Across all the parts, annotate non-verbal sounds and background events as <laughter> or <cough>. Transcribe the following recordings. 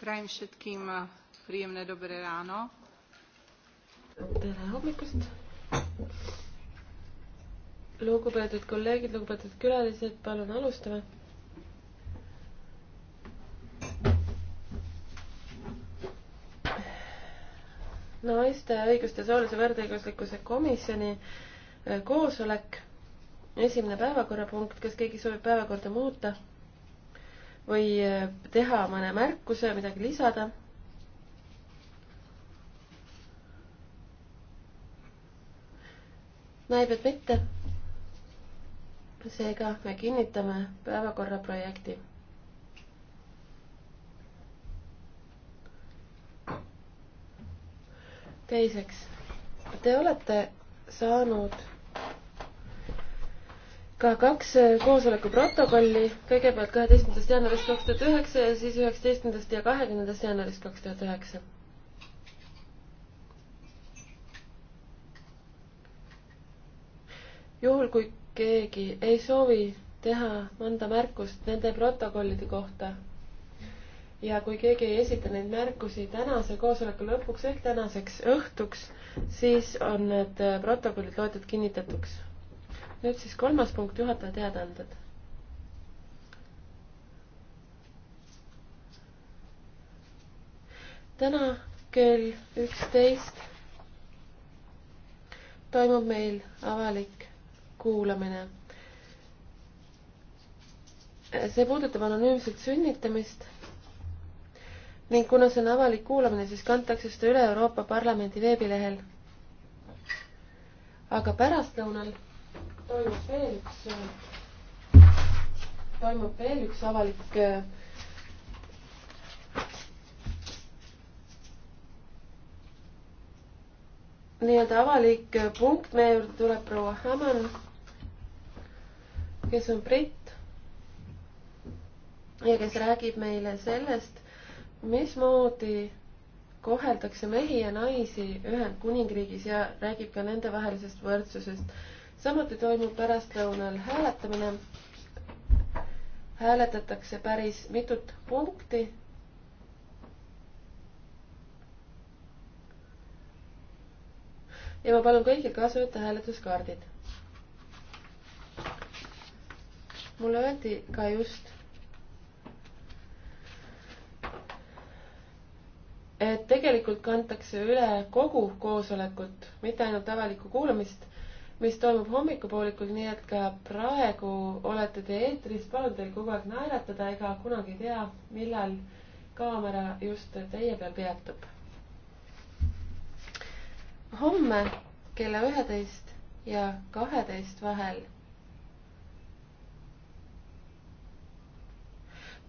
Prajem všetkým eh, príjemné dobré ráno. tere hommikust! lugupeetud kolleegid, lugupeetud külalised, palun alustame. naiste õiguste soolise võrdõiguslikkuse komisjoni eh, koosolek, esimene päevakorrapunkt, kas keegi soovib päevakorda muuta? või eh, teha mõne märkuse, midagi lisada. näib, et mitte. seega me kinnitame päevakorra projekti. teiseks, te olete saanud ka kaks äh, koosoleku protokolli, kõigepealt kaheteistkümnendast jaanuarist kaks tuhat üheksa ja siis üheksateistkümnendast ja kahekümnendast jaanuarist kaks tuhat üheksa. juhul, kui keegi ei soovi teha mõnda märkust nende protokollide kohta ja kui keegi ei esita neid märkusi tänase koosoleku lõpuks ehk tänaseks õhtuks, siis on need protokollid loetud kinnitatuks nüüd siis kolmas punkt, juhataja teadaanded. täna kell üksteist toimub meil avalik kuulamine. see puudutab anonüümset sünnitamist ning kuna see on avalik kuulamine, siis kantakse seda üle Euroopa Parlamendi veebilehel. aga pärastlõunal toimub veel üks, toimub veel üks avalik nii-öelda avalik punkt, meie juurde tuleb proua Häman, kes on britt ja kes räägib meile sellest, mismoodi koheldakse mehi ja naisi Ühendkuningriigis ja räägib ka nendevahelisest võrdsusest samuti toimub pärastlõunal hääletamine. hääletatakse päris mitut punkti. ja ma palun kõigil kaasa võtta hääletuskaardid. mulle öeldi ka just, et tegelikult kantakse üle kogu koosolekut, mitte ainult avalikku kuulamist mis toimub hommikupoolikul, nii et ka praegu olete te eetris, palun teil kogu aeg naeratada, ega kunagi ei tea, millal kaamera just teie peal peatub. homme kella üheteist ja kaheteist vahel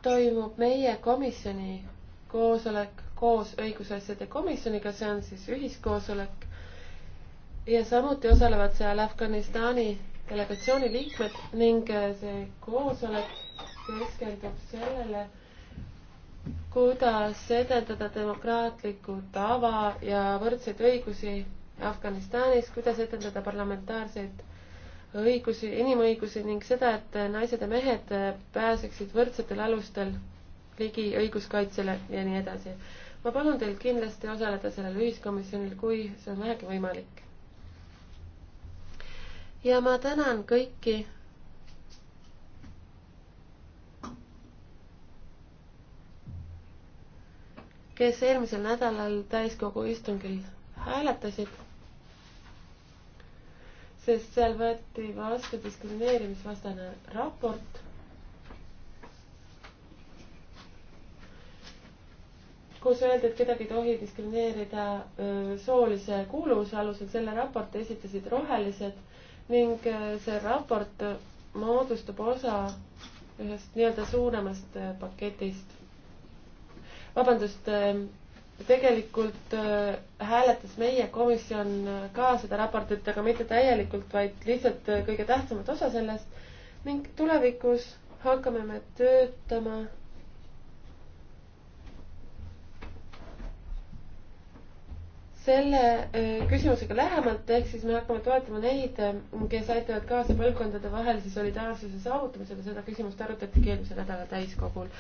toimub meie komisjoni koosolek koos õigusasjade komisjoniga, see on siis ühiskoosolek ja samuti osalevad seal Afganistani delegatsiooni liikmed ning äh, see koosolek keskendub sellele, kuidas edendada demokraatlikku tava ja võrdseid õigusi Afganistanis, kuidas edendada parlamentaarseid õigusi, inimõigusi ning seda, et naised ja mehed äh, pääseksid võrdsetel alustel ligi õiguskaitsele ja nii edasi. ma palun teil kindlasti osaleda sellel ühiskomisjonil, kui see on vähegi võimalik ja ma tänan kõiki kes eelmisel nädalal täiskogu istungil hääletasid, sest seal võeti vastu diskrimineerimisvastane raport, kus öeldi, et kedagi ei tohi diskrimineerida soolise kuuluvuse alusel. selle raporti esitasid rohelised ning äh, see raport äh, moodustab osa ühest nii-öelda suuremast äh, paketist. vabandust, ähm, tegelikult hääletas meie komisjon ka seda raportit, aga mitte täielikult, vaid lihtsalt kõige tähtsamat osa sellest ning tulevikus hakkame me töötama selle äh, küsimusega lähemalt, ehk siis me hakkame toetama neid, äh, kes aitavad kaasa põlvkondade vahelise solidaarsuse saavutamisele, seda küsimust arutatigi eelmise nädala täiskogul.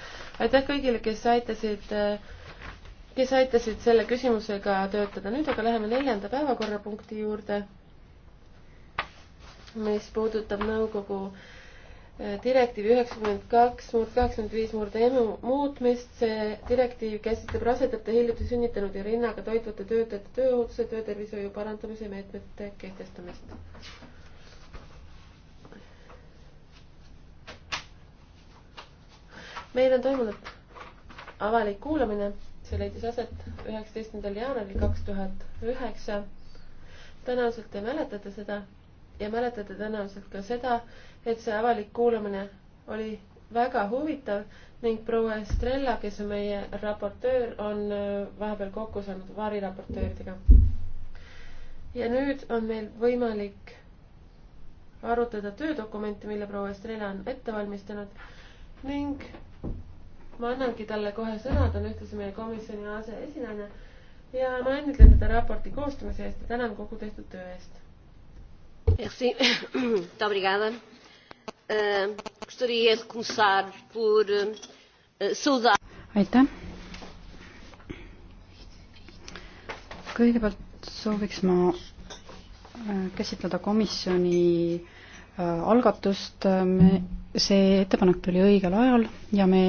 aitäh kõigile, kes aitasid, äh, kes aitasid selle küsimusega töötada. nüüd aga läheme neljanda päevakorrapunkti juurde, mis puudutab nõukogu no direktiivi üheksakümmend kaks murd kaheksakümmend viis murd emu muutmist. see direktiiv käsitleb rasedate, hiljuti sünnitanud ja rinnaga toitvate töötajate tööohutuse, töötervishoiu parandamise meetmete kehtestamist. meil on toimunud avalik kuulamine, see leidis aset üheksateistkümnendal jaanuaril kaks tuhat üheksa. tõenäoliselt te mäletate seda ja mäletate tõenäoliselt ka seda, et see avalik kuulamine oli väga huvitav ning proua Estrella, kes on meie raportöör, on äh, vahepeal kokku saanud variraportööridega. ja nüüd on meil võimalik arutada töödokumenti, mille proua Estrella on ette valmistanud ning ma annangi talle kohe sõna, ta on ühtlasi meie komisjoni aseesinaine ja ma õnnitlen teda raporti koostamise eest ja tänan kogu tehtud töö eest Merci. <coughs> Muito obrigada. Uh, gostaria de começar por uh, saudar. Aitäh. kõigepealt sooviks ma ah, käsitleda komisjoni algatust. see ettepanek tuli õigel ajal ja me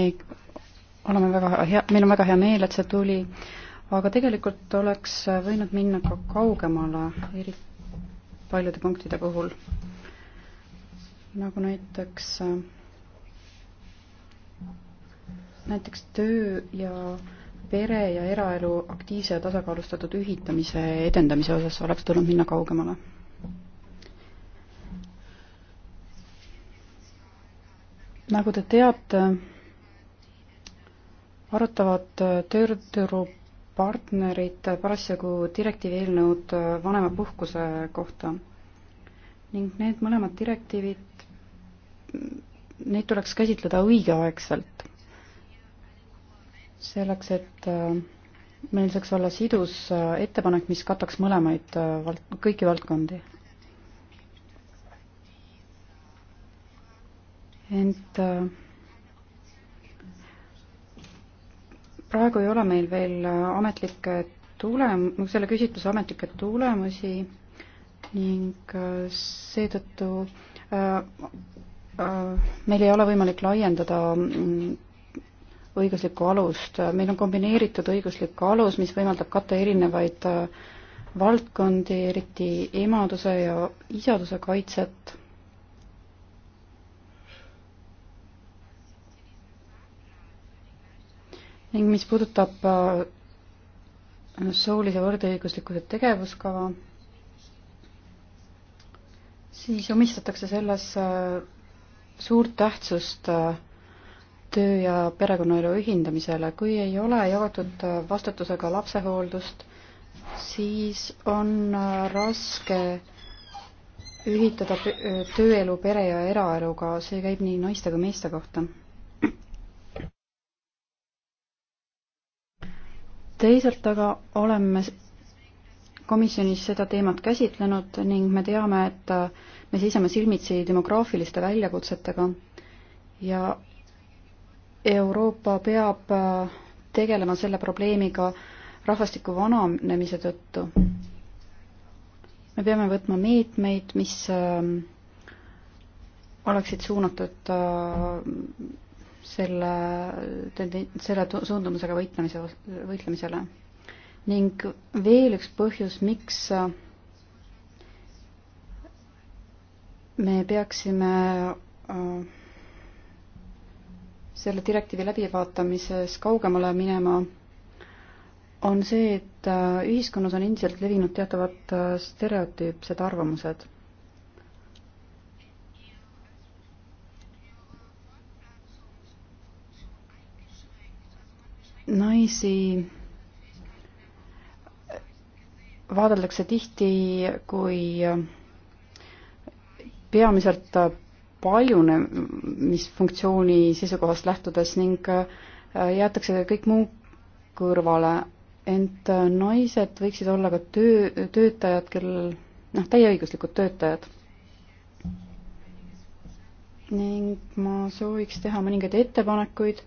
oleme väga hea, meil on väga hea meel, et see tuli, aga tegelikult oleks võinud minna ka kaugemale, eriti paljude punktide puhul, nagu näiteks, äh, näiteks töö ja pere ja eraelu aktiivse ja tasakaalustatud ühitamise edendamise osas oleks tulnud minna kaugemale. nagu te teate, arutavad tööturu partnerid parasjagu direktiivi eelnõud vanemapuhkuse kohta. ning need mõlemad direktiivid, neid tuleks käsitleda õigeaegselt. selleks, et äh, meil saaks olla sidus äh, ettepanek, mis kataks mõlemaid äh, vald-, kõiki valdkondi. ent äh, praegu ei ole meil veel ametlikke tulem-, selle küsitluse ametlikke tulemusi ning äh, seetõttu äh, äh, meil ei ole võimalik laiendada mm, õiguslikku alust, meil on kombineeritud õiguslik alus, mis võimaldab katta erinevaid äh, valdkondi, eriti emaduse ja isaduse kaitset ning mis puudutab äh, soolise võrdõiguslikkuse tegevuskava, siis omistatakse selles äh, suurt tähtsust äh, töö ja perekonnaelu ühindamisele. kui ei ole jagatud vastutusega lapsehooldust, siis on raske ühitada tööelu pere ja eraeluga, see käib nii naiste kui meeste kohta teisalt aga oleme komisjonis seda teemat käsitlenud ning me teame, et äh, me seisame silmitsi demograafiliste väljakutsetega ja Euroopa peab äh, tegelema selle probleemiga rahvastiku vananemise tõttu. me peame võtma meetmeid, mis äh, oleksid suunatud selle, selle suundumusega võitlemise, võitlemisele. ning veel üks põhjus, miks äh, me peaksime äh, selle direktiivi läbivaatamises kaugemale minema, on see, et äh, ühiskonnas on endiselt levinud teatavad stereotüüpsed arvamused naisi vaadeldakse tihti kui peamiselt paljunemisfunktsiooni seisukohast lähtudes ning äh, jäetakse kõik muu kõrvale, ent äh, naised võiksid olla ka töö, töötajad, kellel noh, täieõiguslikud töötajad. ning ma sooviks teha mõningaid ettepanekuid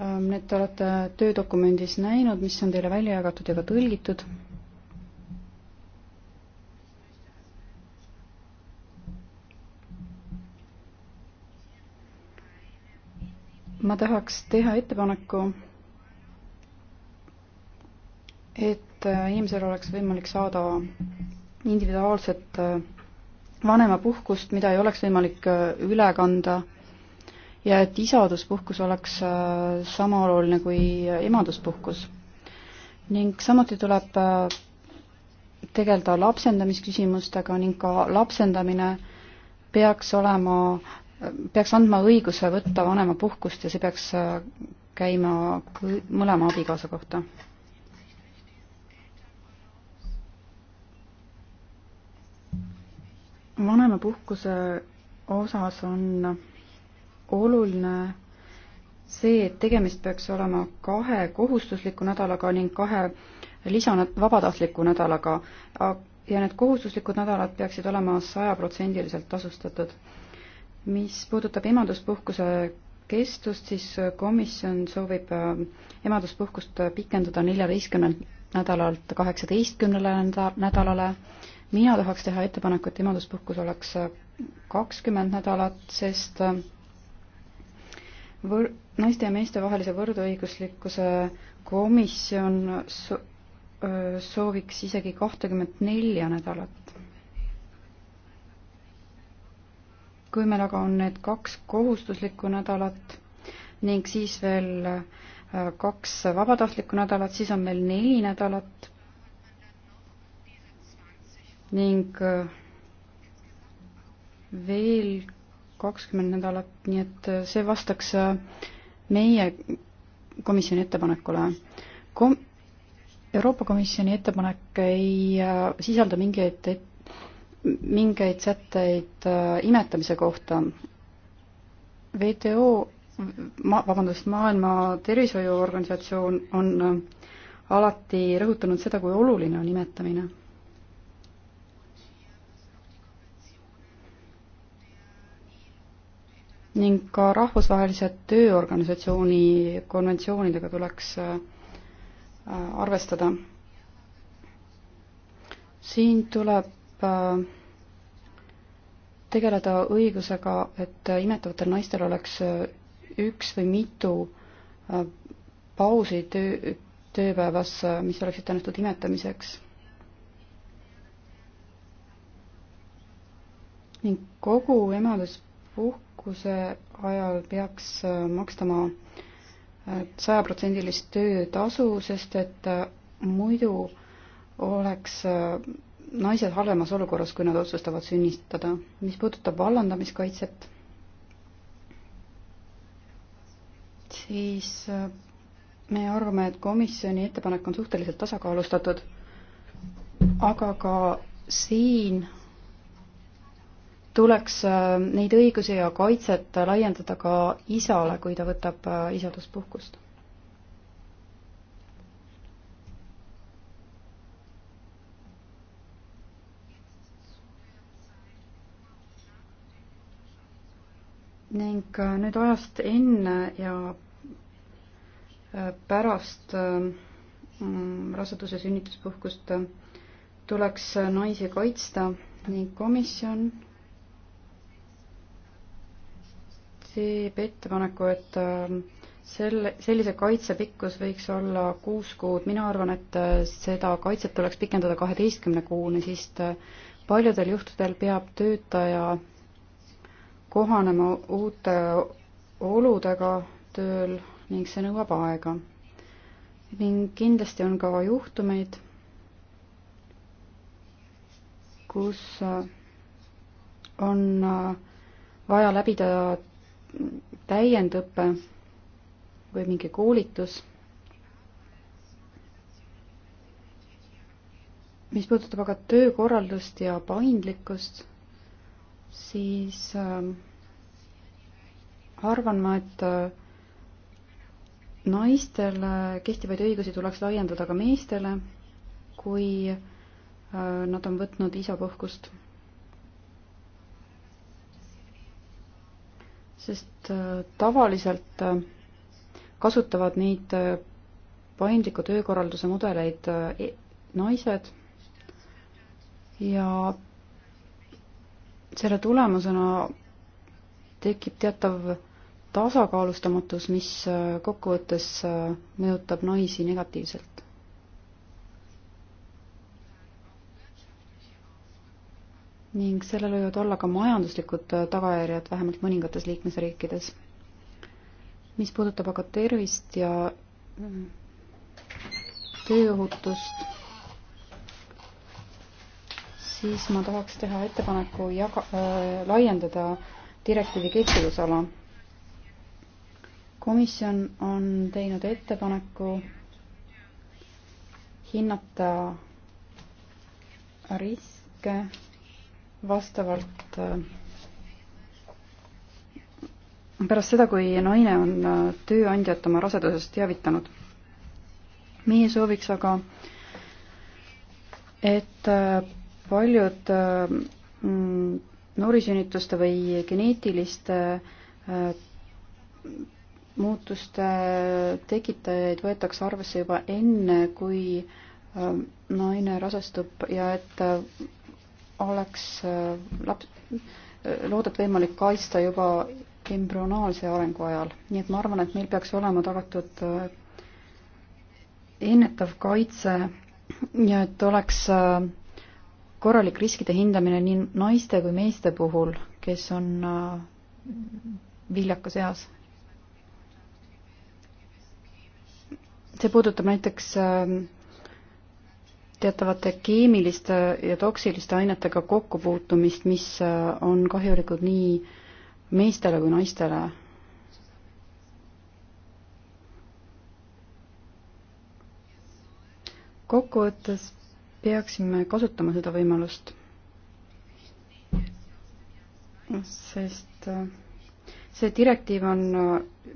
Ähm, need te olete töödokumendis näinud, mis on teile välja jagatud ja ka tõlgitud. ma tahaks teha ettepaneku, et äh, inimesel oleks võimalik saada individuaalset äh, vanemapuhkust, mida ei oleks võimalik äh, üle kanda ja et isaduspuhkus oleks äh, sama oluline kui emaduspuhkus. ning samuti tuleb äh, tegeleda lapsendamisküsimustega ning ka lapsendamine peaks olema, peaks andma õiguse võtta vanemapuhkust ja see peaks äh, käima mõlema abikaasa kohta. vanemapuhkuse osas on oluline see, et tegemist peaks olema kahe kohustusliku nädalaga ning kahe lisanat-, vabatahtliku nädalaga ja need kohustuslikud nädalad peaksid olema sajaprotsendiliselt tasustatud. mis puudutab emaduspuhkuse kestust, siis komisjon soovib äh, emaduspuhkust pikendada neljateistkümnelt nädalalt kaheksateistkümnele nädalale. mina tahaks teha ettepaneku, et emaduspuhkus oleks äh, kakskümmend nädalat, sest äh, võr-, naiste ja meeste vahelise võrdõiguslikkuse komisjon so-, sooviks isegi kahtekümmet nelja nädalat. kui meil aga on need kaks kohustuslikku nädalat ning siis veel kaks vabatahtlikku nädalat, siis on meil neli nädalat ning veel kakskümmend nädalat, nii et äh, see vastaks äh, meie komisjoni ettepanekule. Kom-, Euroopa Komisjoni ettepanek ei äh, sisalda mingeid, mingeid sätteid imetamise kohta. WTO, ma-, vabandust, Maailma Tervishoiuorganisatsioon on alati rõhutanud seda, kui oluline on imetamine ning ka rahvusvahelise tööorganisatsiooni konventsioonidega tuleks äh, arvestada. siin tuleb äh, tegeleda õigusega, et imetavatel naistel oleks äh, üks või mitu pausi töö, tööpäevas, mis oleks ette nähtud imetamiseks. ning kogu emaduspuhk puhkuse ajal peaks äh, makstama äh, sajaprotsendilist töötasu, sest et äh, muidu oleks naised halvemas olukorras, kui nad otsustavad sünnitada. mis puudutab vallandamiskaitset, siis me arvame, et komisjoni ettepanek on suhteliselt tasakaalustatud, aga ka siin tuleks äh, neid õigusi ja kaitset laiendada ka isale, kui ta võtab äh, isaduspuhkust? ning äh, nüüd ajast enne ja pärast mm, raseduse sünnituspuhkust tuleks naisi kaitsta ning komisjon teeb ettepaneku, et ähm, selle, sellise kaitse pikkus võiks olla kuus kuud, mina arvan, et äh, seda kaitset tuleks pikendada kaheteistkümne kuuni, sest äh, paljudel juhtudel peab töötaja kohanema uute oludega tööl ning see nõuab aega. ning kindlasti on ka juhtumeid, kus äh, on vaja läbida täiendõpe või mingi koolitus. mis puudutab aga töökorraldust ja paindlikkust, siis äh, arvan ma, et äh, naistele kehtivaid õigusi tuleks laiendada ka meestele, kui äh, nad on võtnud isapuhkust sest äh, tavaliselt äh, kasutavad neid äh, paindliku töökorralduse mudeleid e-, naised ja selle tulemusena tekib teatav tasakaalustamatus, mis kokkuvõttes mõjutab naisi negatiivselt. ning sellel võivad olla ka majanduslikud äh, tagajärjed vähemalt mõningates liikmesriikides. mis puudutab aga tervist ja mm, tööohutust, siis ma tahaks teha ettepaneku jaga- äh,, laiendada direktiivi kehtivusala. komisjon on teinud ettepaneku hinnata riske vastavalt äh, pärast seda, kui naine on äh, tööandjat oma rasedusest teavitanud. meie sooviks aga, et äh, paljud mm, noorisünnituste või geneetiliste muutuste tekitajaid võetakse arvesse juba enne, kui naine rasestub ja et oleks äh, laps, äh, loodet võimalik kaitsta juba embrüonaalse arengu ajal, nii et ma arvan, et meil peaks olema tagatud äh, ennetav kaitse ja et oleks korralik riskide hindamine nii naiste kui meeste puhul, kes on viljakas eas. see puudutab näiteks teatavate keemiliste ja toksiliste ainetega kokkupuutumist, mis äh, on kahjulikud nii meestele kui naistele. kokkuvõttes peaksime kasutama seda võimalust, sest äh, see direktiiv on äh,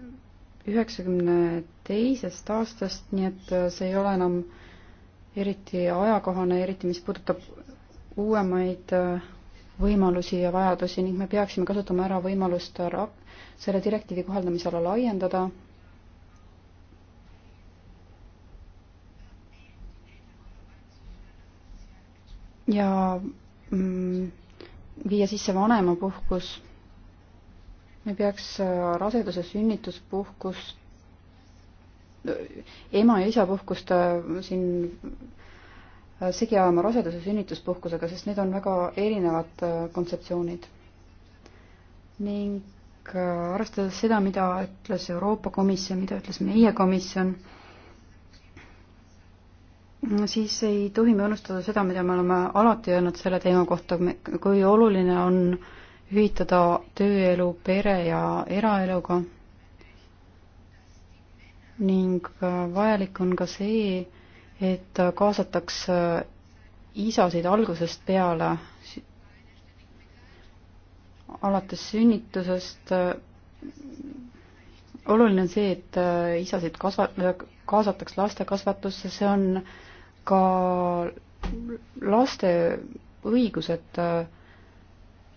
üheksakümne teisest aastast, nii et see ei ole enam äh, eriti ajakohane, eriti mis puudutab uuemaid äh, võimalusi ja vajadusi ning me peaksime kasutama ära võimalust selle direktiivi kohaldamisala laiendada. ja mm, viia sisse vanemapuhkus. me peaks äh, raseduse sünnituspuhkust ema ja isa puhkust äh, siin äh, segi ajama raseduse sünnituspuhkusega, sest need on väga erinevad äh, kontseptsioonid. ning arvestades seda, mida ütles Euroopa Komisjon, mida ütles meie komisjon, siis ei tohi me unustada seda, mida me oleme alati öelnud selle teema kohta, kui oluline on ühitada tööelu pere ja eraeluga ning äh, vajalik on ka see, et äh, kaasataks äh, isasid algusest peale, alates sünnitusest. oluline on see, et isasid kasva-, kaasataks laste kasvatusse, see on ka laste õigus, et,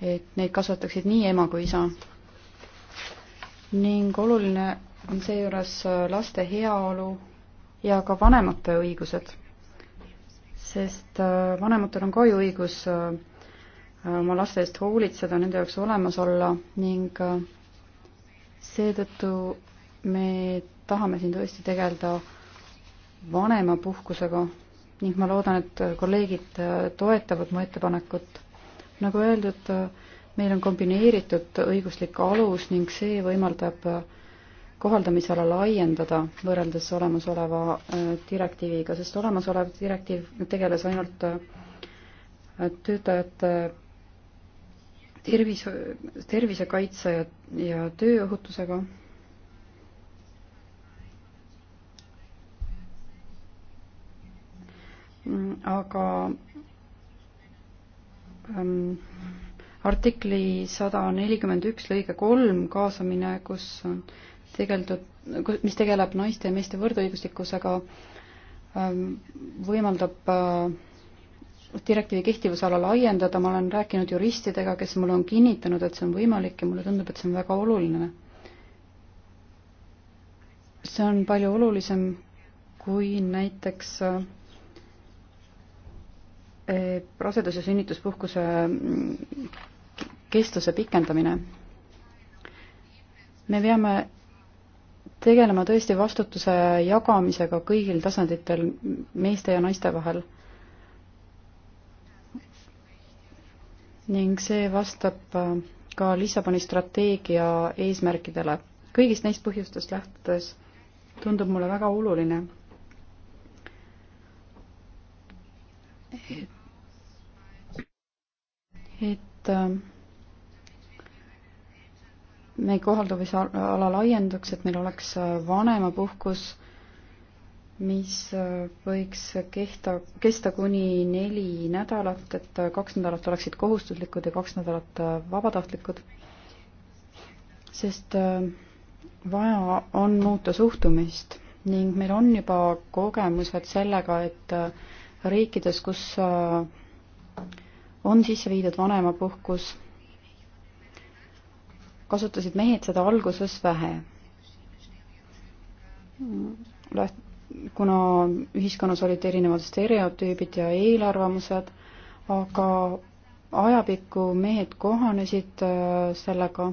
et neid kasvataksid nii ema kui isa. ning oluline on seejuures laste heaolu ja ka vanemate õigused, sest äh, vanematel on ka ju õigus äh, oma laste eest hoolitseda, nende jaoks olemas olla ning äh, seetõttu me tahame siin tõesti tegeleda vanemapuhkusega ning ma loodan, et kolleegid toetavad mu ettepanekut. nagu öeldud, meil on kombineeritud õiguslik alus ning see võimaldab äh, kohaldamisala laiendada võrreldes olemasoleva äh, direktiiviga, sest olemasolev direktiiv tegeles ainult äh, töötajate tervise, tervisekaitse ja, ja tööohutusega. aga ähm, artikli sada nelikümmend üks lõige kolm kaasamine, kus on äh, tegeldud, mis tegeleb naiste ja meeste võrdõiguslikkusega, ähm, võimaldab äh, direktiivi kehtivusala laiendada, ma olen rääkinud juristidega, kes mulle on kinnitanud, et see on võimalik ja mulle tundub, et see on väga oluline. see on palju olulisem kui näiteks äh, äh, rasedus- ja sünnituspuhkuse mm, kestuse pikendamine. me peame tegelema tõesti vastutuse jagamisega kõigil tasanditel meeste ja naiste vahel. ning see vastab äh, ka Lissaboni strateegia eesmärkidele. kõigist neist põhjustest lähtudes tundub mulle väga oluline, et et äh, meie kohaldumisala laiendaks, et meil oleks äh, vanemapuhkus, mis äh, võiks kehta, kesta kuni neli nädalat, et äh, kaks nädalat oleksid kohustuslikud ja kaks nädalat vabatahtlikud. sest vaja on muuta suhtumist ning meil on juba kogemused sellega, et riikides, kus on sisse viidud vanemapuhkus kasutasid mehed seda alguses vähe. kuna ühiskonnas olid erinevad stereotüübid ja eelarvamused, aga ajapikku mehed kohanesid äh, sellega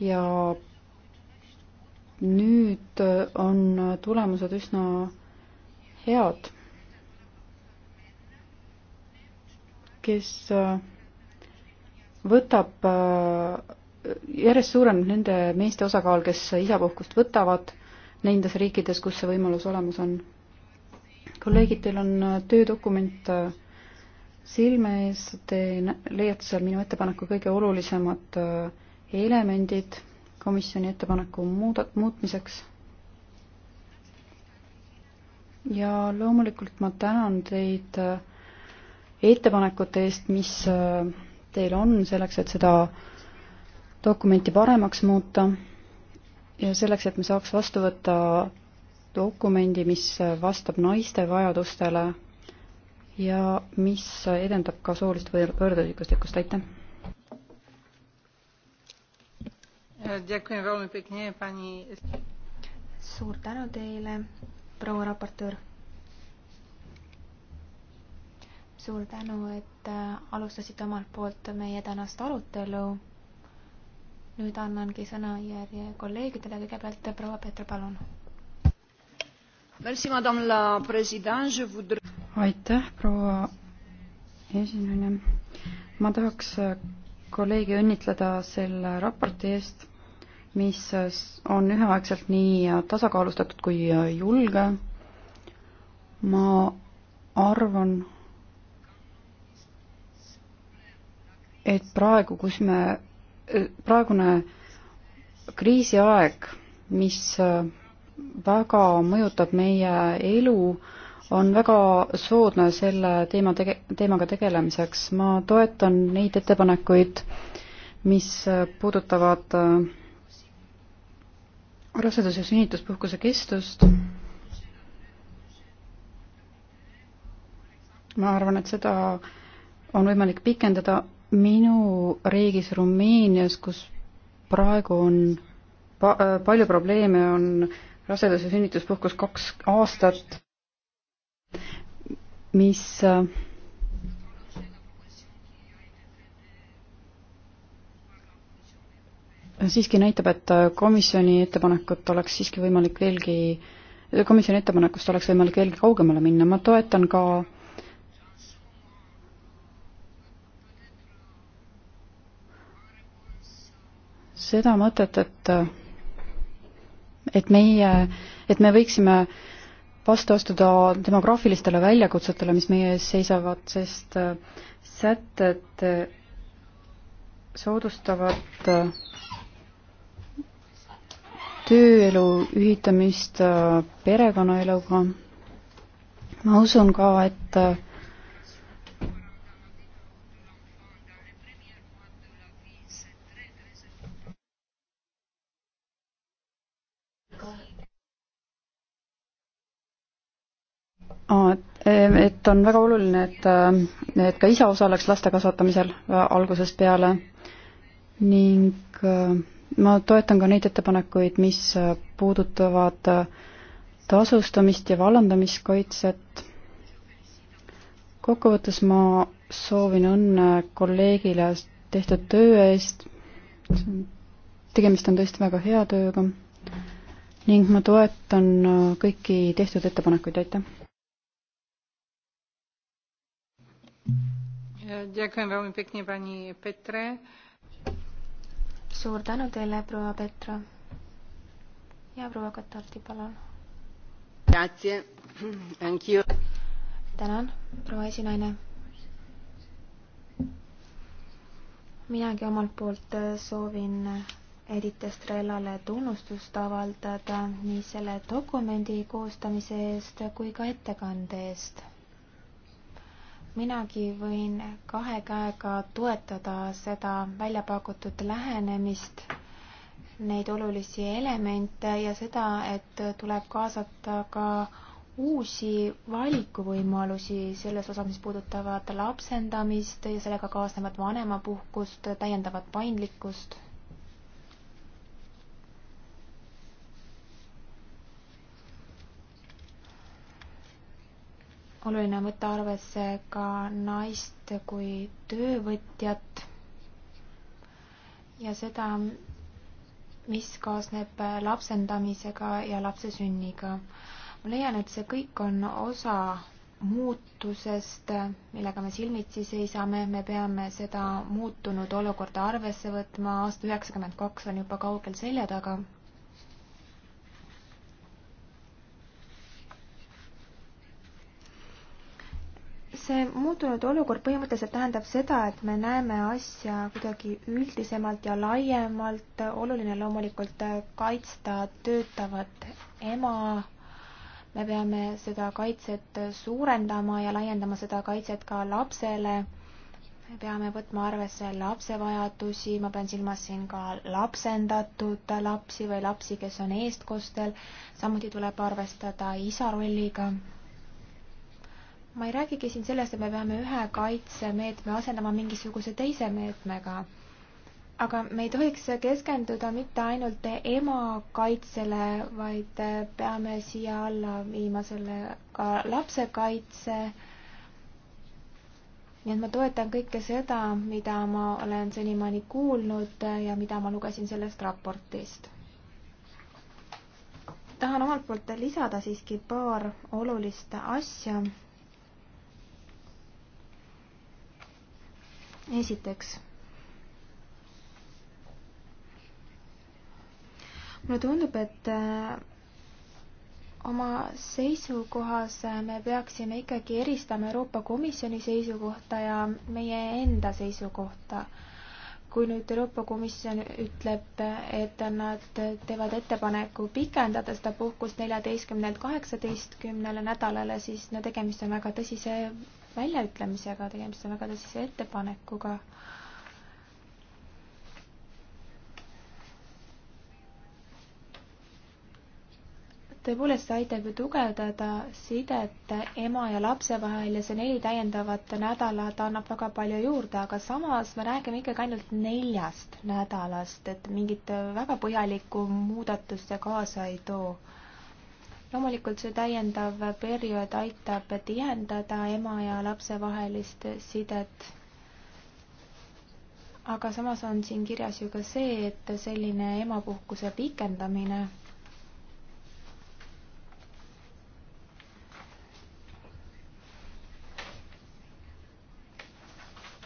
ja nüüd äh, on äh, tulemused üsna head. kes võtab järjest suureneb nende meeste osakaal, kes isapuhkust võtavad nendes riikides, kus see võimalus olemas on. kolleegid, teil on töödokument äh, silme ees, te leiate seal minu ettepaneku kõige olulisemad äh, elemendid komisjoni ettepaneku muuda-, muutmiseks. ja loomulikult ma tänan teid äh, ettepanekute eest, mis teil on selleks, et seda äh, dokumenti paremaks muuta ja selleks, et me saaks vastu võtta dokumendi, mis vastab naiste vajadustele ja mis edendab ka soolist võrdõiguslikkust, aitäh! suur tänu teile, proua raportöör! suur tänu, et äh, alustasite omalt poolt meie tänast arutelu nüüd annangi sõna IRL kolleegidele, kõigepealt proua Peeter, palun. aitäh, proua esimene. ma tahaks äh, kolleegi õnnitleda selle raporti eest, mis äh, on üheaegselt nii äh, tasakaalustatud kui julge. ma arvan, et praegu, kus me praegune kriisiaeg, mis äh, väga mõjutab meie elu, on väga soodne selle teema tege-, teemaga tegelemiseks. ma toetan neid ettepanekuid, mis äh, puudutavad äh, rasedus- ja sünnituspuhkuse kestust. ma arvan, et seda on võimalik pikendada minu riigis Rumeenias, kus praegu on pa äh, palju probleeme, on rasedus- ja sünnituspuhkus kaks aastat, mis äh, siiski näitab, et komisjoni ettepanekut oleks siiski võimalik veelgi, komisjoni ettepanekust oleks võimalik veelgi kaugemale minna, ma toetan ka äh, seda mõtet, et et meie, et me võiksime vastu astuda demograafilistele väljakutsetele, mis meie ees seisavad, sest äh, sätted äh, soodustavad äh, tööelu ühitamist perekonnaeluga. ma usun ka, et Eh, et on väga oluline, et, eh, et ka isa osaleks laste kasvatamisel äh, algusest peale ning äh, ma toetan ka neid ettepanekuid, mis äh, puudutavad tasustamist ja vallandamiskaitset. kokkuvõttes ma soovin õnne kolleegile tehtud töö eest, tegemist on tõesti väga hea tööga ning ma toetan kõiki tehtud ettepanekuid, aitäh! Ďakujem veľmi pekne pani Petre. Suur tänu teile, proua Petra. ja proua Katardi, palun. tänan, proua esinaine. minagi omalt poolt äh, soovin Edith Estrellale tunnustust avaldada nii selle dokumendi koostamise eest kui ka ettekande eest minagi võin kahe käega toetada seda välja pakutud lähenemist, neid olulisi elemente ja seda, et tuleb kaasata ka uusi valikuvõimalusi selles osas, mis puudutavad lapsendamist ja sellega kaasnevat vanemapuhkust, täiendavat paindlikkust oluline on võtta arvesse ka naist kui töövõtjat ja seda, mis kaasneb lapsendamisega ja lapse sünniga. ma leian, et see kõik on osa muutusest, millega me silmitsi seisame, me peame seda muutunud olukorda arvesse võtma, aasta üheksakümmend kaks on juba kaugel selja taga see muutunud olukord põhimõtteliselt tähendab seda, et me näeme asja kuidagi üldisemalt ja laiemalt. oluline loomulikult kaitsta töötavat ema. me peame seda kaitset suurendama ja laiendama seda kaitset ka lapsele. me peame võtma arvesse lapse vajadusi, ma pean silmas siin ka lapsendatud lapsi või lapsi, kes on eestkostel. samuti tuleb arvestada isa rolliga ma ei räägigi siin sellest, et me peame ühe kaitsemeetme asendama mingisuguse teise meetmega. aga me ei tohiks keskenduda mitte ainult emakaitsele, vaid peame siia alla viima selle ka lapsekaitse. nii et ma toetan kõike seda, mida ma olen senimaani kuulnud ja mida ma lugesin sellest raportist tahan omalt poolt lisada siiski paar olulist asja esiteks, mulle tundub, et äh, oma seisukohas äh, me peaksime ikkagi eristama Euroopa Komisjoni seisukohta ja meie enda seisukohta kui nüüd Euroopa Komisjon ütleb, et nad teevad ettepaneku pikendada seda puhkust neljateistkümnelt kaheksateistkümnele nädalale, siis no tegemist on väga tõsise väljaütlemisega, tegemist on väga tõsise ettepanekuga. tõepoolest, see aitab ju tugevdada sidet ema ja lapse vahel ja see neli täiendavat nädalat annab väga palju juurde, aga samas me räägime ikkagi ainult neljast nädalast, et mingit väga põhjalikku muudatust see kaasa ei too loomulikult see täiendav periood aitab tihendada ema ja lapse vahelist sidet. aga samas on siin kirjas ju ka see, et selline emapuhkuse pikendamine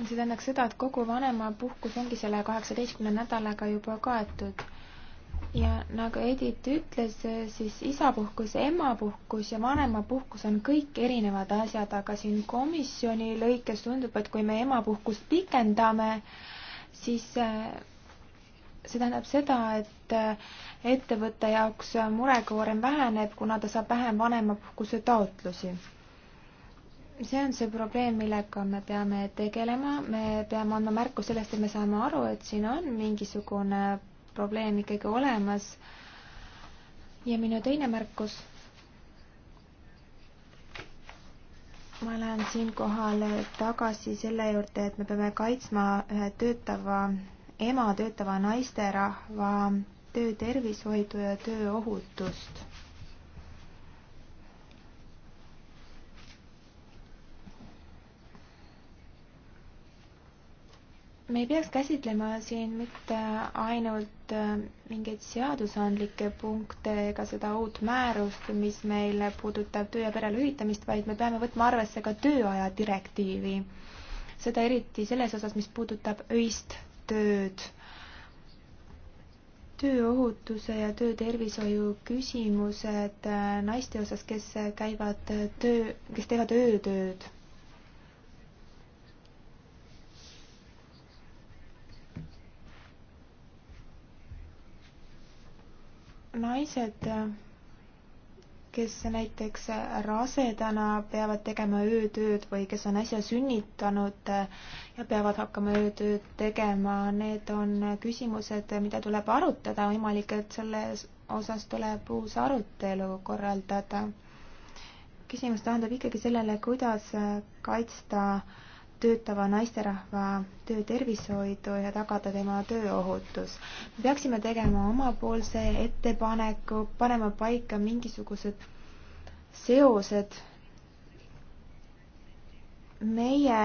see tähendaks seda, et kogu vanemapuhkus ongi selle kaheksateistkümne nädalaga juba kaetud ja nagu Edith ütles, siis isapuhkus, emapuhkus ja vanemapuhkus on kõik erinevad asjad, aga siin komisjoni lõikes tundub, et kui me emapuhkust pikendame, siis äh, see tähendab seda, et äh, ettevõtte jaoks murekoorem väheneb, kuna ta saab vähem vanemapuhkuse taotlusi. see on see probleem, millega me peame tegelema, me peame andma märku sellest, et me saame aru, et siin on mingisugune probleem ikkagi olemas. ja minu teine märkus. ma lähen siinkohal tagasi selle juurde, et me peame kaitsma ühe töötava ema, töötava naisterahva töötervishoidu ja tööohutust me ei peaks käsitlema siin mitte ainult äh, mingeid seadusandlikke punkte ega seda uut määrust, mis meil puudutab töö ja pere lühitamist, vaid me peame võtma arvesse ka tööaja direktiivi. seda eriti selles osas, mis puudutab öist tööd. tööohutuse ja töötervishoiu küsimused äh, naiste osas, kes käivad töö, kes teevad öötööd naised, kes näiteks rasedana peavad tegema öötööd või kes on äsja sünnitanud ja peavad hakkama öötööd tegema, need on küsimused, mida tuleb arutada, võimalik, et selles osas tuleb uus arutelu korraldada. küsimus taandub ikkagi sellele, kuidas kaitsta äh, töötava naisterahva töötervishoidu ja tagada tema tööohutus. me peaksime tegema omapoolse ettepaneku, panema paika mingisugused seosed meie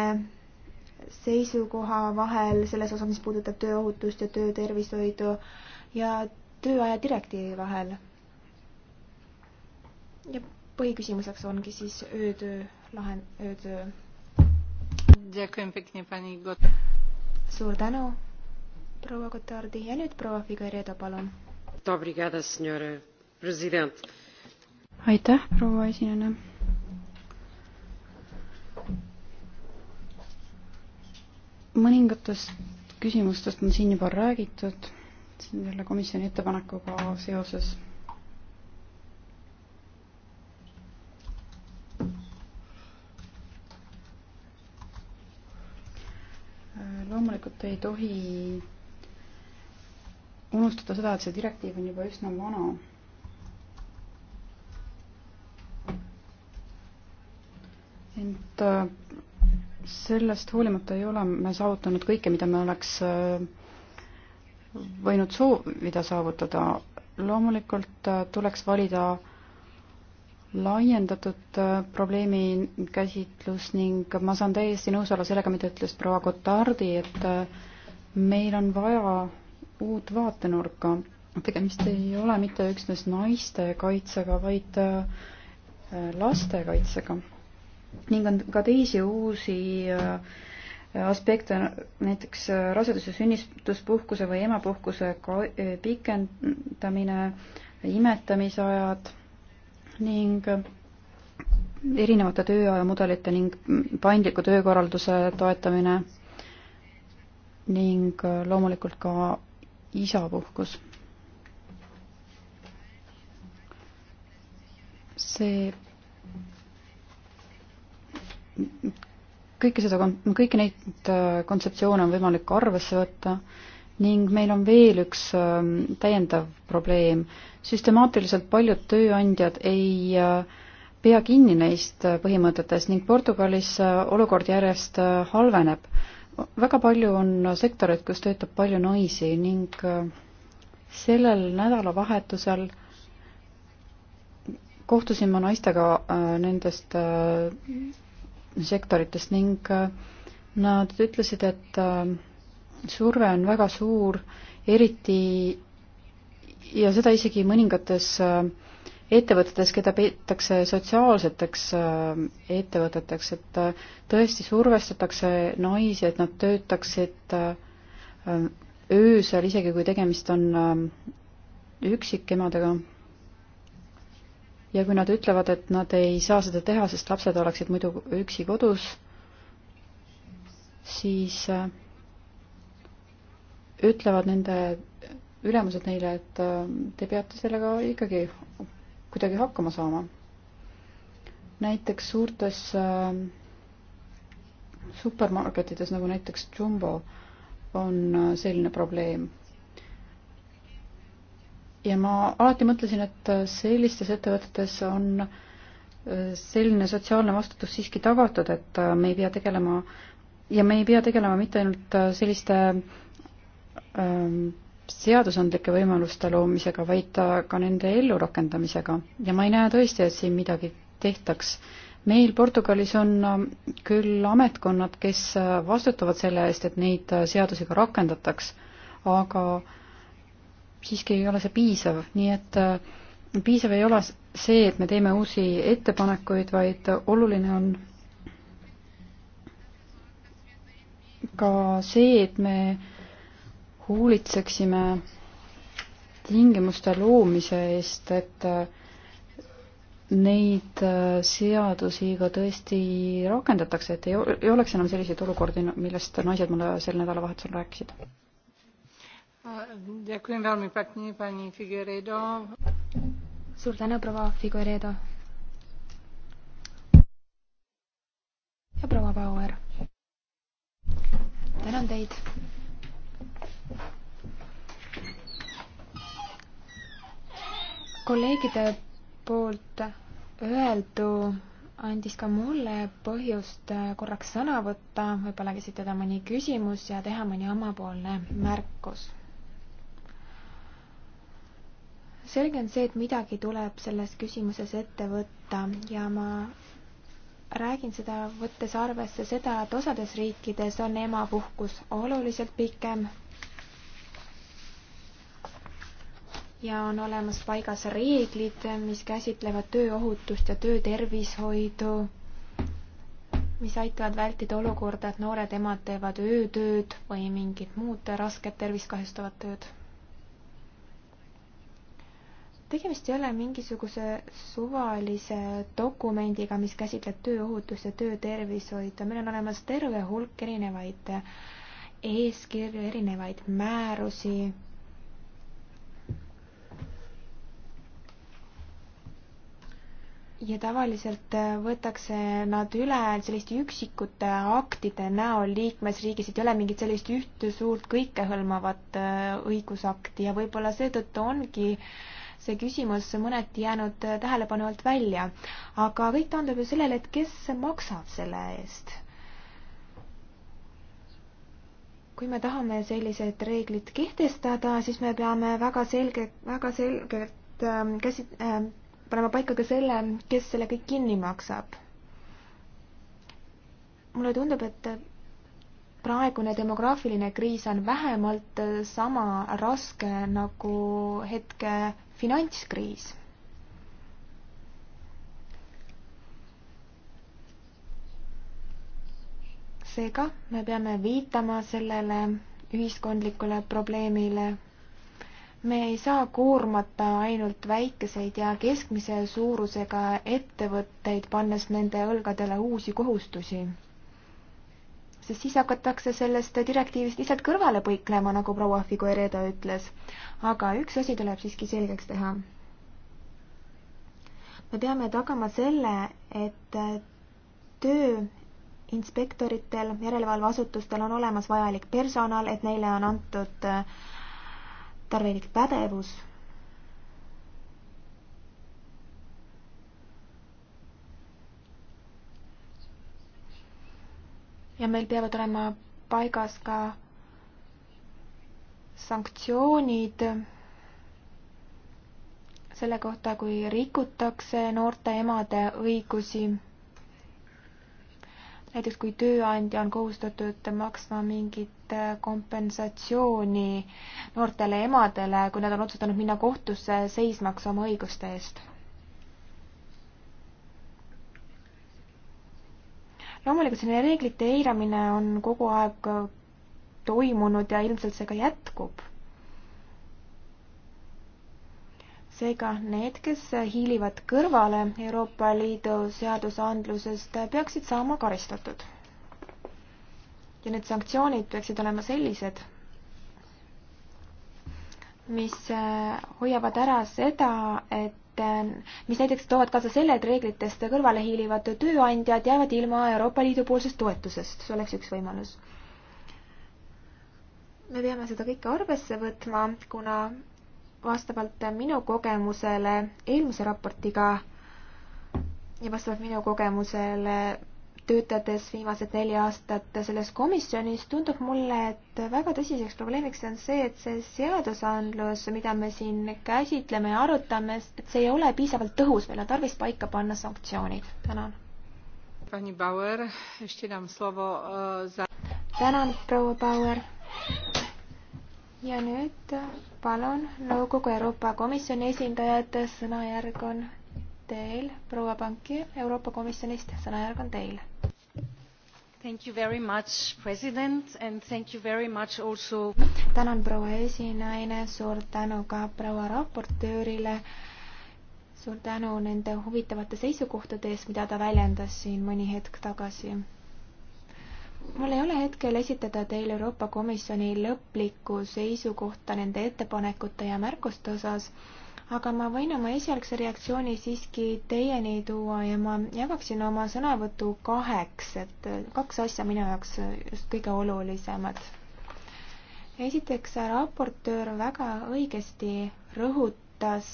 seisukoha vahel selles osas, mis puudutab tööohutust ja töötervishoidu ja tööaja direktiivi vahel. ja põhiküsimuseks ongi siis öötöö lahend, öötöö suur tänu, proua Gotardi ja nüüd proua Figueredo, palun. aitäh, proua esinejana. mõningatest küsimustest on siin juba räägitud selle komisjoni ettepanekuga seoses loomulikult ei tohi unustada seda, et see direktiiv on juba üsna vana. ent äh, sellest hoolimata ei ole me saavutanud kõike, mida me oleks äh, võinud soovida saavutada. loomulikult äh, tuleks valida laiendatud äh, probleemi käsitlus ning ma saan täiesti nõus olla sellega, mida ütles proua Gotardi, et äh, meil on vaja uut vaatenurka. tegemist ei ole mitte üksnes naiste kaitsega, vaid äh, laste kaitsega. ning on ka teisi uusi aspekte, näiteks raseduse sünnituspuhkuse või emapuhkuse pikendamine, imetamisajad ning erinevate tööajamudelite ning paindliku töökorralduse toetamine ning loomulikult ka isapuhkus. see kõike seda, kõiki neid kontseptsioone on võimalik arvesse võtta ning meil on veel üks ähm, täiendav probleem. süstemaatiliselt paljud tööandjad ei äh, pea kinni neist äh, põhimõtetest ning Portugalis äh, olukord järjest halveneb. väga palju on sektoreid, kus töötab palju naisi ning sellel nädalavahetusel kohtusin ma naistega nendest sektoritest ning nad ütlesid, et surve on väga suur, eriti ja seda isegi mõningates äh, ettevõtetes, keda peetakse sotsiaalseteks äh, ettevõteteks, et äh, tõesti survestatakse naisi, et nad töötaksid öösel, isegi kui tegemist on üksikemadega. ja kui nad ütlevad, et nad ei saa seda teha, sest lapsed oleksid muidu üksi kodus, siis äh, ütlevad nende ülemused neile, et ähm, te peate sellega ikkagi kuidagi hakkama saama. näiteks suurtes ähm, supermarketides nagu näiteks Jumbo on äh, selline probleem. ja ma alati mõtlesin, et äh, sellistes ettevõtetes on äh, selline sotsiaalne vastutus siiski tagatud, et me ei pea tegelema ja me ei pea tegelema mitte ainult selliste äh, Ähm, seadusandlike võimaluste loomisega, vaid ka nende ellurakendamisega ja ma ei näe tõesti, et siin midagi tehtaks. meil Portugalis on ähm, küll ametkonnad, kes äh, vastutavad selle eest, et neid äh, seadusi ka rakendataks, aga siiski ei ole see piisav, nii et äh, piisav ei ole see, et me teeme uusi ettepanekuid, vaid oluline on ka see, et me hoolitseksime tingimuste loomise eest, et neid seadusi ka tõesti rakendatakse, et ei, ei oleks enam selliseid olukordi, millest naised mulle sel nädalavahetusel rääkisid. suur tänu, proua Figueredo. ja proua Bauer. tänan teid kolleegide poolt öeldu andis ka mulle põhjust korraks sõna võtta, võib-olla esitada mõni küsimus ja teha mõni omapoolne märkus. selge on see, et midagi tuleb selles küsimuses ette võtta ja ma räägin seda, võttes arvesse seda, et osades riikides on emapuhkus oluliselt pikem ja on olemas paigas reeglid, mis käsitlevad tööohutust ja töötervishoidu, mis aitavad vältida olukorda, et noored emad teevad öötööd või mingit muud rasket tervist kahjustavat tööd. tegemist ei ole mingisuguse suvalise dokumendiga, mis käsitleb tööohutust ja töötervishoidu, meil on olemas terve hulk erinevaid eeskirju, erinevaid määrusi ja tavaliselt äh, võetakse nad üle selliste üksikute aktide näol liikmesriigis, et ei ole mingit sellist ühte suurt kõikehõlmavat äh, õigusakti ja võib-olla seetõttu ongi see küsimus mõneti jäänud äh, tähelepanu alt välja. aga kõik taandub ju sellele, et kes maksab selle eest. kui me tahame sellised reeglid kehtestada, siis me peame väga selge, väga selgelt ähm, käsi- äh,, panema paika ka selle, kes selle kõik kinni maksab. mulle tundub, et praegune demograafiline kriis on vähemalt sama raske nagu hetke finantskriis seega me peame viitama sellele ühiskondlikule probleemile me ei saa koormata ainult väikeseid ja keskmise suurusega ettevõtteid, pannes nende õlgadele uusi kohustusi. sest siis hakatakse sellest direktiivist lihtsalt kõrvale põiklema, nagu proua Figuereda ütles. aga üks asi tuleb siiski selgeks teha. me peame tagama selle, et töö inspektoritel, järelevalveasutustel on olemas vajalik personal, et neile on antud äh, tarvilik pädevus. ja meil peavad olema paigas ka sanktsioonid selle kohta, kui rikutakse noorte emade õigusi näiteks kui tööandja on kohustatud maksma mingit äh, kompensatsiooni noortele emadele, kui nad on otsustanud minna kohtusse seismaks oma õiguste eest. loomulikult selline reeglite eiramine on kogu aeg toimunud ja ilmselt see ka jätkub seega need, kes hiilivad kõrvale Euroopa Liidu seadusandlusest, peaksid saama karistatud. ja need sanktsioonid peaksid olema sellised, mis äh, hoiavad ära seda, et äh, mis näiteks toovad kaasa selle, et reeglitest kõrvale hiilivad tööandjad jäävad ilma Euroopa Liidu poolsest toetusest, see oleks üks võimalus. me peame seda kõike arvesse võtma, kuna vastavalt minu kogemusele eelmise raportiga ja vastavalt minu kogemusele töötades viimased neli aastat selles komisjonis, tundub mulle, et väga tõsiseks probleemiks on see, et see seadusandlus, mida me siin käsitleme ja arutame, et see ei ole piisavalt tõhus, meil on tarvis paika panna sanktsioonid. tänan. E, tänan, proua Bauer. ja nüüd palun, nõukogu Euroopa Komisjoni esindajad, sõnajärg on teil, proua Panki Euroopa Komisjonist, sõnajärg on teil. Thank you very much, president and thank you very much also. tänan, proua esinaine, suur tänu ka proua raportöörile. suur tänu nende huvitavate seisukohtade eest, mida ta väljendas siin mõni hetk tagasi mul ei ole hetkel esitada teile Euroopa Komisjoni lõplikku seisukohta nende ettepanekute ja märkuste osas, aga ma võin oma esialgse reaktsiooni siiski teieni tuua ja ma jagaksin oma sõnavõtu kaheks, et kaks asja minu jaoks just kõige olulisemad. esiteks, raportöör väga õigesti rõhutas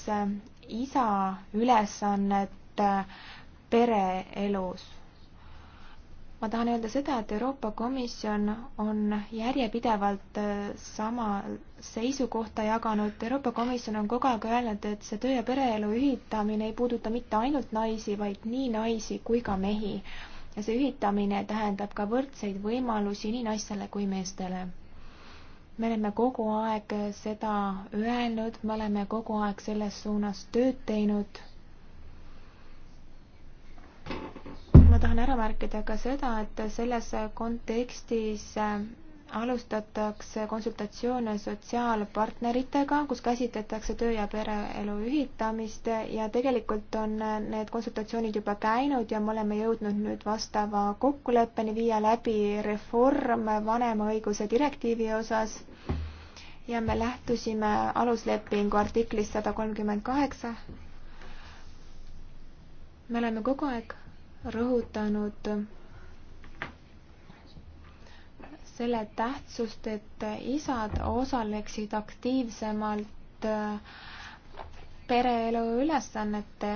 isa ülesannet pereelus ma tahan öelda seda, et Euroopa Komisjon on järjepidevalt äh, sama seisukohta jaganud. Euroopa Komisjon on kogu aeg öelnud, et see töö ja pereelu ühitamine ei puuduta mitte ainult naisi, vaid nii naisi kui ka mehi. ja see ühitamine tähendab ka võrdseid võimalusi nii naistele kui meestele. me oleme kogu aeg seda öelnud, me oleme kogu aeg selles suunas tööd teinud ma tahan ära märkida ka seda, et selles kontekstis äh, alustatakse konsultatsioone sotsiaalpartneritega, kus käsitletakse töö ja pereelu ühitamist ja tegelikult on äh, need konsultatsioonid juba käinud ja me oleme jõudnud nüüd vastava kokkuleppeni viia läbi reform vanemaõiguse direktiivi osas. ja me lähtusime aluslepingu artiklist sada kolmkümmend kaheksa. me oleme kogu aeg rõhutanud selle tähtsust, et isad osaleksid aktiivsemalt äh, pereelu ülesannete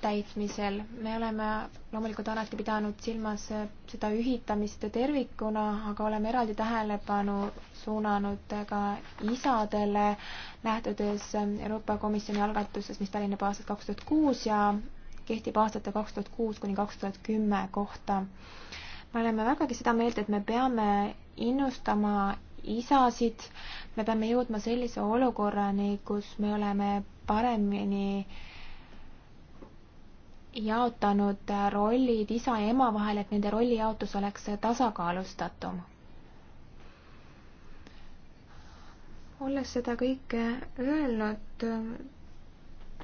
täitmisel. me oleme loomulikult alati pidanud silmas äh, seda ühitamist tervikuna, aga oleme eraldi tähelepanu suunanud ka isadele, lähtudes äh, Euroopa Komisjoni algatusest, mis pärineb aastast kaks tuhat kuus ja kehtib aastate kaks tuhat kuus kuni kaks tuhat kümme kohta. me oleme vägagi seda meelt, et me peame innustama isasid, me peame jõudma sellise olukorrani, kus me oleme paremini jaotanud rollid isa ja ema vahel, et nende rollijaotus oleks tasakaalustatum. olles seda kõike öelnud,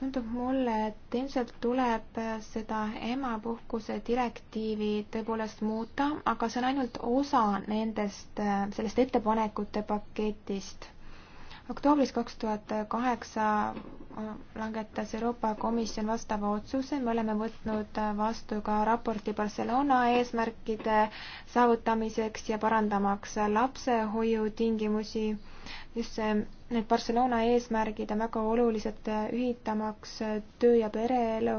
tundub mulle, et ilmselt tuleb seda emapuhkuse direktiivi tõepoolest muuta, aga see on ainult osa nendest, sellest ettepanekute paketist oktoobris kaks tuhat kaheksa äh, langetas Euroopa Komisjon vastava otsuse, me oleme võtnud äh, vastu ka raporti Barcelona eesmärkide saavutamiseks ja parandamaks lapsehoiutingimusi. just see, äh, need Barcelona eesmärgid on väga olulised ühitamaks töö- ja pereelu.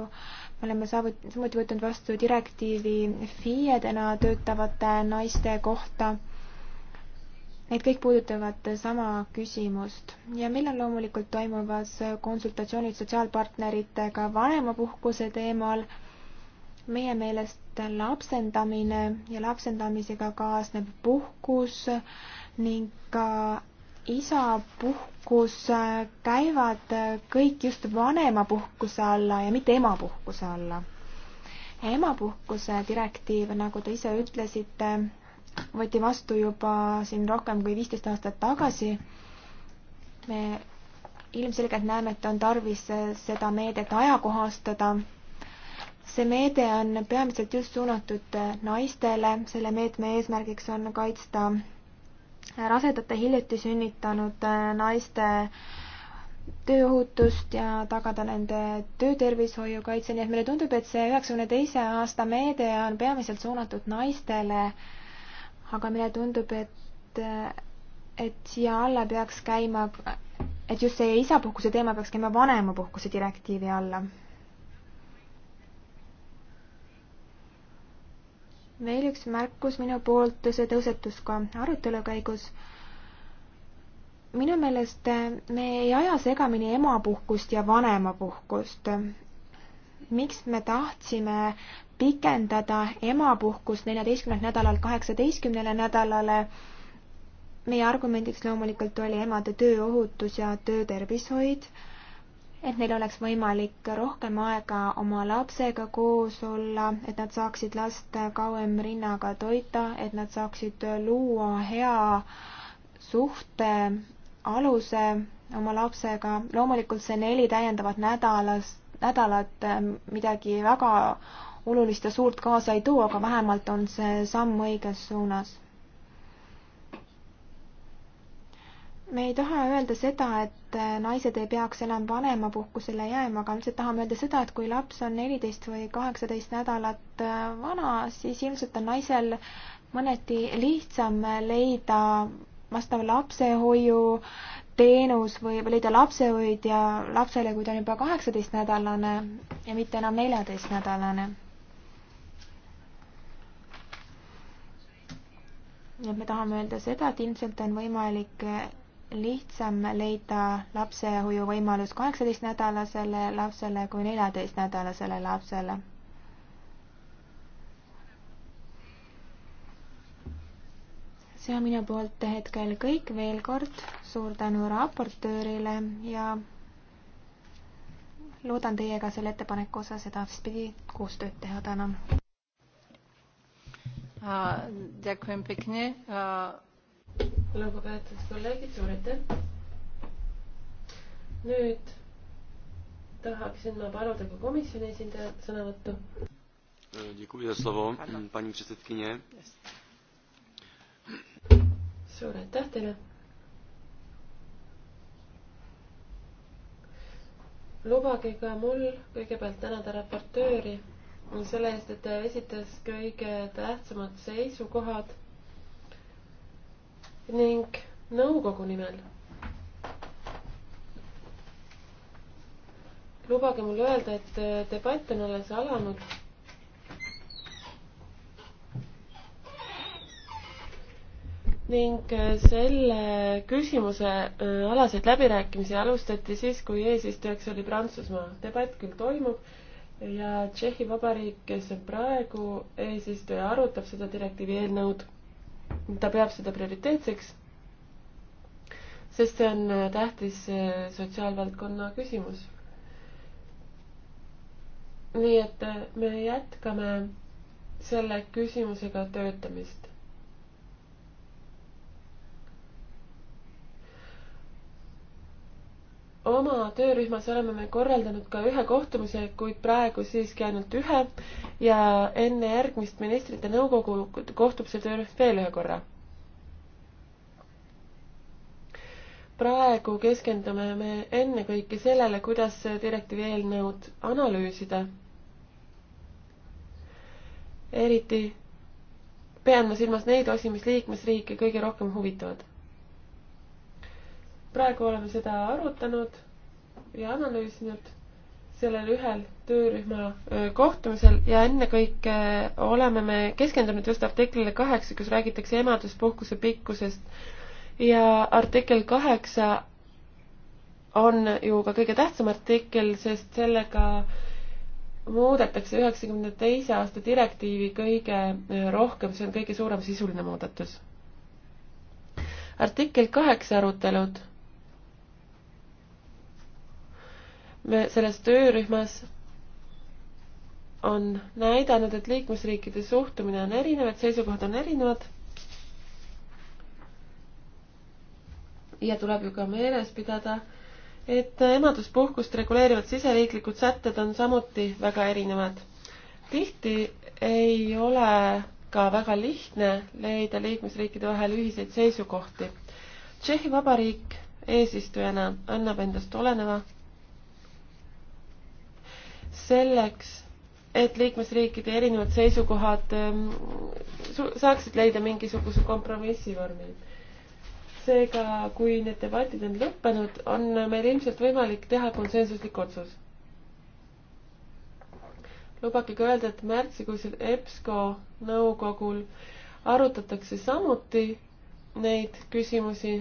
me oleme saavut-, samuti võtnud vastu direktiivi FIE-dena töötavate naiste kohta Need kõik puudutavad sama küsimust ja meil on loomulikult toimuvas konsultatsioonid sotsiaalpartneritega vanemapuhkuse teemal. meie meelest lapsendamine ja lapsendamisega kaasneb puhkus ning ka isapuhkus käivad kõik just vanemapuhkuse alla ja mitte emapuhkuse alla. emapuhkuse direktiiv, nagu te ise ütlesite, võeti vastu juba siin rohkem kui viisteist aastat tagasi. me ilmselgelt näeme, et on tarvis seda meedet ajakohastada. see meede on peamiselt just suunatud naistele, selle meetme eesmärgiks on kaitsta rasedate hiljuti sünnitanud naiste tööohutust ja tagada nende töötervishoiu kaitse, nii et meile tundub, et see üheksakümne teise aasta meede on peamiselt suunatud naistele äh, aga meile tundub, et, et siia alla peaks käima, et just see isapuhkuse teema peaks käima vanemapuhkuse direktiivi alla. veel üks märkus minu poolt, see tõusetus ka arutelu käigus. minu meelest me ei aja segamini emapuhkust ja vanemapuhkust miks me tahtsime pikendada emapuhkust neljateistkümnelt nädalalt kaheksateistkümnele nädalale. meie argumendiks loomulikult oli emade tööohutus ja töötervishoid, et neil oleks võimalik rohkem aega oma lapsega koos olla, et nad saaksid last kauem rinnaga toita, et nad saaksid luua hea suhte aluse oma lapsega. loomulikult see neli täiendavat nädalas, nädalat eh, midagi väga olulist ja suurt kaasa ei too, aga vähemalt on see samm õiges suunas. me ei taha öelda seda, et äh, naised ei peaks enam vanemapuhkusele jääma, aga lihtsalt tahame öelda seda, et kui laps on neliteist või kaheksateist nädalat äh, vana, siis ilmselt on naisel mõneti lihtsam leida vastav lapsehoiu teenus või, või leida lapsehoidja lapsele, kui ta on juba kaheksateistnädalane ja mitte enam neljateistnädalane. me tahame öelda seda, et ilmselt on võimalik lihtsam leida lapsehoiu võimalus kaheksateistnädalasele lapsele kui neljateistnädalasele lapsele see on minu poolt hetkel kõik. veel kord suur tänu raportöörile ja loodan teiega selle ettepaneku osas edaspidi koostööd teha. tänan. Ďakujem pekne. Lugupeetud kolleegid, suur aitäh. nüüd tahaksin ma paluda ka komisjoni esindajat sõnavõttu. E, Děkuji za slovo, mm, paní předsedkyně. Suur aitäh teile. lubage ka mul kõigepealt tänada raportööri selle eest, et ta esitas kõige tähtsamad seisukohad ning nõukogu nimel. lubage mul öelda, et äh, debatt on alles alanud. ning äh, selle küsimuse äh, alaseid läbirääkimisi alustati siis, kui eesistujaks oli Prantsusmaa. debatt küll toimub ja Tšehhi Vabariik, kes on praegu eesistuja, arutab seda direktiivi eelnõud. ta peab seda prioriteetseks, sest see on tähtis sotsiaalvaldkonna küsimus. nii et me jätkame selle küsimusega töötamist oma töörühmas oleme me korraldanud ka ühe kohtumise, kuid praegu siiski ainult ühe ja enne järgmist ministrite nõukogu kohtub see töörühm veel ühe korra. praegu keskendume me ennekõike sellele, kuidas direktiivi eelnõud analüüsida. eriti pean ma silmas neid osi, mis liikmesriike kõige rohkem huvitavad praegu oleme seda arutanud ja analüüsinud sellel ühel töörühma kohtumisel ja ennekõike äh, oleme me keskendunud just artiklile kaheksa, kus räägitakse emaduspuhkuse pikkusest ja artikkel kaheksa on ju ka kõige tähtsam artikkel, sest sellega muudetakse üheksakümne teise aasta direktiivi kõige rohkem, see on kõige suurem sisuline muudatus. artikkel kaheksa arutelud me selles töörühmas on näidanud, et liikmesriikide suhtumine on erinev, et seisukohad on erinevad. ja tuleb ju ka meeles pidada, et emaduspuhkust reguleerivad siseriiklikud sätted on samuti väga erinevad. tihti ei ole ka väga lihtne leida liikmesriikide vahel ühiseid seisukohti. Tšehhi Vabariik eesistujana annab endast oleneva selleks, et liikmesriikide erinevad seisukohad ähm, saaksid leida mingisuguse kompromissivormi. seega, kui need debatid on lõppenud, on meil ilmselt võimalik teha konsensuslik otsus. lubage ka öelda, et märtsikuisel EBSCO nõukogul arutatakse samuti neid küsimusi.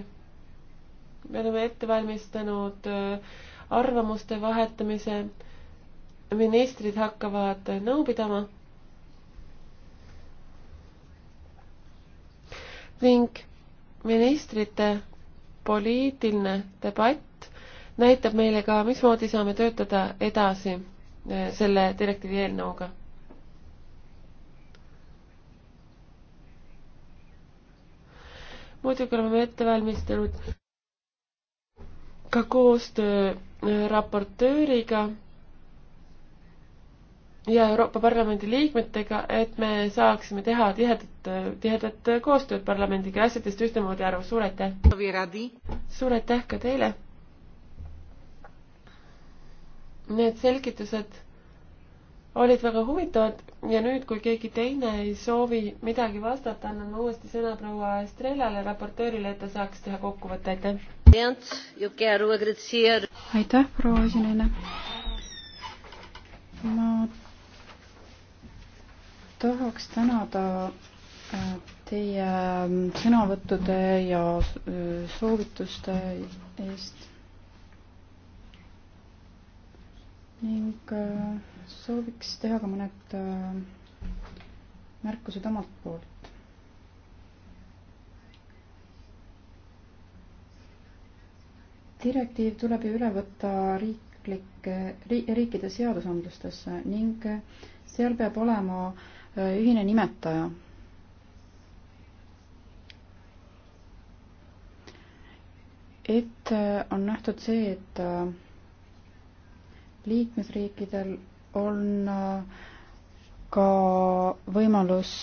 me oleme ette valmistanud äh, arvamuste vahetamise äh, ministrid hakkavad nõu pidama ning ministrite poliitiline debatt näitab meile ka, mismoodi saame töötada edasi eh, selle direktiivi eelnõuga. muidugi oleme ette valmistanud ka koostöö eh, raportööriga ja Euroopa Parlamendi liikmetega, et me saaksime teha tihedat, tihedat koostööd parlamendiga ja asjadest ühtemoodi aru. suur aitäh! suur aitäh ka teile! Need selgitused olid väga huvitavad ja nüüd, kui keegi teine ei soovi midagi vastata, annan ma uuesti sõna proua Estrelale, raportöörile, et ta saaks teha kokkuvõtte, aitäh! aitäh, proua esinaine! ma tahaks tänada äh, teie ähm, sõnavõttude ja äh, soovituste eest ning äh, sooviks teha ka mõned märkused omalt poolt. direktiiv tuleb ju üle võtta riiklike, riikide seadusandlustesse ning seal peab olema äh, ühine nimetaja. ette äh, on nähtud see, et äh, liikmesriikidel on äh, ka võimalus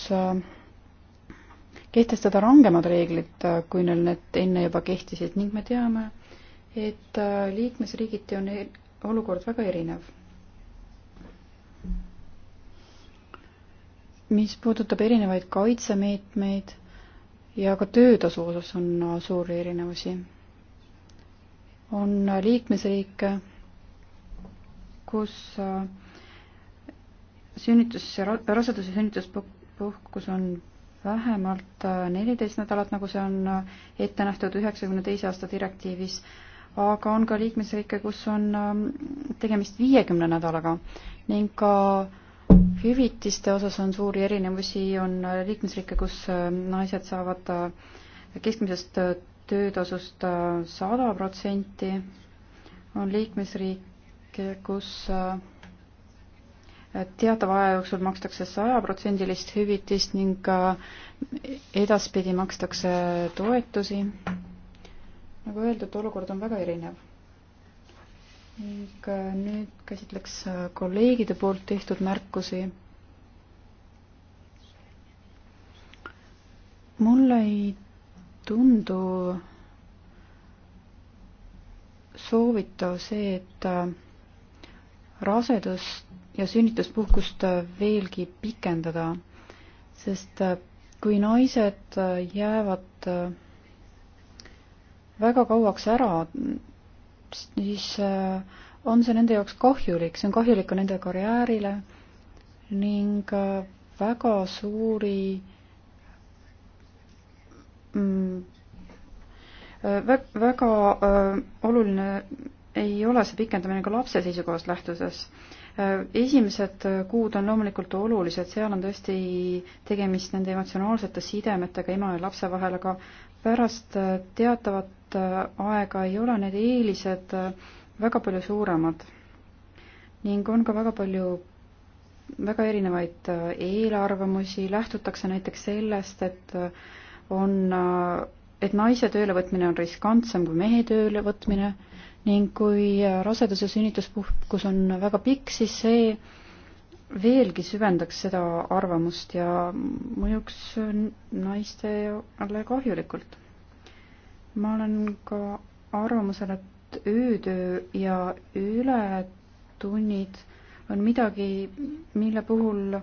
kehtestada rangemad reeglid, kui neil need enne juba kehtisid ning me teame, et liikmesriigiti on e-, olukord väga erinev mis puudutab erinevaid kaitsemeetmeid ja ka töötasu osas on suuri erinevusi. on liikmesriike, kus äh, sünnitus ja rasedus ja sünnituspuhkus on vähemalt äh, neliteist nädalat, nagu see on äh, ette nähtud üheksakümne teise aasta direktiivis, aga on ka liikmesriike, kus on ähm, tegemist viiekümne nädalaga ning ka hüvitiste osas on suuri erinevusi, on liikmesriike, kus äh, naised saavad äh, keskmisest äh, töötasust sada protsenti, on liikmesriike, kus teatava aja jooksul makstakse sajaprotsendilist hüvitist ning edaspidi makstakse toetusi. nagu öeldud, olukord on väga erinev ning äh, nüüd käsitleks äh, kolleegide poolt tehtud märkusi. mulle ei tundu soovitav see, et äh, rasedust ja sünnituspuhkust veelgi pikendada, sest kui naised jäävad väga kauaks ära siis äh, on see nende jaoks kahjulik, see on kahjulik ka nende karjäärile ning äh, väga suuri mm, äh, vä-, väga öö, oluline ei ole see pikendamine ka lapse seisukohast lähtudes. esimesed kuud on loomulikult olulised, seal on tõesti tegemist nende emotsionaalsete sidemetega ema ja lapse vahel, aga pärast teatavat Äh, aega ei ole need eelised äh, väga palju suuremad. ning on ka väga palju väga erinevaid äh, eelarvamusi, lähtutakse näiteks sellest, et on, et naise töölevõtmine on riskantsem kui mehe töölevõtmine ning kui raseduse sünnituspuhkus on väga pikk, siis see veelgi süvendaks seda arvamust ja mõjuks naistele kahjulikult ma olen ka arvamusel, et öötöö ja ületunnid on midagi, mille puhul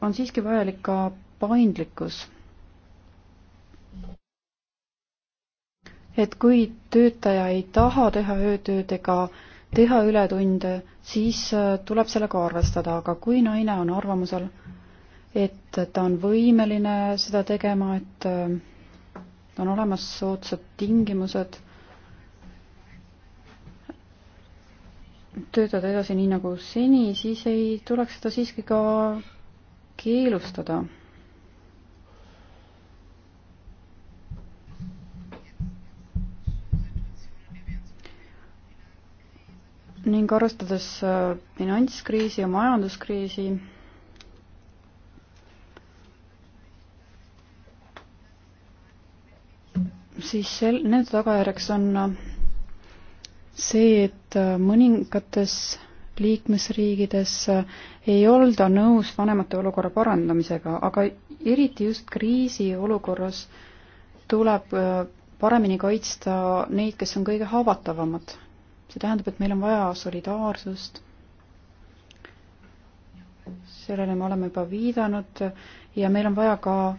on siiski vajalik ka paindlikkus. et kui töötaja ei taha teha öötööd ega teha ületunde, siis äh, tuleb sellega arvestada, aga kui naine on arvamusel, et ta on võimeline seda tegema, et äh, on olemas soodsad tingimused, töötada edasi nii nagu seni, siis ei tuleks seda siiski ka keelustada. ning arvestades äh, finantskriisi ja majanduskriisi siis sel-, nende tagajärjeks on äh, see, et äh, mõningates liikmesriigides äh, ei olda nõus vanemate olukorra parandamisega, aga eriti just kriisiolukorras tuleb paremini kaitsta neid, kes on kõige haavatavamad. see tähendab, et meil on vaja solidaarsust, sellele me oleme juba viidanud, ja meil on vaja ka äh,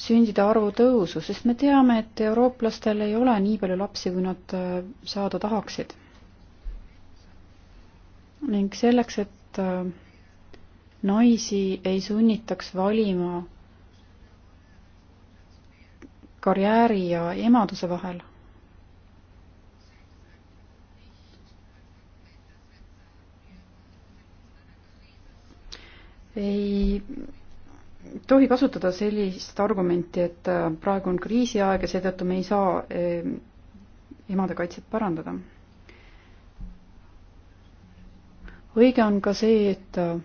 sündide arvu tõusu, sest me teame, et eurooplastel ei ole nii palju lapsi, kui nad äh, saada tahaksid. ning selleks, et äh, naisi ei sunnitaks valima karjääri ja emaduse vahel, ei tohi kasutada sellist argumenti, et äh, praegu on kriisiaeg ja seetõttu me ei saa äh, emade kaitset parandada. õige on ka see, et äh,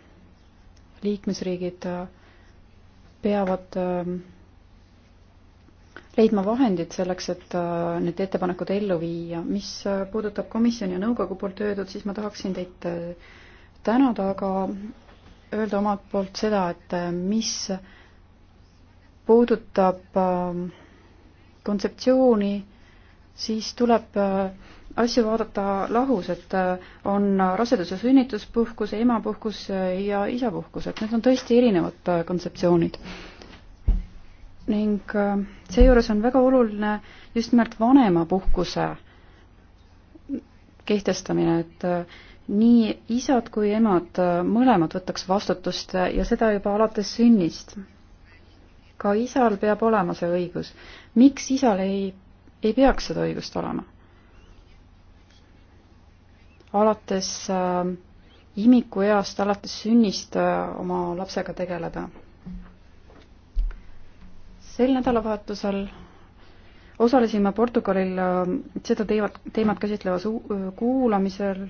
liikmesriigid peavad leidma vahendid selleks, et need ettepanekud ellu viia. mis puudutab komisjoni ja nõukogu poolt öeldud, siis ma tahaksin teid tänada, aga öelda omalt poolt seda, et äh, mis puudutab äh, kontseptsiooni, siis tuleb äh, asju vaadata lahus, et on rasedus- ja sünnituspuhkus, emapuhkus ja isapuhkus, et need on tõesti erinevad kontseptsioonid. ning seejuures on väga oluline just nimelt vanemapuhkuse kehtestamine, et nii isad kui emad äh, mõlemad võtaks vastutust ja seda juba alates sünnist. ka isal peab olema see õigus. miks isal ei, ei peaks seda õigust olema? alates äh, imikueast, alates sünnist äh, oma lapsega tegeleda. sel nädalavahetusel osalesin ma Portugalil äh, seda teemat, teemat käsitlevas kuulamisel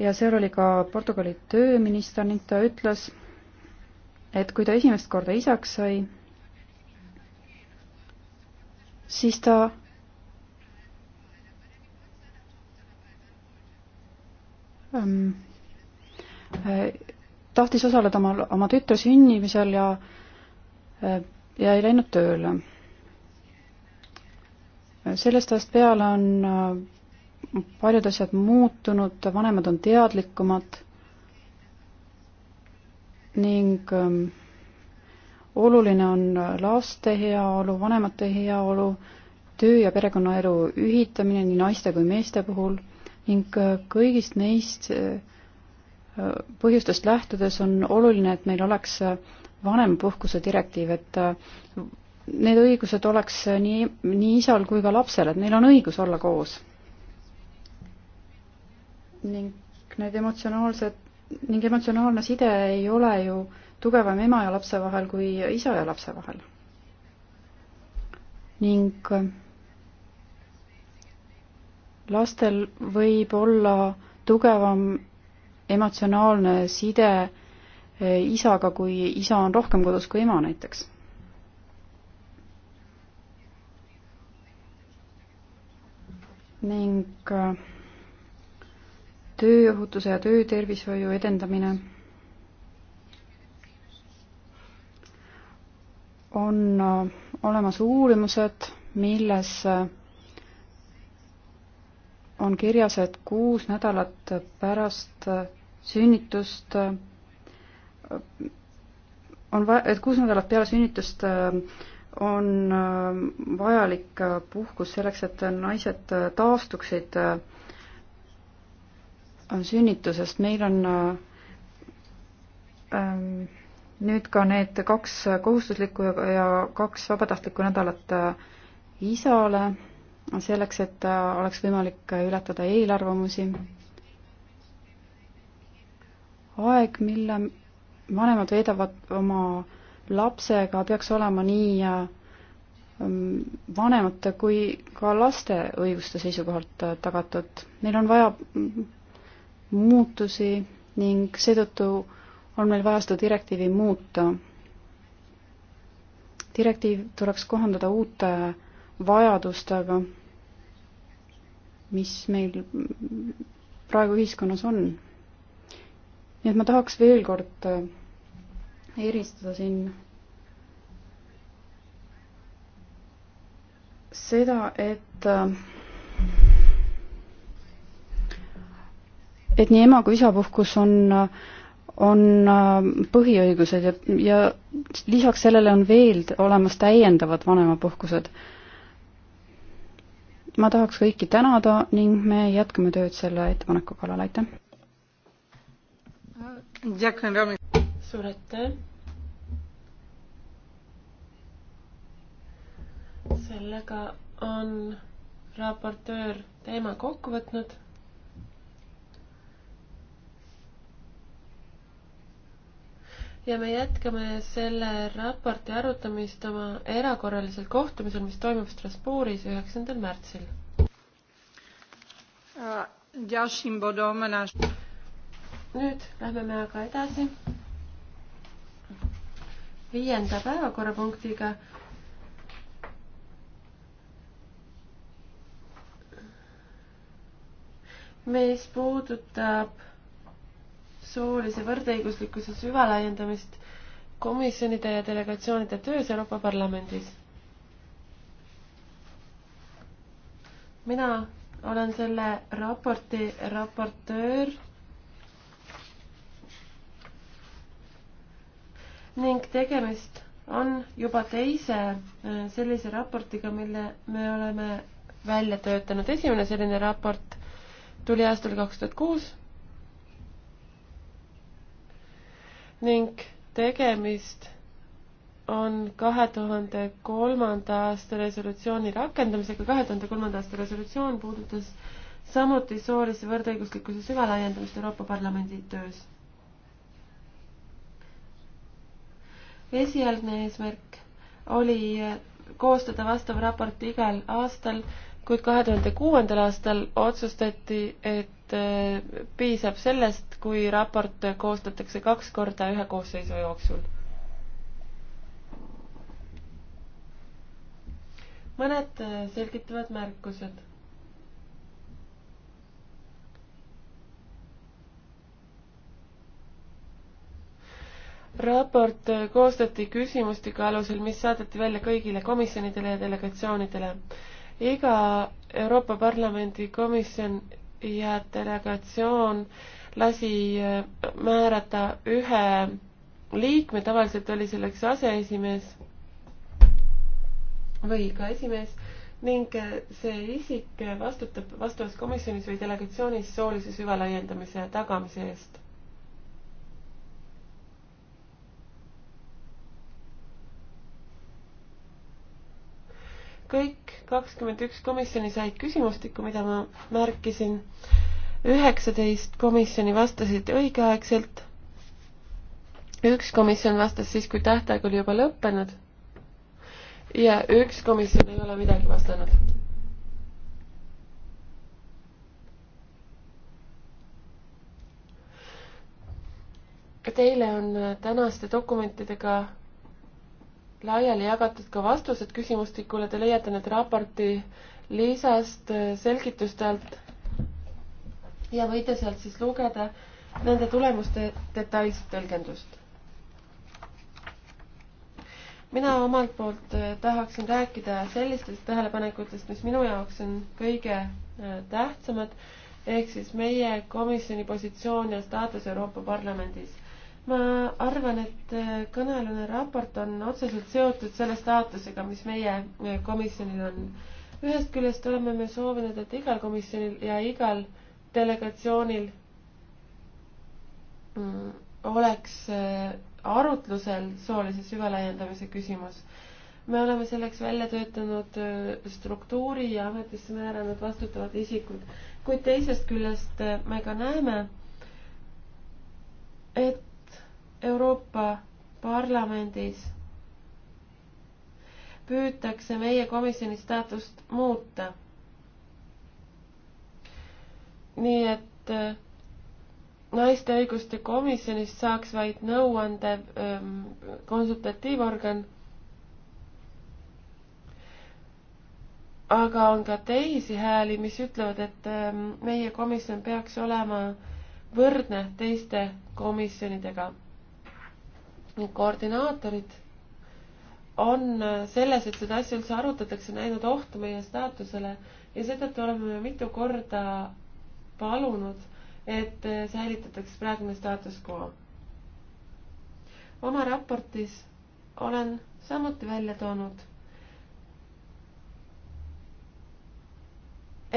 ja seal oli ka Portugali tööminister ning ta ütles, et kui ta esimest korda isaks sai, siis ta ähm, äh, tahtis osaleda oma, oma tütre sünnimisel ja äh, ja ei läinud tööle. sellest ajast peale on äh, paljud asjad muutunud, vanemad on teadlikumad ning ähm, oluline on laste heaolu, vanemate heaolu, töö- ja perekonnaelu ühitamine nii naiste kui meeste puhul ning äh, kõigist neist äh, põhjustest lähtudes on oluline, et meil oleks äh, vanemapuhkuse direktiiv, et need õigused oleks nii, nii isal kui ka lapsel, et neil on õigus olla koos ning need emotsionaalsed, ning emotsionaalne side ei ole ju tugevam ema ja lapse vahel kui isa ja lapse vahel. ning äh, lastel võib olla tugevam emotsionaalne side äh, isaga, kui isa on rohkem kodus kui ema näiteks. ning äh, tööohutuse ja töötervishoiu edendamine on äh, olemas uurimused, milles äh, on kirjas, et kuus nädalat pärast äh, sünnitust on va-, et kuus nädalat peale sünnitust on vajalik puhkus selleks, et naised taastuksid äh, sünnitusest, meil on äh, ähm, nüüd ka need kaks kohustuslikku ja kaks vabatahtlikku nädalat äh, isale, selleks, et äh, oleks võimalik ületada eelarvamusi. aeg, mille vanemad veedavad oma lapsega, peaks olema nii ähm, vanemate kui ka laste õiguste seisukohalt tagatud. Neil on vaja mm, muutusi ning seetõttu on meil vaja seda direktiivi muuta. direktiiv tuleks kohandada uute vajadustega, mis meil praegu ühiskonnas on. nii et ma tahaks veel kord eristada siin seda, et äh, et nii ema kui isapuhkus on, on äh, põhiõigused ja, ja lisaks sellele on veel olemas täiendavad vanemapuhkused. ma tahaks kõiki tänada ning me jätkame tööd selle ettepaneku kallal, aitäh! suur aitäh! sellega on raportöör teema kokku võtnud ja me jätkame selle raporti arutamist oma erakorralisel kohtumisel, mis toimub Strasbourgis üheksandal märtsil. nüüd lähme me aga edasi viienda päevakorrapunktiga mis puudutab soolise võrdõiguslikkuse süvalaiendamist komisjonide ja delegatsioonide töös Euroopa Parlamendis. mina olen selle raporti raportöör ning tegemist on juba teise äh, sellise raportiga, mille me oleme välja töötanud. esimene selline raport tuli aastal kaks tuhat kuus ning tegemist on kahe tuhande kolmanda aasta resolutsiooni rakendamisega. kahe tuhande kolmanda aasta resolutsioon puudutas samuti soolise võrdõiguslikkuse süvalaiendamist Euroopa Parlamendi töös. esialgne eesmärk oli koostada vastav raport igal aastal, kuid kahe tuhande kuuendal aastal otsustati, et et äh, piisab sellest, kui raport koostatakse kaks korda ühe koosseisu jooksul. mõned äh, selgitavad märkused. raport äh, koostati küsimustiku alusel, mis saadeti välja kõigile komisjonidele ja delegatsioonidele. iga Euroopa Parlamendi komisjon ja delegatsioon lasi äh, määrata ühe liikme, tavaliselt oli selleks aseesimees või ka esimees ning äh, see isik vastutab vastavas komisjonis või delegatsioonis soolise süvalaiendamise tagamise eest kõik kakskümmend üks komisjoni said küsimustikku, mida ma märkisin. üheksateist komisjoni vastasid õigeaegselt. üks komisjon vastas siis, kui tähtaeg oli juba lõppenud. ja üks komisjon ei ole midagi vastanud. Teile on tänaste dokumentidega laiali jagatud ka vastused küsimustikule, te leiate need raporti lisast äh, selgitustelt ja võite sealt siis lugeda nende tulemuste detailset tõlgendust. mina omalt poolt äh, tahaksin rääkida sellistest tähelepanekutest, mis minu jaoks on kõige äh, tähtsamad, ehk siis meie komisjoni positsioon ja staatus Euroopa Parlamendis ma arvan, et äh, kõnealune raport on otseselt seotud selle staatusega, mis meie äh, komisjonil on. ühest küljest oleme me soovinud, et igal komisjonil ja igal delegatsioonil mm, oleks äh, arutlusel soolise süvalaiendamise küsimus. me oleme selleks välja töötanud struktuuri ja ametisse määranud vastutavad isikud, kuid teisest küljest me ka näeme, et Euroopa Parlamendis püütakse meie komisjoni staatust muuta. nii et äh, naiste õiguste komisjonist saaks vaid nõuandev ähm, konsultatiivorgan. aga on ka teisi hääli, mis ütlevad, et ähm, meie komisjon peaks olema võrdne teiste komisjonidega ning koordinaatorid on selles, et seda asja üldse arutatakse, näinud ohtu meie staatusele ja seetõttu oleme me mitu korda palunud, et säilitataks praegune staatus quo. oma raportis olen samuti välja toonud,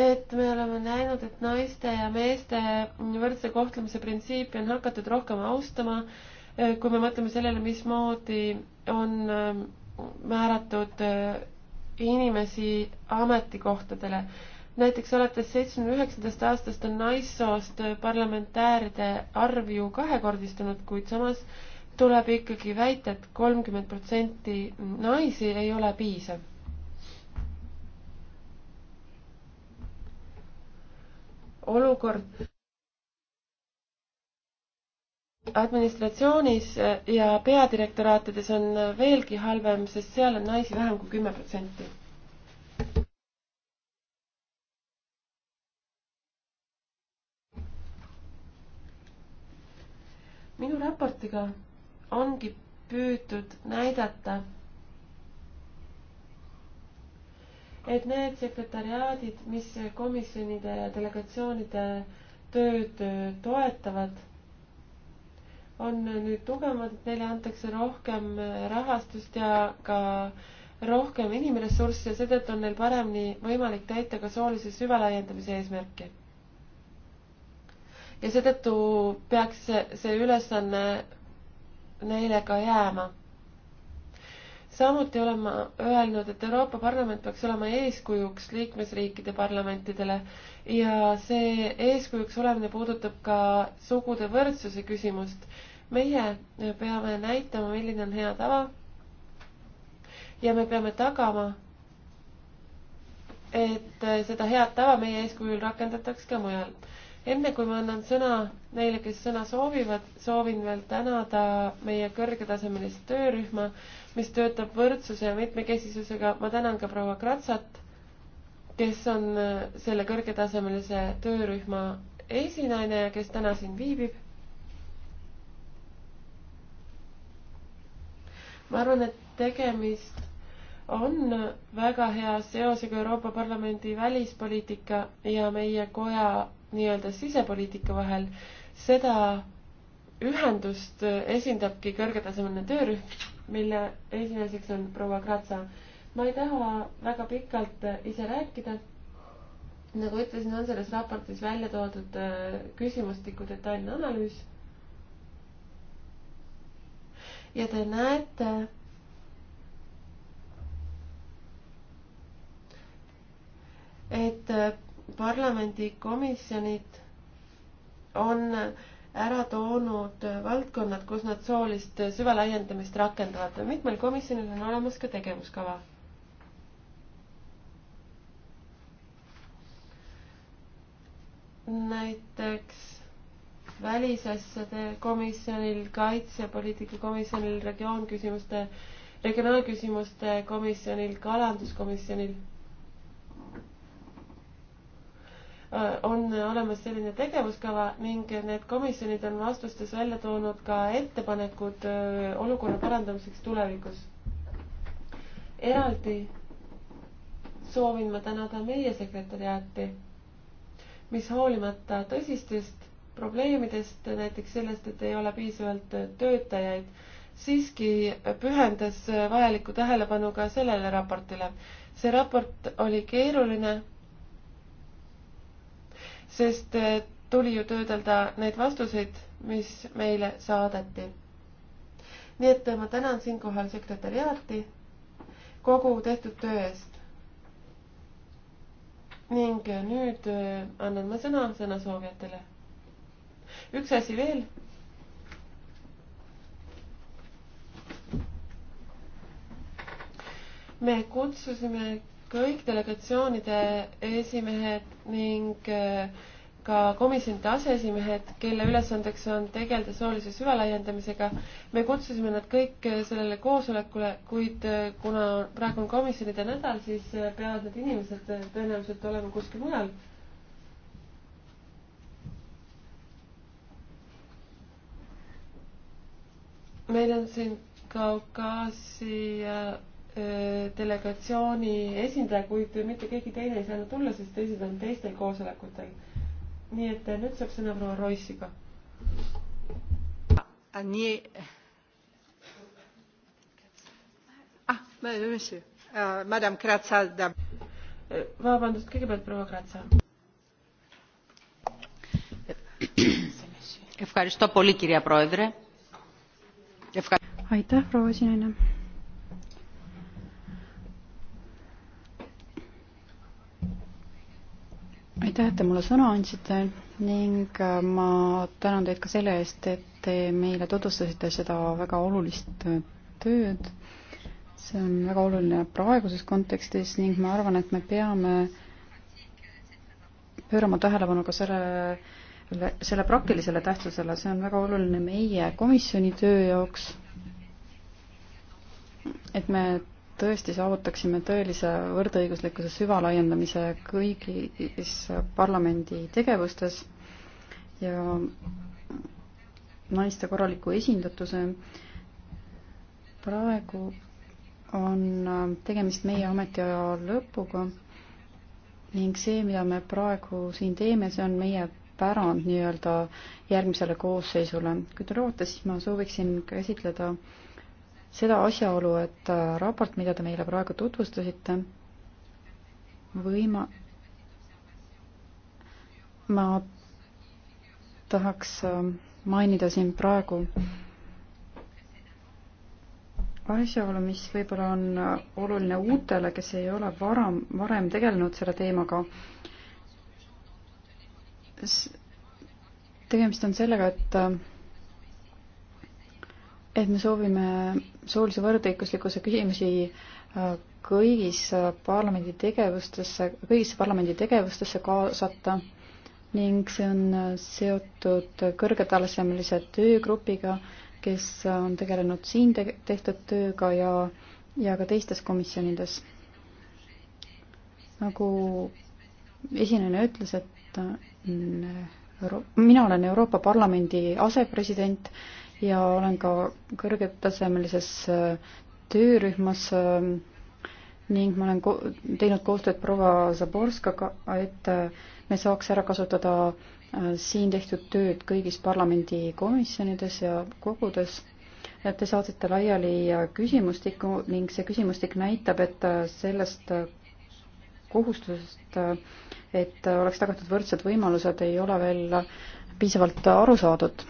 et me oleme näinud, et naiste ja meeste võrdse kohtlemise printsiipi on hakatud rohkem austama Eh, kui me mõtleme sellele, mismoodi on eh, määratud eh, inimesi ametikohtadele. näiteks alates seitsmekümne üheksandast aastast on naissoost parlamentääride arv ju kahekordistunud, kuid samas tuleb ikkagi väita et, et kolmkümmend protsenti naisi ei ole piisav. olukord administratsioonis ja peadirektoraatides on veelgi halvem, sest seal on naisi vähem kui kümme protsenti. minu raportiga ongi püütud näidata, et need sekretariaadid, mis komisjonide ja delegatsioonide tööd toetavad on nüüd tugevamad, et neile antakse rohkem äh, rahastust ja ka rohkem inimressurssi ja seetõttu on neil paremini võimalik täita ka soolise süvalaiendamise eesmärki. ja seetõttu peaks see ülesanne neile ka jääma. samuti olen ma öelnud, et Euroopa Parlament peaks olema eeskujuks liikmesriikide parlamentidele ja see eeskujuks olemine puudutab ka sugude võrdsuse küsimust meie peame näitama, milline on hea tava. ja me peame tagama, et seda head tava meie eeskujul rakendataks ka mujal. enne kui ma annan sõna neile, kes sõna soovivad, soovin veel tänada meie kõrgetasemelist töörühma, mis töötab võrdsuse ja mitmekesisusega. ma tänan ka proua Kratsat, kes on selle kõrgetasemelise töörühma esinaine ja kes täna siin viibib ma arvan, et tegemist on väga hea seosega Euroopa Parlamendi välispoliitika ja meie koja nii-öelda sisepoliitika vahel. seda ühendust esindabki kõrgetasemeline töörühm, mille esimeseks on proua Kratsa. ma ei taha väga pikalt ise rääkida. nagu ütlesin, on selles raportis välja toodud äh, küsimustiku detailne analüüs ja te näete, et parlamendikomisjonid on ära toonud valdkonnad, kus nad soolist süvalaiendamist rakendavad. mitmel komisjonil on olemas ka tegevuskava. näiteks välisasjade komisjonil, kaitsepoliitika komisjonil, regioonküsimuste, regionaalküsimuste komisjonil, kalanduskomisjonil on olemas selline tegevuskava ning need komisjonid on vastustes välja toonud ka ettepanekud olukorra parandamiseks tulevikus. eraldi soovin ma tänada meie sekretäriaati, mis hoolimata tõsistest probleemidest, näiteks sellest, et ei ole piisavalt töötajaid, siiski pühendas vajalikku tähelepanu ka sellele raportile. see raport oli keeruline, sest tuli ju töödelda neid vastuseid, mis meile saadeti. nii et ma tänan siinkohal sekretäriaati kogu tehtud töö eest ning nüüd annan ma sõna sõnasoovijatele üks asi veel. me kutsusime kõik delegatsioonide esimehed ning äh, ka komisjonide aseesimehed, kelle ülesandeks on tegeleda soolise süvalaiendamisega. me kutsusime nad kõik äh, sellele koosolekule, kuid äh, kuna praegu on komisjonide nädal, siis peavad need inimesed tõenäoliselt olema kuskil mujal meil on siin Kaukaasi äh, äh, delegatsiooni esindaja, kuid mitte keegi teine ei saanud tulla, sest teised on teistel koosolekutel. nii et äh, nüüd saab sõna proua Roissiga. Ah, nii. ah, monsieur, madame Kratsa. vabandust, kõigepealt proua Kratsa. Ευχαριστώ πολύ κυρία Πρόεδρε aitäh, proua esinaine. aitäh, et te mulle sõna andsite ning äh, ma tänan teid ka selle eest, et te meile tutvustasite seda väga olulist äh, tööd. see on väga oluline praeguses kontekstis ning ma arvan, et me peame pöörama tähelepanu ka sellele selle praktilisele tähtsusele, see on väga oluline meie komisjoni töö jaoks, et me tõesti saavutaksime tõelise võrdõiguslikkuse süvalaiendamise kõigis parlamendi tegevustes ja naiste korraliku esindatuse. praegu on tegemist meie ametiaja lõpuga ning see, mida me praegu siin teeme, see on meie pärand nii-öelda järgmisele koosseisule. kui te lubate, siis ma sooviksin käsitleda seda asjaolu, et äh, raport, mida te meile praegu tutvustasite, võima-, ma tahaks äh, mainida siin praegu asjaolu, mis võib-olla on äh, oluline uutele, kes ei ole varem, varem tegelenud selle teemaga tegemist on sellega, et et me soovime soolise võrdõiguslikkuse küsimusi äh, kõigis äh, parlamendi tegevustesse, kõigisse parlamendi tegevustesse kaasata ning see on äh, seotud kõrgetasemelise töögrupiga, kes on tegelenud siin te tehtud tööga ja, ja ka teistes komisjonides. nagu esineja ütles, et Euro-, mina olen Euroopa Parlamendi asepresident ja olen ka kõrgetasemelises äh, töörühmas äh, ning ma olen ko-, teinud koostööd proua Zaborskaga, et äh, me saaks ära kasutada siin tehtud tööd kõigis parlamendikomisjonides ja kogudes. Te saatsite laiali küsimustiku ning see küsimustik näitab, et sellest kohustusest, et oleks tagatud võrdsed võimalused, ei ole veel piisavalt aru saadud.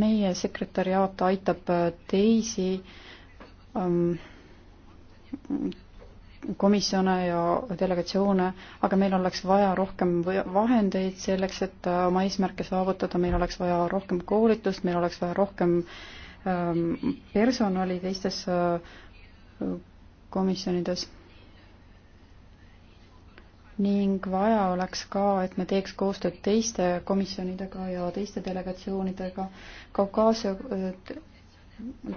meie sekretäriaat aitab teisi ähm, komisjone ja delegatsioone, aga meil oleks vaja rohkem vahendeid selleks, et oma eesmärke saavutada, meil oleks vaja rohkem koolitust, meil oleks vaja rohkem ähm, personali teistes äh, komisjonides ning vaja oleks ka, et me teeks koostööd teiste komisjonidega ja teiste delegatsioonidega. Kaukaasia äh,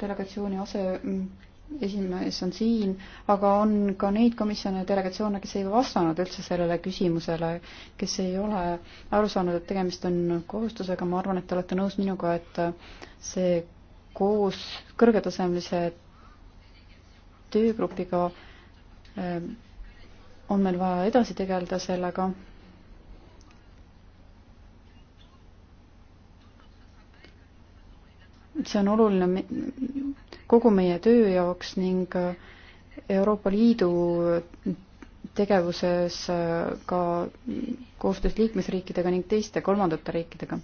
delegatsiooni aseesimees mm, on siin, aga on ka neid komisjone ja delegatsioone, kes ei vastanud üldse sellele küsimusele, kes ei ole aru saanud, et tegemist on kohustusega, ma arvan, et te olete nõus minuga, et see koos kõrgetasemelise töögrupiga äh, on meil vaja edasi tegeleda sellega. see on oluline kogu meie töö jaoks ning äh, Euroopa Liidu tegevuses äh, ka koostöös liikmesriikidega ning teiste kolmandate riikidega.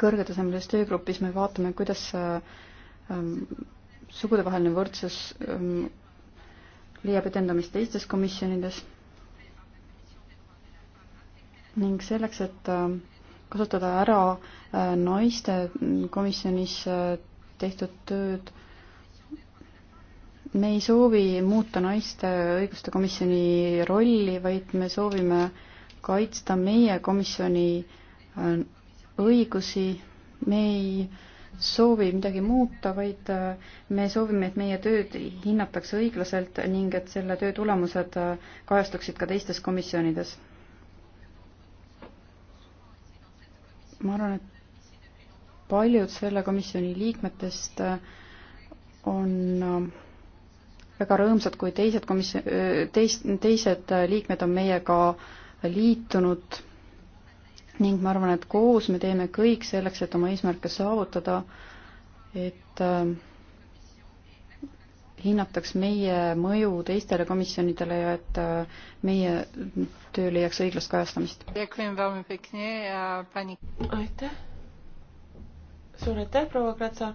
kõrgetasemelises töögrupis me vaatame, kuidas äh, Ähm, sugudevaheline võrdsus ähm, leiab edendamist teistes komisjonides ning selleks, et ähm, kasutada ära äh, naiste mm, komisjonis äh, tehtud tööd, me ei soovi muuta naiste õiguste komisjoni rolli, vaid me soovime kaitsta meie komisjoni äh, õigusi, me ei äh, soovi midagi muuta, vaid äh, me soovime, et meie tööd hinnatakse õiglaselt ning et selle töö tulemused äh, kajastuksid ka teistes komisjonides. ma arvan, et paljud selle komisjoni liikmetest äh, on väga rõõmsad, kui teised komisjon, teist, teised liikmed on meiega liitunud ning ma arvan, et koos me teeme kõik selleks, et oma eesmärke saavutada, et äh, hinnataks meie mõju teistele komisjonidele ja et äh, meie töö leiaks õiglast kajastamist. aitäh. suur aitäh, proua Kratsa.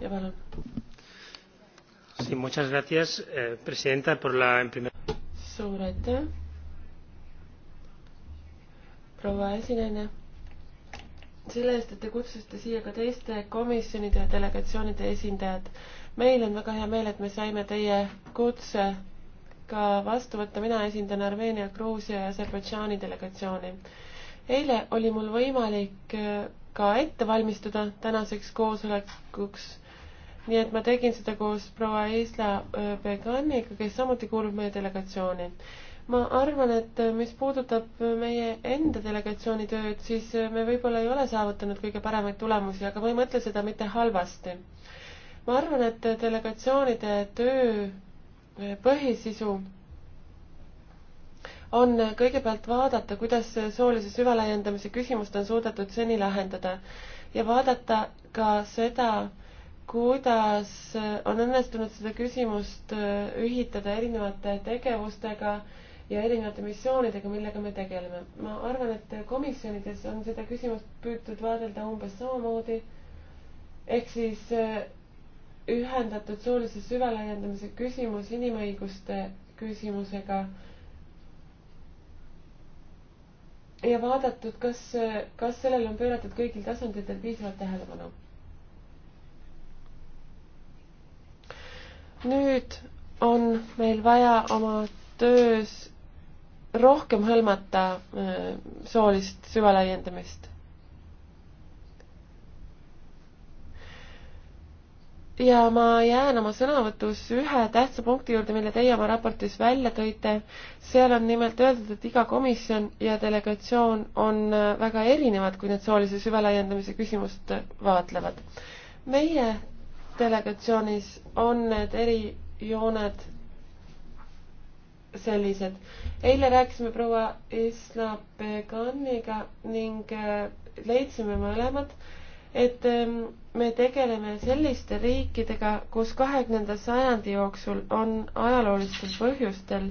ja palun. Sí, muchas gracias, eh, presidenta, por la. Suur aitäh proua esinaine, selle eest, et te kutsusite siia ka teiste komisjonide ja delegatsioonide esindajad. meil on väga hea meel, et me saime teie kutse ka vastu võtta, mina esindan Armeenia, Gruusia ja Aserbaidžaani delegatsiooni. eile oli mul võimalik äh, ka ette valmistuda tänaseks koosolekuks. nii et ma tegin seda koos proua Isla Beganiga, äh, kes samuti kuulub meie delegatsiooni ma arvan, et mis puudutab meie enda delegatsiooni tööd, siis me võib-olla ei ole saavutanud kõige paremaid tulemusi, aga ma ei mõtle seda mitte halvasti. ma arvan, et delegatsioonide töö põhisisu on kõigepealt vaadata, kuidas soolise süvalaiendamise küsimust on suudetud seni lahendada ja vaadata ka seda, kuidas on õnnestunud seda küsimust ühitada erinevate tegevustega äh, ja erinevate missioonidega, millega me tegeleme. ma arvan, et komisjonides on seda küsimust püütud vaadelda umbes samamoodi. ehk siis äh, ühendatud soolise süvalaiendamise küsimus inimõiguste küsimusega. ja vaadatud, kas, kas sellele on pööratud kõigil tasanditel piisavalt tähelepanu. nüüd on meil vaja oma töös rohkem hõlmata äh, soolist süvalaiendamist. ja ma jään oma sõnavõtus ühe tähtsa punkti juurde, mille teie oma raportis välja tõite. seal on nimelt öeldud, et iga komisjon ja delegatsioon on äh, väga erinevad, kui need soolise süvelaiendamise küsimust vaatlevad. meie delegatsioonis on need erijooned sellised. eile rääkisime proua Isla Beganiga ning äh, leidsime mõlemad, et ähm, me tegeleme selliste riikidega, kus kahekümnenda sajandi jooksul on ajaloolistel põhjustel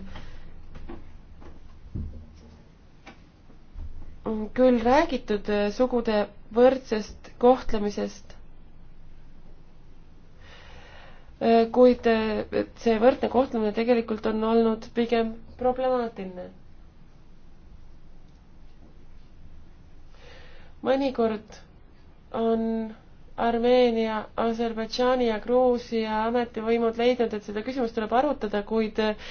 küll räägitud äh, sugude võrdsest kohtlemisest, kuid see võrdne kohtlemine tegelikult on olnud pigem problemaatiline. mõnikord on Armeenia, Aserbaidžaani ja Gruusia ametivõimud leidnud, et seda küsimust tuleb arutada, kuid eh,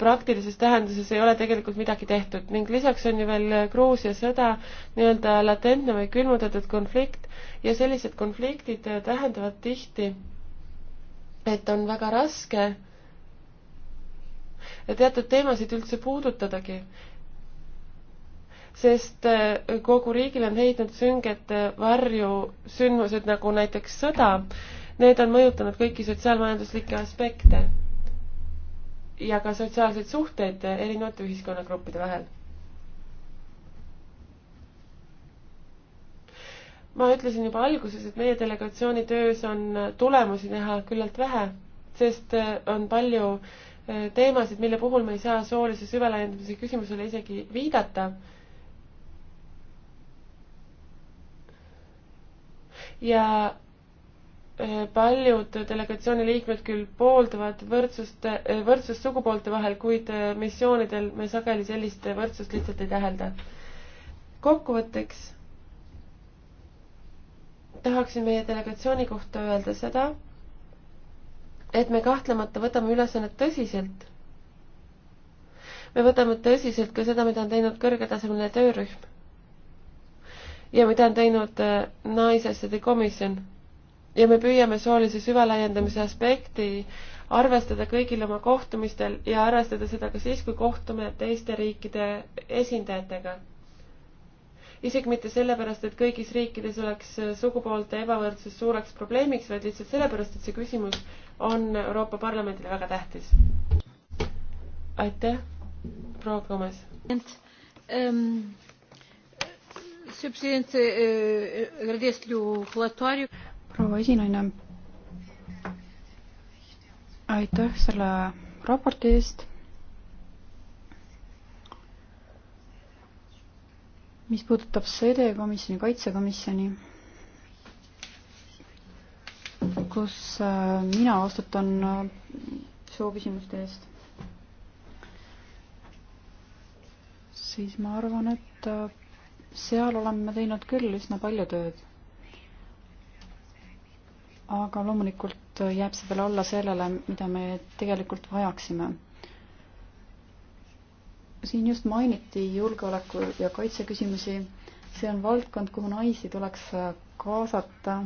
praktilises tähenduses ei ole tegelikult midagi tehtud ning lisaks on ju veel Gruusia sõda nii-öelda latentne või külmutatud konflikt ja sellised konfliktid eh, tähendavad tihti et on väga raske teatud teemasid üldse puudutadagi, sest eh, kogu riigil on heidnud sünget eh, varju sündmused nagu näiteks sõda. Need on mõjutanud kõiki sotsiaalmajanduslikke aspekte ja ka sotsiaalseid suhteid eh, erinevate ühiskonnagruppide vahel ma ütlesin juba alguses, et meie delegatsiooni töös on tulemusi näha küllalt vähe, sest äh, on palju äh, teemasid, mille puhul me ei saa soolise süvelaiendamise küsimusele isegi viidata. ja äh, paljud delegatsiooni liikmed küll pooldavad võrdsust, võrdsust sugupoolte vahel, kuid missioonidel me sageli sellist võrdsust lihtsalt ei tähelda. kokkuvõtteks tahaksin meie delegatsiooni kohta öelda seda, et me kahtlemata võtame ülesannet tõsiselt. me võtame tõsiselt ka seda, mida on teinud kõrgetasemeline töörühm ja mida on teinud äh, Naisasjade komisjon. ja me püüame soolise süvalaiendamise aspekti arvestada kõigil oma kohtumistel ja arvestada seda ka siis, kui kohtume teiste riikide esindajatega isegi mitte sellepärast, et kõigis riikides oleks äh, sugupoolte ebavõrdsus suureks probleemiks, vaid lihtsalt sellepärast, et see küsimus on Euroopa Parlamendile väga tähtis. aitäh, proua Gomes. Ähm, äh, proua esinaine, aitäh selle raporti eest mis puudutab sede komisjoni, kaitsekomisjoni, kus äh, mina vastutan äh, sooküsimuste eest, siis ma arvan, et äh, seal oleme teinud küll üsna palju tööd. aga loomulikult jääb see veel alla sellele, mida me tegelikult vajaksime siin just mainiti julgeoleku ja kaitse küsimusi. see on valdkond, kuhu naisi tuleks kaasata,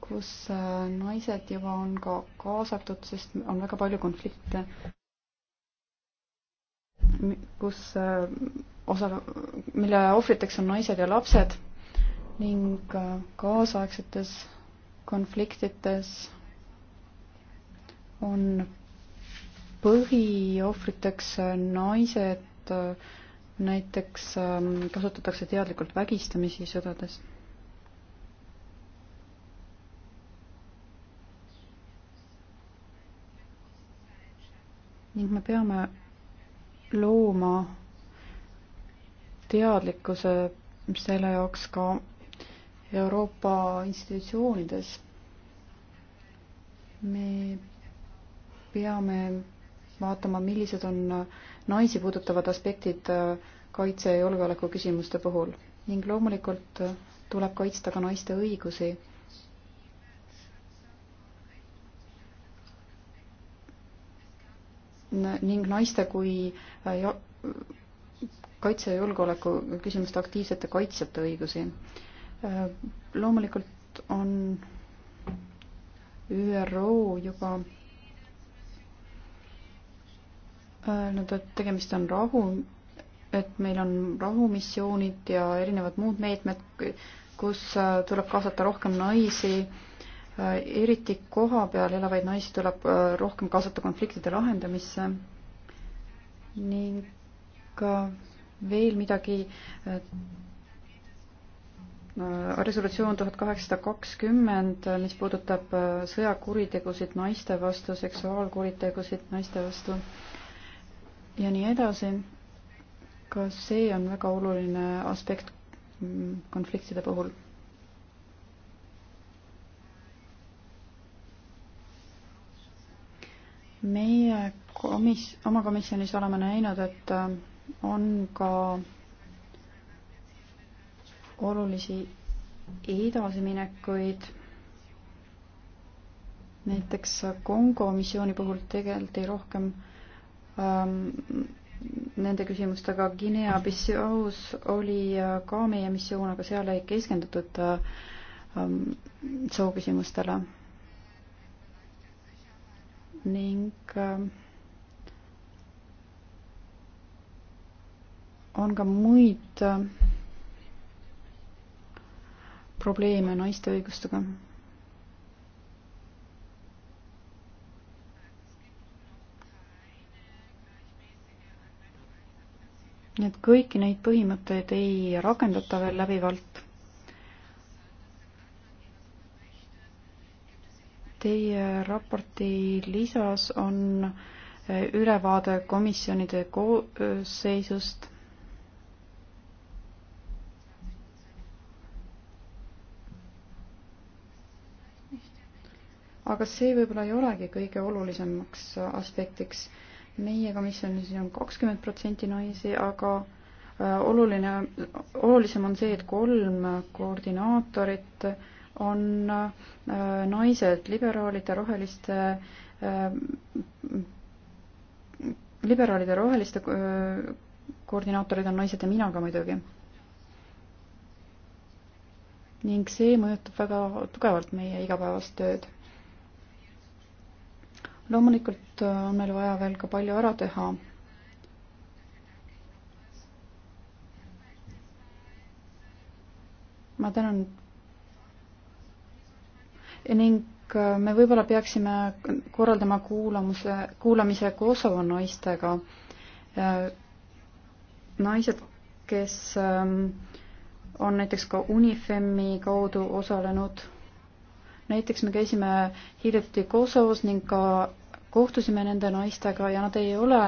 kus äh, naised juba on ka kaasatud, sest on väga palju konflikte, kus äh, osa, mille ohvriteks on naised ja lapsed ning äh, kaasaegsetes konfliktides on põhiohvriteks naised, näiteks ähm, kasutatakse teadlikult vägistamisi sõdades. ning me peame looma teadlikkuse selle jaoks ka Euroopa institutsioonides. me peame vaatama, millised on äh, naisi puudutavad aspektid äh, kaitse ja julgeoleku küsimuste puhul ning loomulikult äh, tuleb kaitsta ka naiste õigusi. ning naiste kui ja, kaitse ja julgeoleku küsimuste aktiivsete kaitsjate õigusi. loomulikult on ÜRO juba öelnud, et tegemist on rahu, et meil on rahumissioonid ja erinevad muud meetmed, kus äh, tuleb kaasata rohkem naisi, äh, eriti koha peal elavaid naisi tuleb äh, rohkem kaasata konfliktide lahendamisse ning ka veel midagi resolutsioon tuhat kaheksasada kakskümmend, mis puudutab sõjakuritegusid naiste vastu, seksuaalkuritegusid naiste vastu ja nii edasi. ka see on väga oluline aspekt konfliktide puhul. meie komis-, oma komisjonis oleme näinud, et on ka olulisi edasiminekuid. näiteks Kongo missiooni puhul tegeldi rohkem äh, ähm, nende küsimustega. Guinea-Bissaus oli äh, ka meie missioon, aga seal ei keskendutud äh, ähm, sooküsimustele. ning ähm, on ka muid äh, probleeme naiste õigustega no,. nii et kõiki neid põhimõtteid ei rakendata veel läbivalt. Teie raporti lisas on eh, ülevaade komisjonide koosseisust. aga see võib-olla ei olegi kõige olulisemaks aspektiks meie komisjonis on kakskümmend protsenti naisi, aga äh, oluline, olulisem on see, et kolm koordinaatorit on äh, naised, liberaalide, roheliste, äh, liberaalide, roheliste koordinaatorid on naised ja mina ka muidugi. ning see mõjutab väga tugevalt meie igapäevast tööd loomulikult äh, on meil vaja veel ka palju ära teha. ma tänan. ning äh, me võib-olla peaksime korraldama kuulamuse, kuulamise Kosovo naistega. Äh, naised, kes ähm, on näiteks ka UNIFEM-i kaudu osalenud näiteks me käisime hiljuti Kosovos ning ka kohtusime nende naistega ja nad ei ole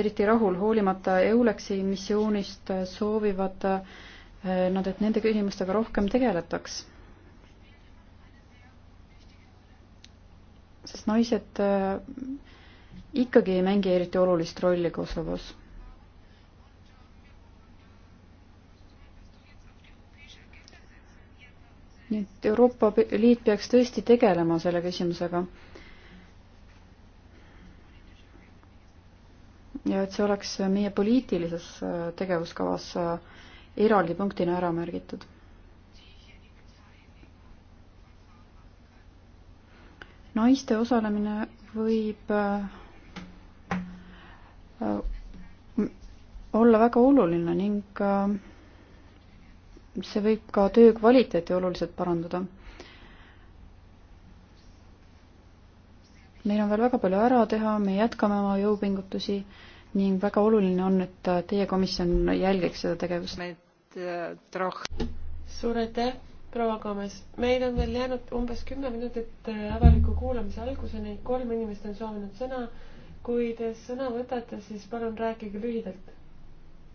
eriti rahul, hoolimata EULEX-i missioonist soovivad eh, nad, et nende küsimustega rohkem tegeletaks. sest naised eh, ikkagi ei mängi eriti olulist rolli Kosovos nii et Euroopa Liit peaks tõesti tegelema selle küsimusega. ja et see oleks meie poliitilises äh, tegevuskavas äh, eraldi punktina ära märgitud. naiste osalemine võib äh, olla väga oluline ning see võib ka töö kvaliteeti oluliselt parandada. meil on veel väga palju ära teha, me jätkame oma jõupingutusi ning väga oluline on, et teie komisjon jälgiks seda tegevust. suur aitäh, proua Gomes. meil on veel jäänud umbes kümme minutit avaliku kuulamise alguseni, kolm inimest on soovinud sõna. kui te sõna võtate, siis palun rääkige lühidalt.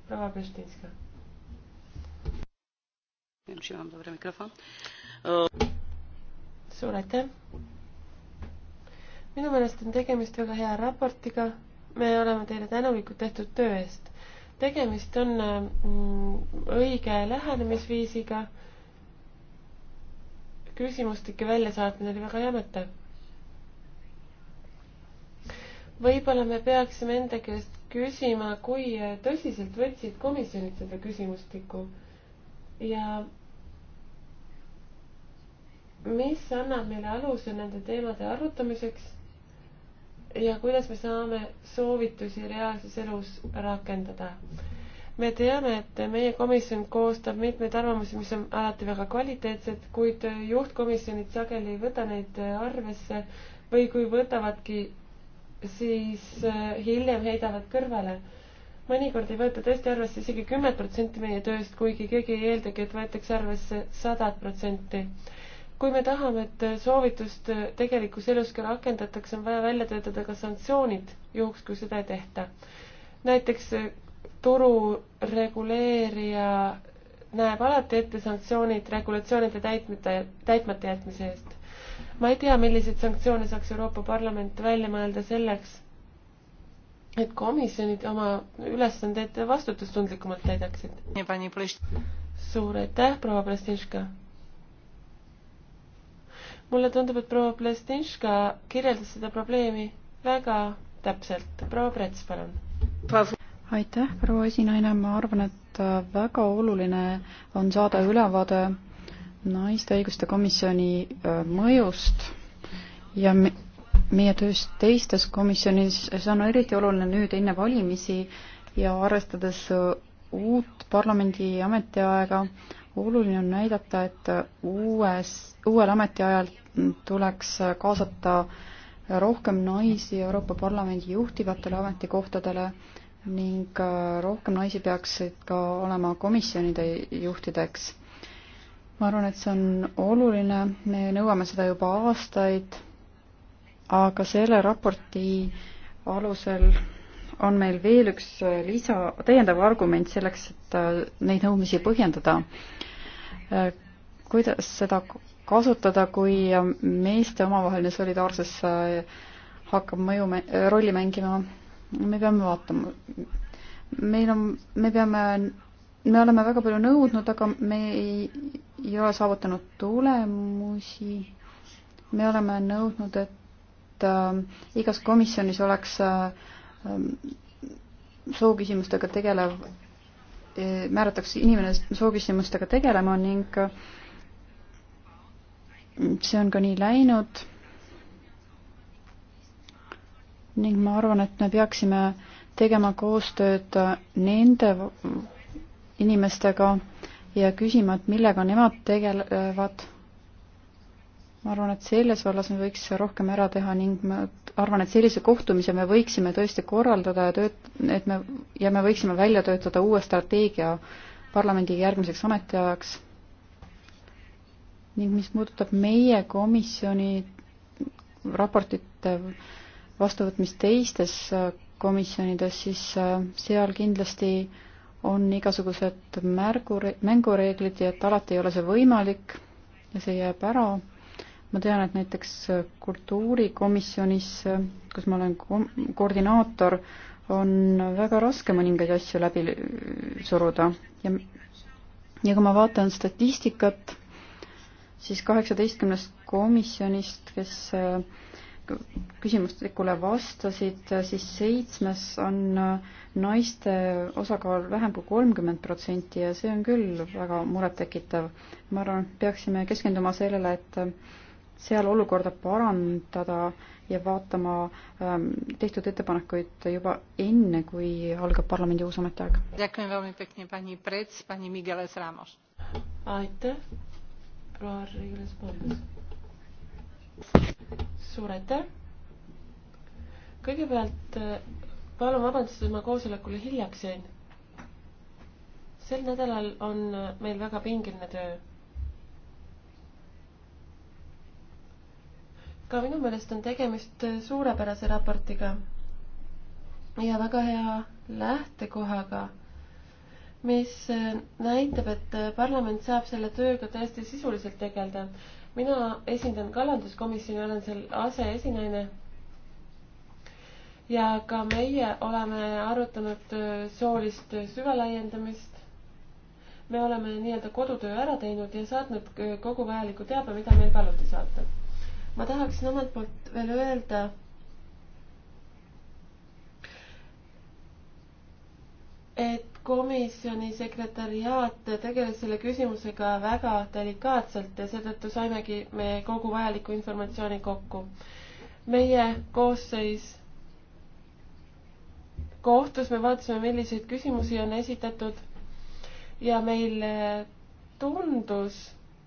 proua Pestinska suur aitäh! minu meelest on tegemist väga hea raportiga, me oleme teile tänulikud tehtud töö eest. tegemist on mm, õige lähenemisviisiga, küsimustike väljasaatmine oli väga jämetav. võib-olla me peaksime enda käest küsima, kui tõsiselt võtsid komisjonid seda küsimustikku ja mis annab meile aluse nende teemade arutamiseks ja kuidas me saame soovitusi reaalses elus rakendada. me teame, et meie komisjon koostab mitmeid arvamusi, mis on alati väga kvaliteetsed, kuid juhtkomisjonid sageli ei võta neid arvesse või kui võtavadki, siis äh, hiljem heidavad kõrvale mõnikord ei võeta tõesti arvesse isegi kümmet protsenti meie tööst, kuigi keegi ei eeldagi, et võetakse arvesse sadat protsenti kui me tahame, et soovitust tegelikus elus ka rakendatakse, on vaja välja töötada ka sanktsioonid juhuks, kui seda ei tehta. näiteks eh, turu reguleerija näeb alati ette sanktsioonid regulatsioonide täitmata, täitmata jätmise eest. ma ei tea, milliseid sanktsioone saaks Euroopa Parlament välja mõelda selleks, et komisjonid oma ülesandeid vastutustundlikumalt täidaksid. suur aitäh, proua Plestinška! mulle tundub, et proua Plestinška kirjeldas seda probleemi väga täpselt. proua Prets, palun. aitäh, proua esinaine, ma arvan, et äh, väga oluline on saada ülevaade naiste õiguste komisjoni äh, mõjust ja meie tööst teistes komisjonis, see on eriti oluline nüüd enne valimisi ja arvestades äh, uut parlamendi ametiaega oluline on näidata, et uues, uuel ametiajal tuleks kaasata rohkem naisi Euroopa Parlamendi juhtivatele ametikohtadele ning rohkem naisi peaksid ka olema komisjonide juhtideks. ma arvan, et see on oluline, me nõuame seda juba aastaid, aga selle raporti alusel on meil veel üks lisa, täiendav argument selleks, et neid nõudmisi põhjendada. Äh, kuidas seda kasutada, kui meeste omavaheline solidaarsus äh, hakkab mõju, äh, rolli mängima, me peame vaatama. meil on, me peame, me oleme väga palju nõudnud, aga me ei, ei ole saavutanud tulemusi. me oleme nõudnud, et äh, igas komisjonis oleks äh, ähm, sooküsimustega tegelev Eh, määratakse inimene sooviksimustega tegelema ning mm, see on ka nii läinud. ning ma arvan, et me peaksime tegema koostööd nende inimestega ja küsima, et millega nemad tegelevad ma arvan, et selles vallas me võiks rohkem ära teha ning ma arvan, et sellise kohtumise me võiksime tõesti korraldada ja tööt-, et me, ja me võiksime välja töötada uue strateegia parlamendi järgmiseks ametiajaks. ning mis puudutab meie komisjoni raportite vastuvõtmist teistes komisjonides, siis äh, seal kindlasti on igasugused märgu, mängureeglid ja et alati ei ole see võimalik ja see jääb ära ma tean, et näiteks kultuurikomisjonis, kus ma olen ko-, koordinaator, on väga raske mõningaid asju läbi suruda ja ja kui ma vaatan statistikat, siis kaheksateistkümnest komisjonist, kes äh, küsimustikule vastasid, siis seitsmes on äh, naiste osakaal vähem kui kolmkümmend protsenti ja see on küll väga murettekitav. ma arvan, et peaksime keskenduma sellele, et seal olukorda parandada ja vaatama ähm, tehtud ettepanekuid juba enne, kui algab parlamendi uus ametiaeg. aitäh, proua Riigilas Poolas. suur aitäh. kõigepealt äh, palun vabandust, et ma koosolekule hiljaks jäin. sel nädalal on äh, meil väga pingeline töö ka minu meelest on tegemist suurepärase raportiga ja väga hea lähtekohaga, mis näitab, et parlament saab selle tööga tõesti sisuliselt tegeleda. mina esindan kalanduskomisjoni, olen seal aseesinaine. ja ka meie oleme arutanud soolist süvalaiendamist. me oleme nii-öelda kodutöö ära teinud ja saatnud kogu vajaliku teabe, mida meil paluti saata ma tahaksin omalt poolt veel öelda, et komisjoni sekretariaat tegeles selle küsimusega väga delikaatselt ja seetõttu saimegi me kogu vajaliku informatsiooni kokku. meie koosseis kohtus, me vaatasime, milliseid küsimusi on esitatud ja meile tundus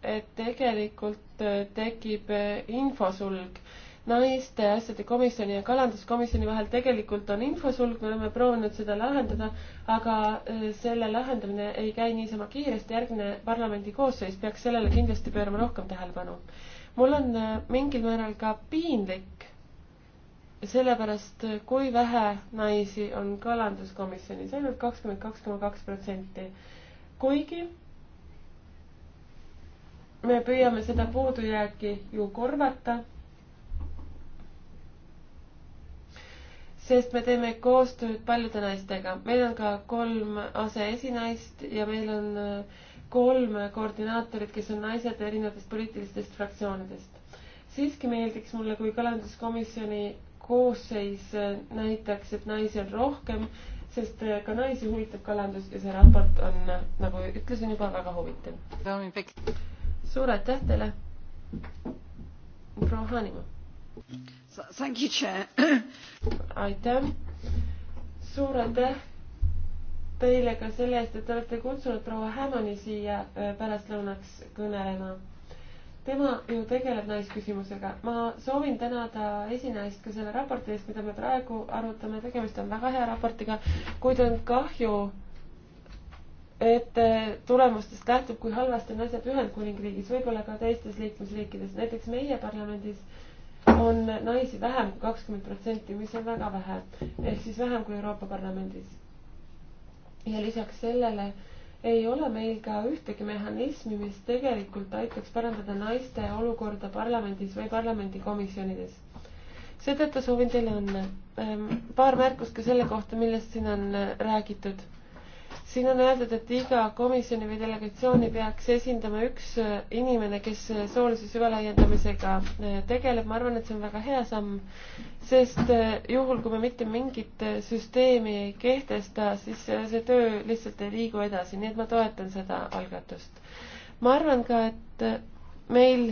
et tegelikult äh, tekib äh, infosulg naiste asjade komisjoni ja kalanduskomisjoni vahel tegelikult on infosulg, me oleme proovinud seda lahendada, aga äh, selle lahendamine ei käi niisama kiiresti, järgmine parlamendi koosseis peaks sellele kindlasti pöörama rohkem tähelepanu. mul on mingil määral ka piinlik, sellepärast kui vähe naisi on kalanduskomisjonis, ainult kakskümmend kaks koma kaks protsenti. kuigi me püüame seda puudujääki ju korvata. sest me teeme koostööd paljude naistega, meil on ka kolm aseesinaist ja meil on äh, kolm koordinaatorit, kes on naised erinevatest poliitilistest fraktsioonidest. siiski meeldiks mulle, kui kalanduskomisjoni koosseis äh, näitaks, et naisi on rohkem, sest äh, ka naisi huvitab kalandus ja see raport on, nagu ütlesin juba, väga huvitav suur aitäh teile. proua Haanimaa. aitäh. suur aitäh teile ka selle eest, et te olete kutsunud proua Hämani siia äh, pärastlõunaks kõnelema. tema ju tegeleb naisküsimusega. ma soovin tänada esinaist ka selle raporti eest, mida me praegu arutame. tegemist on väga hea raportiga, kuid on kahju, et eh, tulemustest lähtub, kui halvasti on asjad Ühendkuningriigis, võib-olla ka teistes liikmesriikides, näiteks meie parlamendis on naisi vähem kui kakskümmend protsenti, mis on väga vähe, ehk siis vähem kui Euroopa Parlamendis. ja lisaks sellele ei ole meil ka ühtegi mehhanismi, mis tegelikult aitaks parandada naiste olukorda parlamendis või parlamendikomisjonides. seetõttu soovin teile õnne. Ehm, paar märkust ka selle kohta, millest siin on eh, räägitud siin on öeldud, et iga komisjoni või delegatsiooni peaks esindama üks äh, inimene, kes äh, soolise süvalaiendamisega äh, tegeleb, ma arvan, et see on väga hea samm, sest juhul, kui me mitte mingit süsteemi ei kehtesta, siis see töö lihtsalt ei liigu edasi, nii et ma toetan seda algatust. ma arvan ka, et meil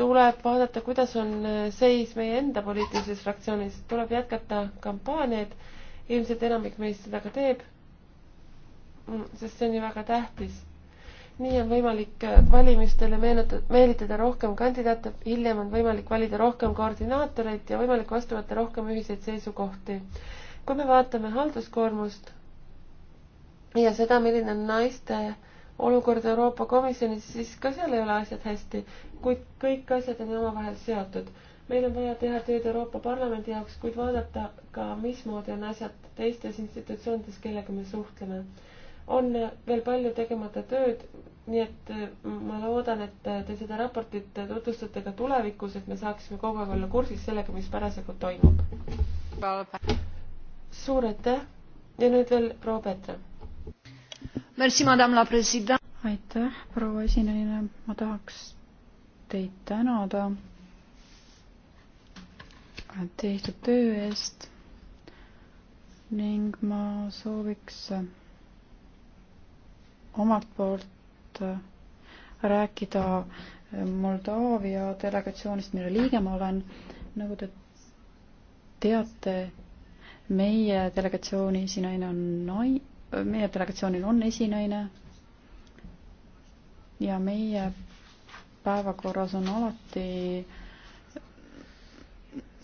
tuleb vaadata, kuidas on seis meie enda poliitilises fraktsioonis, tuleb jätkata kampaaniaid, ilmselt enamik meist seda ka teeb sest see on ju väga tähtis. nii on võimalik äh, valimistele meenutada, meelitada rohkem kandidaate, hiljem on võimalik valida rohkem koordinaatoreid ja võimalik vastu võtta rohkem ühiseid seisukohti. kui me vaatame halduskoormust ja seda, milline on naiste olukord Euroopa Komisjonis, siis ka seal ei ole asjad hästi, kuid kõik asjad on ju omavahel seotud. meil on vaja teha tööd Euroopa Parlamendi jaoks, kuid vaadata ka, mismoodi on asjad teistes institutsioonides, kellega me suhtleme on veel palju tegemata tööd, nii et äh, ma loodan, et äh, te seda raportit tutvustate ka tulevikus, et me saaksime kogu aeg olla kursis sellega, mis parasjagu toimub. suur aitäh ja nüüd veel proua Petra. aitäh, proua esineja, ma tahaks teid tänada tehtud töö eest ning ma sooviks omalt poolt äh, rääkida äh, Moldaavia delegatsioonist, mille liige ma olen. nagu te teate, meie delegatsiooni esinaine on nai-, meie delegatsioonil on esinaine ja meie päevakorras on alati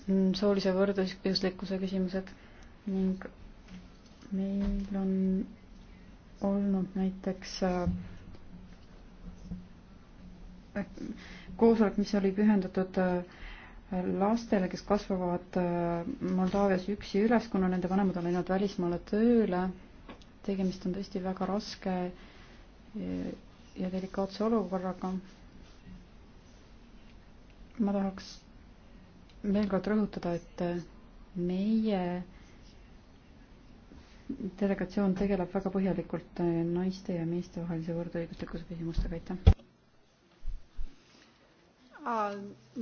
mm, soolise võrdõiguslikkuse küsimused ning meil on olnud näiteks äh, koosolek, mis oli pühendatud äh, lastele, kes kasvavad äh, Moldaavias üksi üles, kuna nende vanemad on läinud välismaale tööle. tegemist on tõesti väga raske ja delikaatse olukorraga. ma tahaks veel kord rõhutada, et meie delegatsioon tegeleb väga põhjalikult äh, naiste ja meeste vahelise võrdõiguslikkuse küsimustega, aitäh!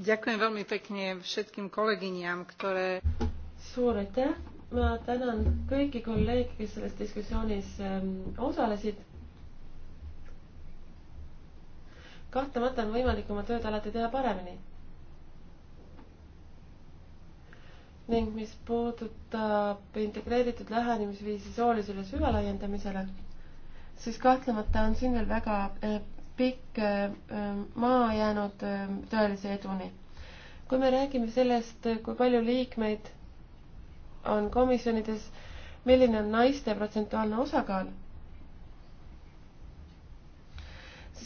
ďakujem veľmi pekne všetkým kolegyniam, ktoré... Suur aitäh! Ma tänan kõiki kolleege, kes selles diskussioonis ähm, osalesid. Kahtlemata on võimalik oma tööd alati teha paremini ning mis puudutab integreeritud lähenemisviisi soolisele süvalaiendamisele, siis kahtlemata on siin veel väga eh, pikk eh, maa jäänud eh, tõelise eduni. kui me räägime sellest, kui palju liikmeid on komisjonides, milline on naiste protsentuaalne osakaal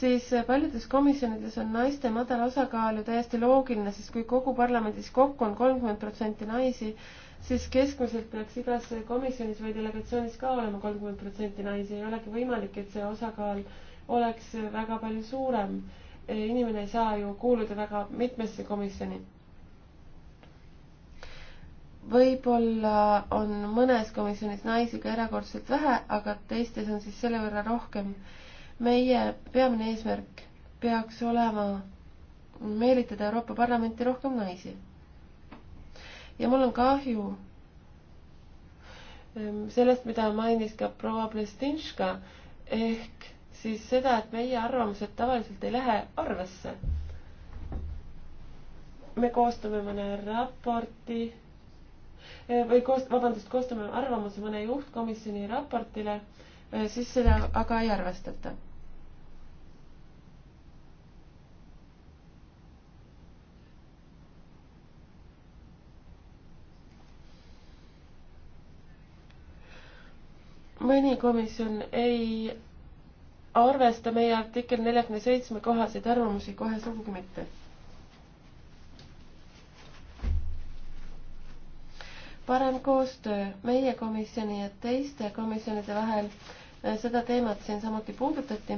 siis paljudes komisjonides on naiste madal osakaal ju täiesti loogiline, sest kui kogu parlamendis kokku on kolmkümmend protsenti naisi, siis keskmiselt peaks igas komisjonis või delegatsioonis ka olema kolmkümmend protsenti naisi, ei olegi võimalik, et see osakaal oleks väga palju suurem. inimene ei saa ju kuuluda väga mitmesse komisjoni. võib-olla on mõnes komisjonis naisi ka erakordselt vähe, aga teistes on siis selle võrra rohkem meie peamine eesmärk peaks olema meelitada Euroopa Parlamenti rohkem naisi. ja mul on kahju ehm, sellest, mida mainis ka proua Plestinška, ehk siis seda, et meie arvamused tavaliselt ei lähe arvesse. me koostame mõne raporti eh, või koos, vabandust, koostame arvamuse mõne juhtkomisjoni raportile, eh, siis seda aga ei arvestata mõni komisjon ei arvesta meie artikkel neljakümne seitsme kohaseid arvamusi kohe sugugi mitte. parem koostöö meie komisjoni ja teiste komisjonide vahel, seda teemat siin samuti puudutati.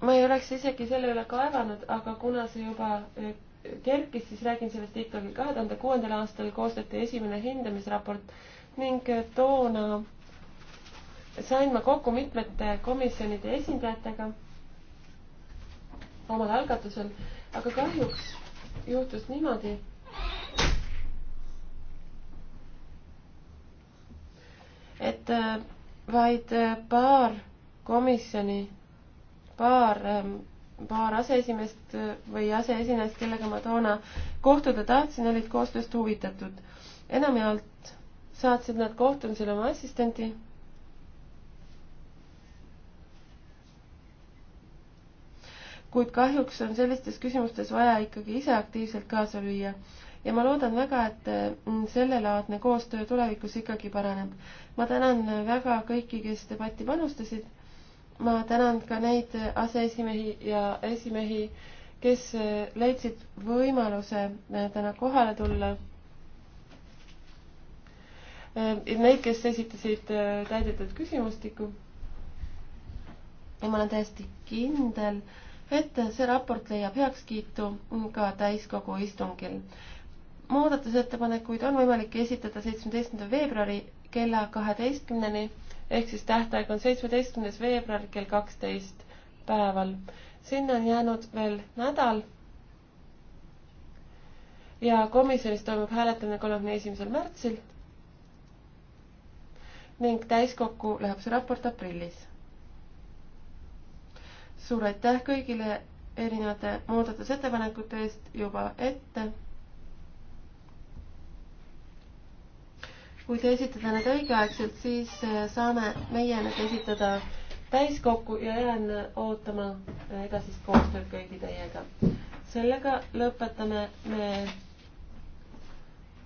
ma ei oleks isegi selle üle kaevanud, aga kuna see juba kerkis, siis räägin sellest ikkagi. kahe tuhande kuuendal aastal koostati esimene hindamisraport ning toona sain ma kokku mitmete komisjonide esindajatega omal algatusel, aga kahjuks juhtus niimoodi, et äh, vaid äh, paar komisjoni, paar ähm, paar aseesimeest äh, või aseesinaist, kellega ma toona kohtuda tahtsin, olid koostööst huvitatud. enamjaolt saatsid nad kohtumisele oma assistendi. kuid kahjuks on sellistes küsimustes vaja ikkagi ise aktiivselt kaasa lüüa ja ma loodan väga, et äh, sellelaadne koostöö tulevikus ikkagi paraneb. ma tänan väga kõiki, kes debatti panustasid ma tänan ka neid aseesimehi ja esimehi, kes leidsid võimaluse äh, täna kohale tulla. Äh, neid, kes esitasid äh, täidetud küsimustikku. ja ma olen täiesti kindel, et see raport leiab heakskiitu ka täiskogu istungil. muudatusettepanekuid on võimalik esitada seitsmeteistkümnenda veebruari kella kaheteistkümneni ehk siis tähtaeg on seitsmeteistkümnes veebruar kell kaksteist päeval. sinna on jäänud veel nädal. ja komisjonis toimub hääletamine kolmekümne esimesel märtsil. ning täiskokku läheb see raport aprillis. suur aitäh kõigile erinevate muudatusettepanekute eest juba ette kui te esitate need õigeaegselt, siis äh, saame meie need esitada täiskokku ja jään ootama äh, edasist koostööd kõigi teiega. sellega lõpetame me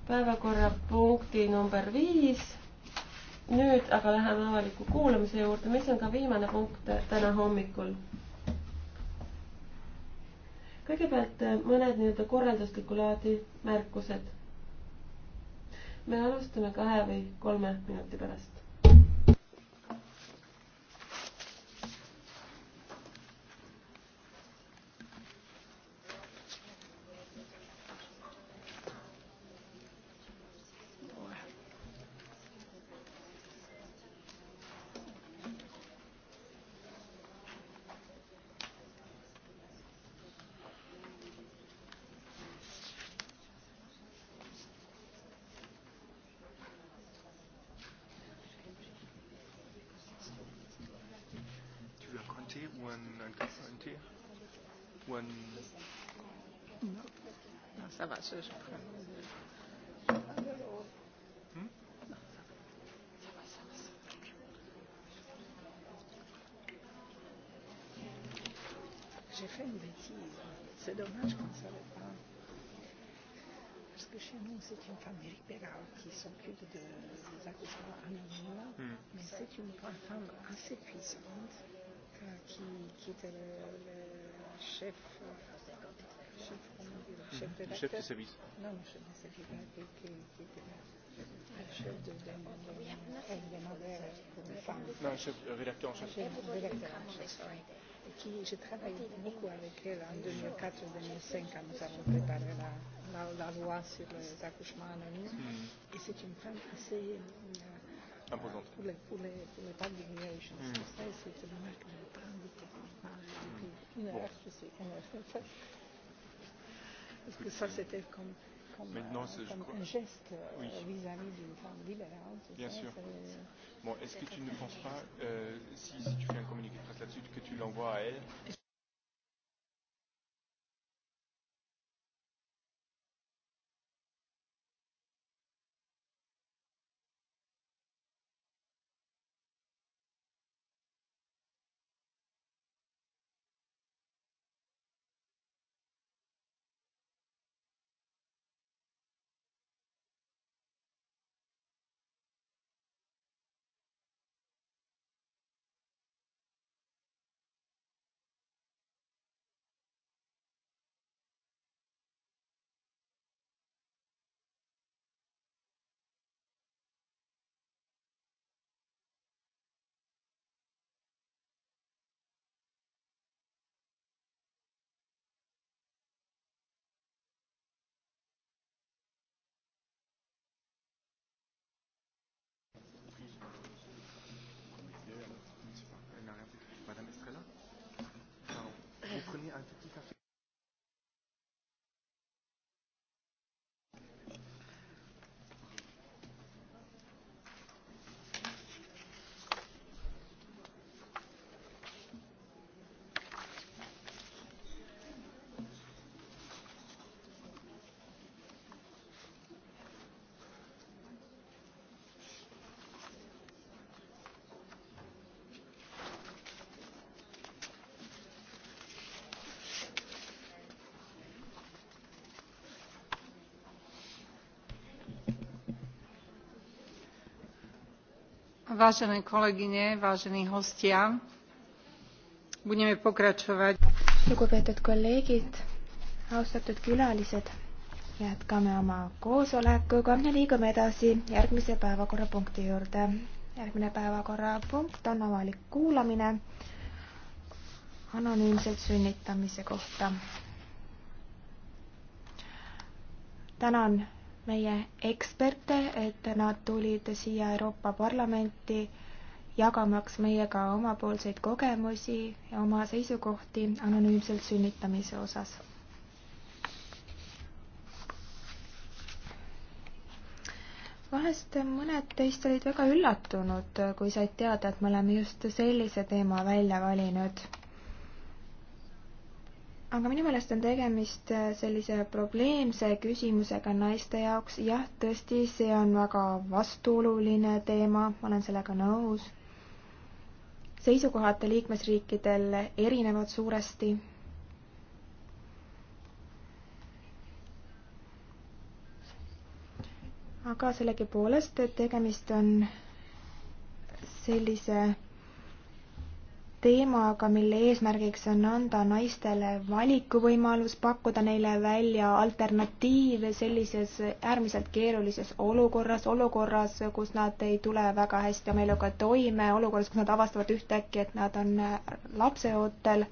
päevakorrapunkti number viis. nüüd aga läheme avaliku kuulamise juurde, mis on ka viimane punkt täna hommikul. kõigepealt äh, mõned nii-öelda korralduslikku laadi märkused me alustame kahe või kolme minuti pärast. Hmm? J'ai fait une bêtise. C'est dommage qu'on ne savait pas. Parce que chez nous, c'est une femme libérale qui s'occupe de, des accouchements anonymes, mm. mais c'est une femme assez puissante euh, qui, qui était le, le chef. Euh, chef de la chef du service. Non, le chef du service qui, qui, qui était là. Le chef de la Non, le chef euh, rédacteur en chef. Chef rédacteur en chef, oui. Qui, j'ai travaillé beaucoup avec elle en 2004-2005 quand nous avons préparé la, la, la loi sur les accouchements anonymes. Mm. Et c'est une femme assez. Euh, imposante. Pour les, pour les, pour les public relations. Mm. Ça, c'est une marque de grande différence. Depuis une heure, je sais, une heure. <laughs> Parce que ça, c'était comme, comme, Maintenant, euh, comme crois... un geste euh, vis-à-vis oui. euh, -vis d'une femme libérale. Bien sais, sûr. Est... Bon, est-ce que tu ne penses pas, euh, si, si tu fais un communiqué de presse là-dessus, que tu l'envoies à elle vážené kolegyne vážení hostia budeme pokračovať lugupeetud kolleegid austatud külalised jätkame oma koosolekuga ja liigume edasi järgmise päevakorrapunkti juurde järgmine päevakorrapunkt on avalik kuulamine anonüümselt sünnitamise kohta tänan meie eksperte, et nad tulid siia Euroopa Parlamenti jagamaks meiega omapoolseid kogemusi ja oma seisukohti anonüümselt sünnitamise osas. vahest mõned teist olid väga üllatunud, kui said teada, et me oleme just sellise teema välja valinud aga minu meelest on tegemist äh, sellise probleemse küsimusega naiste jaoks. jah, tõesti, see on väga vastuoluline teema, ma olen sellega nõus. seisukohad liikmesriikidel erinevad suuresti. aga sellegipoolest, et tegemist on sellise teemaga, mille eesmärgiks on anda naistele valikuvõimalus, pakkuda neile välja alternatiive sellises äärmiselt keerulises olukorras, olukorras, kus nad ei tule väga hästi oma eluga toime, olukorras, kus nad avastavad ühtäkki, et nad on lapseootel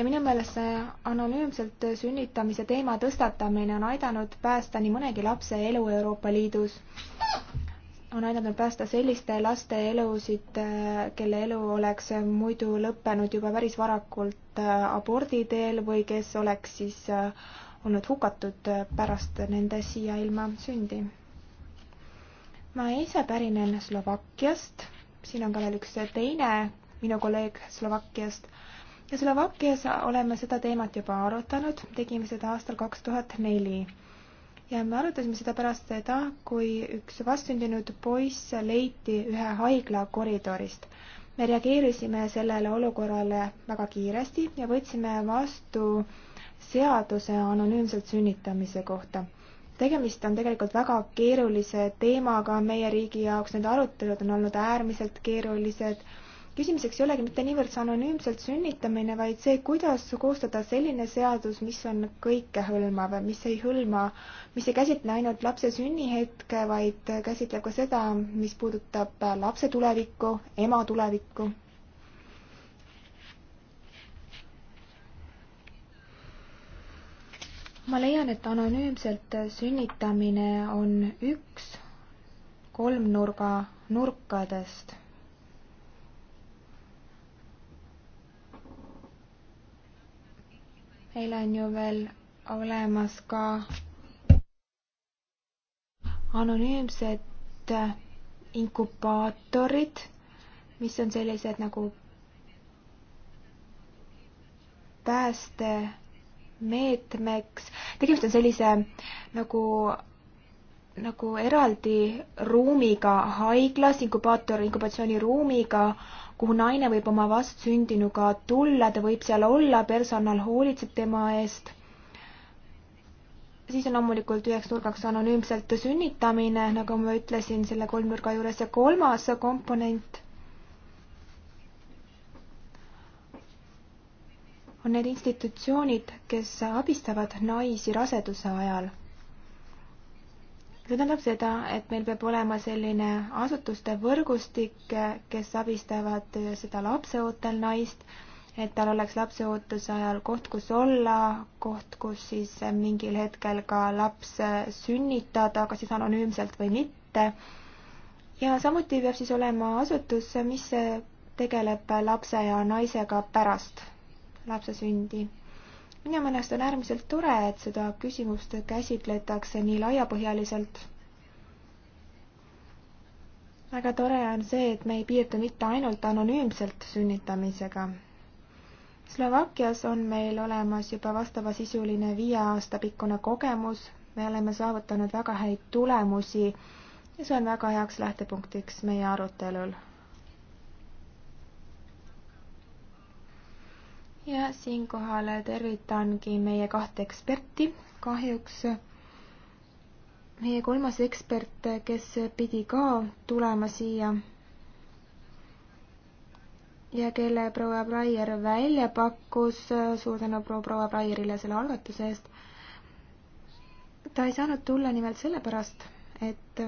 ja minu meelest see anonüümselt sünnitamise teema tõstatamine on aidanud päästa nii mõnegi lapse elu Euroopa Liidus on aidanud päästa selliste laste elusid, kelle elu oleks muidu lõppenud juba päris varakult äh, abordi teel või kes oleks siis äh, olnud hukatud äh, pärast nende siia ilma sündi. ma ise pärinen Slovakkiast, siin on ka veel üks teine minu kolleeg Slovakkiast ja Slovakkias oleme seda teemat juba arutanud, tegime seda aastal kaks tuhat neli ja me arutasime seda pärast seda, kui üks vastsündinud poiss leiti ühe haigla koridorist. me reageerisime sellele olukorrale väga kiiresti ja võtsime vastu seaduse anonüümselt sünnitamise kohta. tegemist on tegelikult väga keerulise teemaga meie riigi jaoks, need arutelud on olnud äärmiselt keerulised küsimuseks ei olegi mitte niivõrd see anonüümselt sünnitamine, vaid see, kuidas koostada selline seadus, mis on kõikehõlmav, mis ei hõlma, mis ei käsitle ainult lapse sünnihetke, vaid käsitleb ka seda, mis puudutab lapse tulevikku, ema tulevikku. ma leian, et anonüümselt sünnitamine on üks kolmnurga nurkadest meil on ju veel olemas ka anonüümsed äh, inkubaatorid, mis on sellised nagu päästemeetmeks. tegemist on sellise nagu, nagu eraldi ruumiga haiglas, inkubaator, inkubatsiooniruumiga kuhu naine võib oma vastsündinuga tulla, ta võib seal olla, personal hoolitseb tema eest. siis on loomulikult üheks nurgaks anonüümselt sünnitamine, nagu ma ütlesin, selle kolmnurga juures ja kolmas komponent on need institutsioonid, kes abistavad naisi raseduse ajal see tähendab seda, et meil peab olema selline asutuste võrgustik, kes abistavad seda lapseootel naist, et tal oleks lapseootuse ajal koht, kus olla, koht, kus siis mingil hetkel ka laps sünnitada, kas siis anonüümselt või mitte. ja samuti peab siis olema asutus, mis tegeleb lapse ja naisega pärast lapse sündi minu meelest on äärmiselt tore, et seda küsimust käsitletakse nii laiapõhjaliselt. väga tore on see, et me ei piirdu mitte ainult anonüümselt sünnitamisega. Slovakkias on meil olemas juba vastavasisuline viie aasta pikkune kogemus, me oleme saavutanud väga häid tulemusi ja see on väga heaks lähtepunktiks meie arutelul ja siinkohal tervitangi meie kahte eksperti. kahjuks meie kolmas ekspert, kes pidi ka tulema siia ja kelle proua Breyer välja pakkus, suur tänu proua Breyerile selle algatuse eest, ta ei saanud tulla nimelt sellepärast, et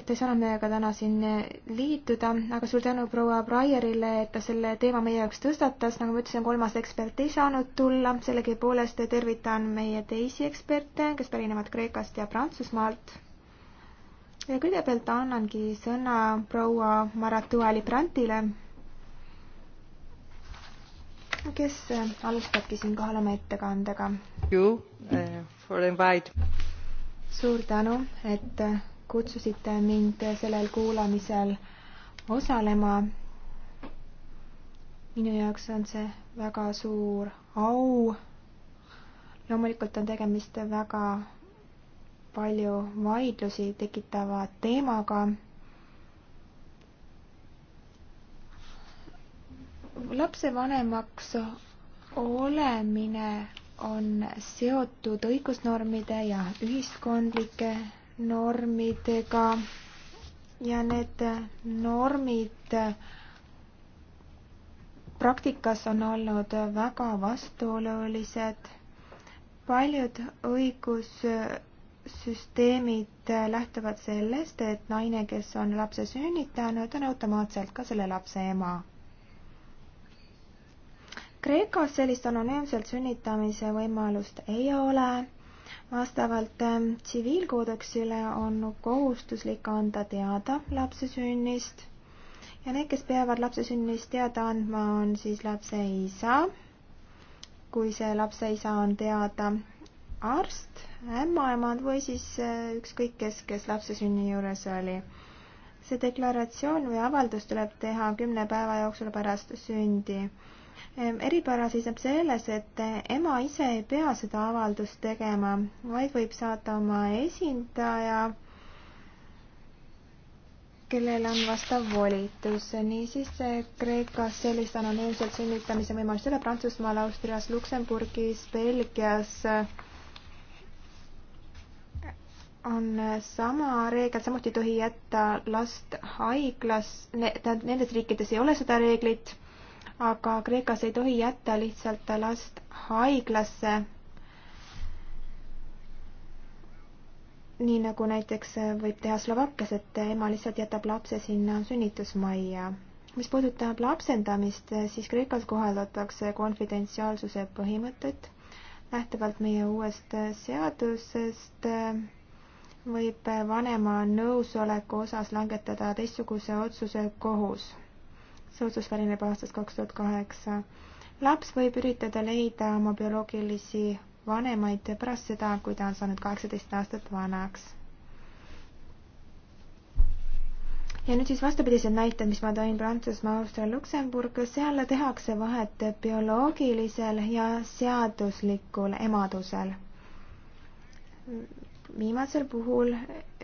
et te ei saanud meiega täna siin eh, liituda, aga suur tänu proua Breierile, et ta selle teema meie jaoks tõstatas, nagu ma ütlesin, kolmas ekspert ei saanud tulla, sellegipoolest tervitan meie teisi eksperte, kes pärinevad Kreekast ja Prantsusmaalt. ja kõigepealt annangi sõna proua Maratuali Brandile, kes alustabki siin kohal oma ettekandega. Eh, suur tänu, et kutsusite mind sellel kuulamisel osalema. minu jaoks on see väga suur au. loomulikult on tegemist väga palju vaidlusi tekitava teemaga. lapsevanemaks olemine on seotud õigusnormide ja ühiskondlike normidega ja need normid praktikas on olnud väga vastuolulised. paljud õigussüsteemid lähtuvad sellest, et naine, kes on lapse sünnitanud, on automaatselt ka selle lapse ema Kreekas sellist anonüümselt sünnitamise võimalust ei ole vastavalt ähm, tsiviilkoodeksile on kohustuslik anda teada lapse sünnist ja need, kes peavad lapse sünnist teada andma, on siis lapse isa, kui see lapse isa on teada arst, ämmaemand või siis äh, ükskõik kes, kes lapse sünni juures oli. see deklaratsioon või avaldus tuleb teha kümne päeva jooksul pärast sündi Ehm, eripära seisneb selles, et eh, ema ise ei pea seda avaldust tegema, vaid võib saata oma esindaja, kellel on vastav volitus. niisiis eh, Kreekas sellist anonüümselt sünnitamise võimalust ei ole, Prantsusmaal, Austrias, Luksemburgis, Belgias eh, on sama reegel, samuti ei tohi jätta last haiglas ne,, tähendab nendes riikides ei ole seda reeglit aga Kreekas ei tohi jätta lihtsalt last haiglasse. nii nagu näiteks võib teha Slovakkias, et ema lihtsalt jätab lapse sinna sünnitusmajja. mis puudutab lapsendamist, siis Kreekas kohaldatakse konfidentsiaalsuse põhimõtet. lähtuvalt meie uuest seadusest võib vanema nõusoleku osas langetada teistsuguse otsuse kohus see otsus pärineb aastast kaks tuhat kaheksa. laps võib üritada leida oma bioloogilisi vanemaid pärast seda, kui ta on saanud kaheksateist aastat vanaks. ja nüüd siis vastupidised näited, mis ma tõin Prantsusmaa, Austria, Luksemburg, seal tehakse vahet bioloogilisel ja seaduslikul emadusel. viimasel puhul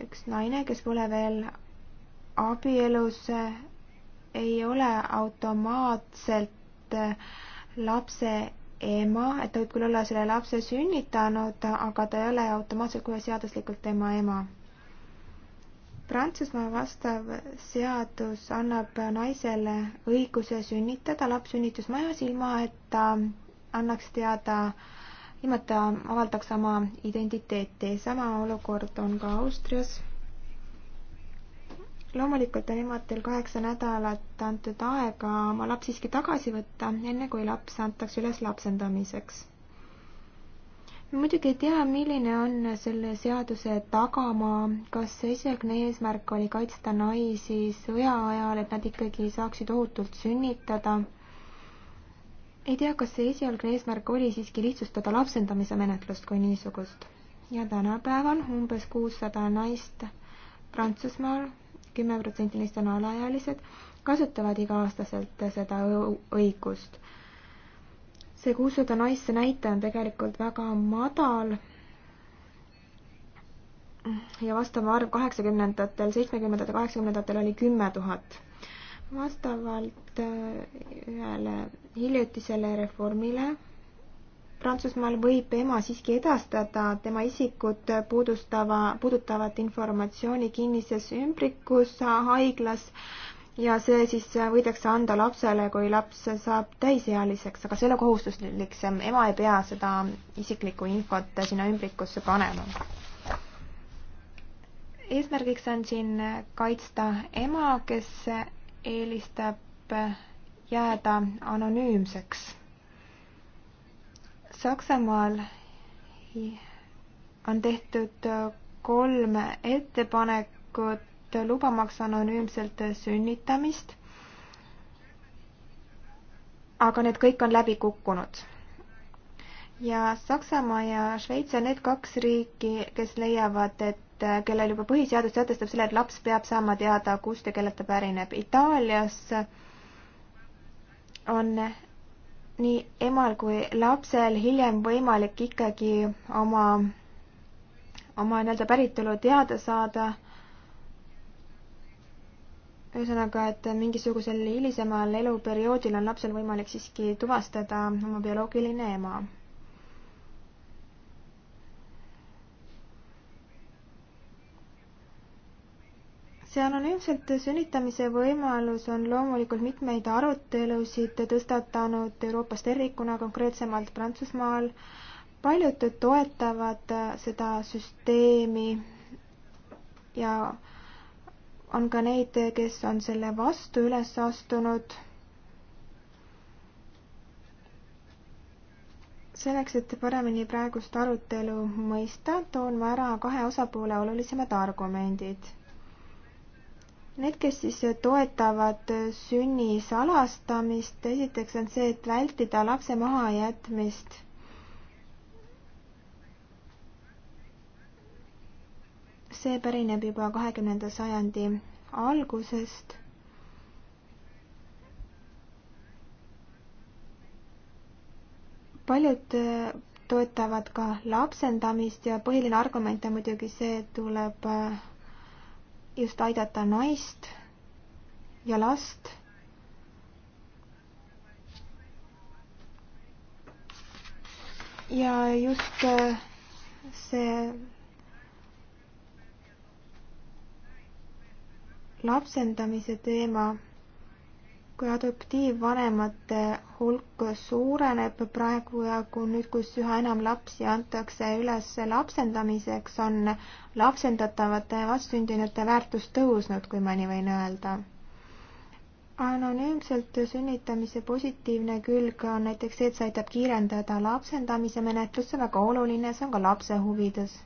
üks naine, kes pole veel abielus ei ole automaatselt äh, lapse ema, et ta võib küll olla selle lapse sünnitanud, aga ta ei ole automaatselt kohe seaduslikult tema ema. Prantsusmaa vastav seadus annab naisele õiguse sünnitada laps sünnitusmajas, ilma et ta annaks teada, ilma et ta avaldaks oma identiteeti. sama olukord on ka Austrias loomulikult on emadel kaheksa nädalat antud aega oma laps siiski tagasi võtta, enne kui laps antakse üles lapsendamiseks. muidugi ei tea, milline on selle seaduse tagamaa, kas esialgne eesmärk oli kaitsta naisi sõja ajal, et nad ikkagi saaksid ohutult sünnitada. ei tea, kas see esialgne eesmärk oli siiski lihtsustada lapsendamise menetlust kui niisugust ja tänapäeval umbes kuussada naist Prantsusmaal kümme protsenti neist on alaealised, kasutavad iga-aastaselt seda õigust. see kuussada naisse näitaja on tegelikult väga madal ja vastav arv kaheksakümnendatel, seitsmekümnendatel, kaheksakümnendatel oli kümme tuhat. vastavalt äh, ühele hiljutisele reformile Prantsusmaal võib ema siiski edastada tema isikut puudustava, puudutavat informatsiooni kinnises ümbrikus haiglas ja see siis võidakse anda lapsele, kui laps saab täisealiseks, aga see ei ole kohustuslik, ema ei pea seda isiklikku infot sinna ümbrikusse panema. eesmärgiks on siin kaitsta ema, kes eelistab jääda anonüümseks Saksamaal on tehtud kolm ettepanekut lubamaks anonüümselt sünnitamist. aga need kõik on läbi kukkunud. ja Saksamaa ja Šveits on need kaks riiki, kes leiavad, et kellel juba põhiseadus sätestab selle, et laps peab saama teada, kust ja kellelt ta pärineb. Itaalias on nii emal kui lapsel hiljem võimalik ikkagi oma, oma nii-öelda päritolu teada saada. ühesõnaga, et mingisugusel hilisemal eluperioodil on lapsel võimalik siiski tuvastada oma bioloogiline ema see anonüümselt sünnitamise võimalus on loomulikult mitmeid arutelusid tõstatanud Euroopas tervikuna, konkreetsemalt Prantsusmaal. paljud toetavad seda süsteemi ja on ka neid, kes on selle vastu üles astunud. selleks, et paremini praegust arutelu mõista, toon ma ära kahe osapoole olulisemad argumendid Need, kes siis toetavad sünni salastamist, esiteks on see, et vältida lapse mahajätmist. see pärineb juba kahekümnenda sajandi algusest. paljud toetavad ka lapsendamist ja põhiline argument on muidugi see, et tuleb just aidata naist ja last. ja just äh, see lapsendamise teema kui adoptiivvanemate hulk suureneb praegu ja kui nüüd, kus üha enam lapsi antakse üles lapsendamiseks, on lapsendatavate vastsündinute väärtus tõusnud, kui ma nii võin öelda. anonüümselt sünnitamise positiivne külg on näiteks see, et see aitab kiirendada lapsendamise menetlust, see on väga oluline, see on ka lapse huvides.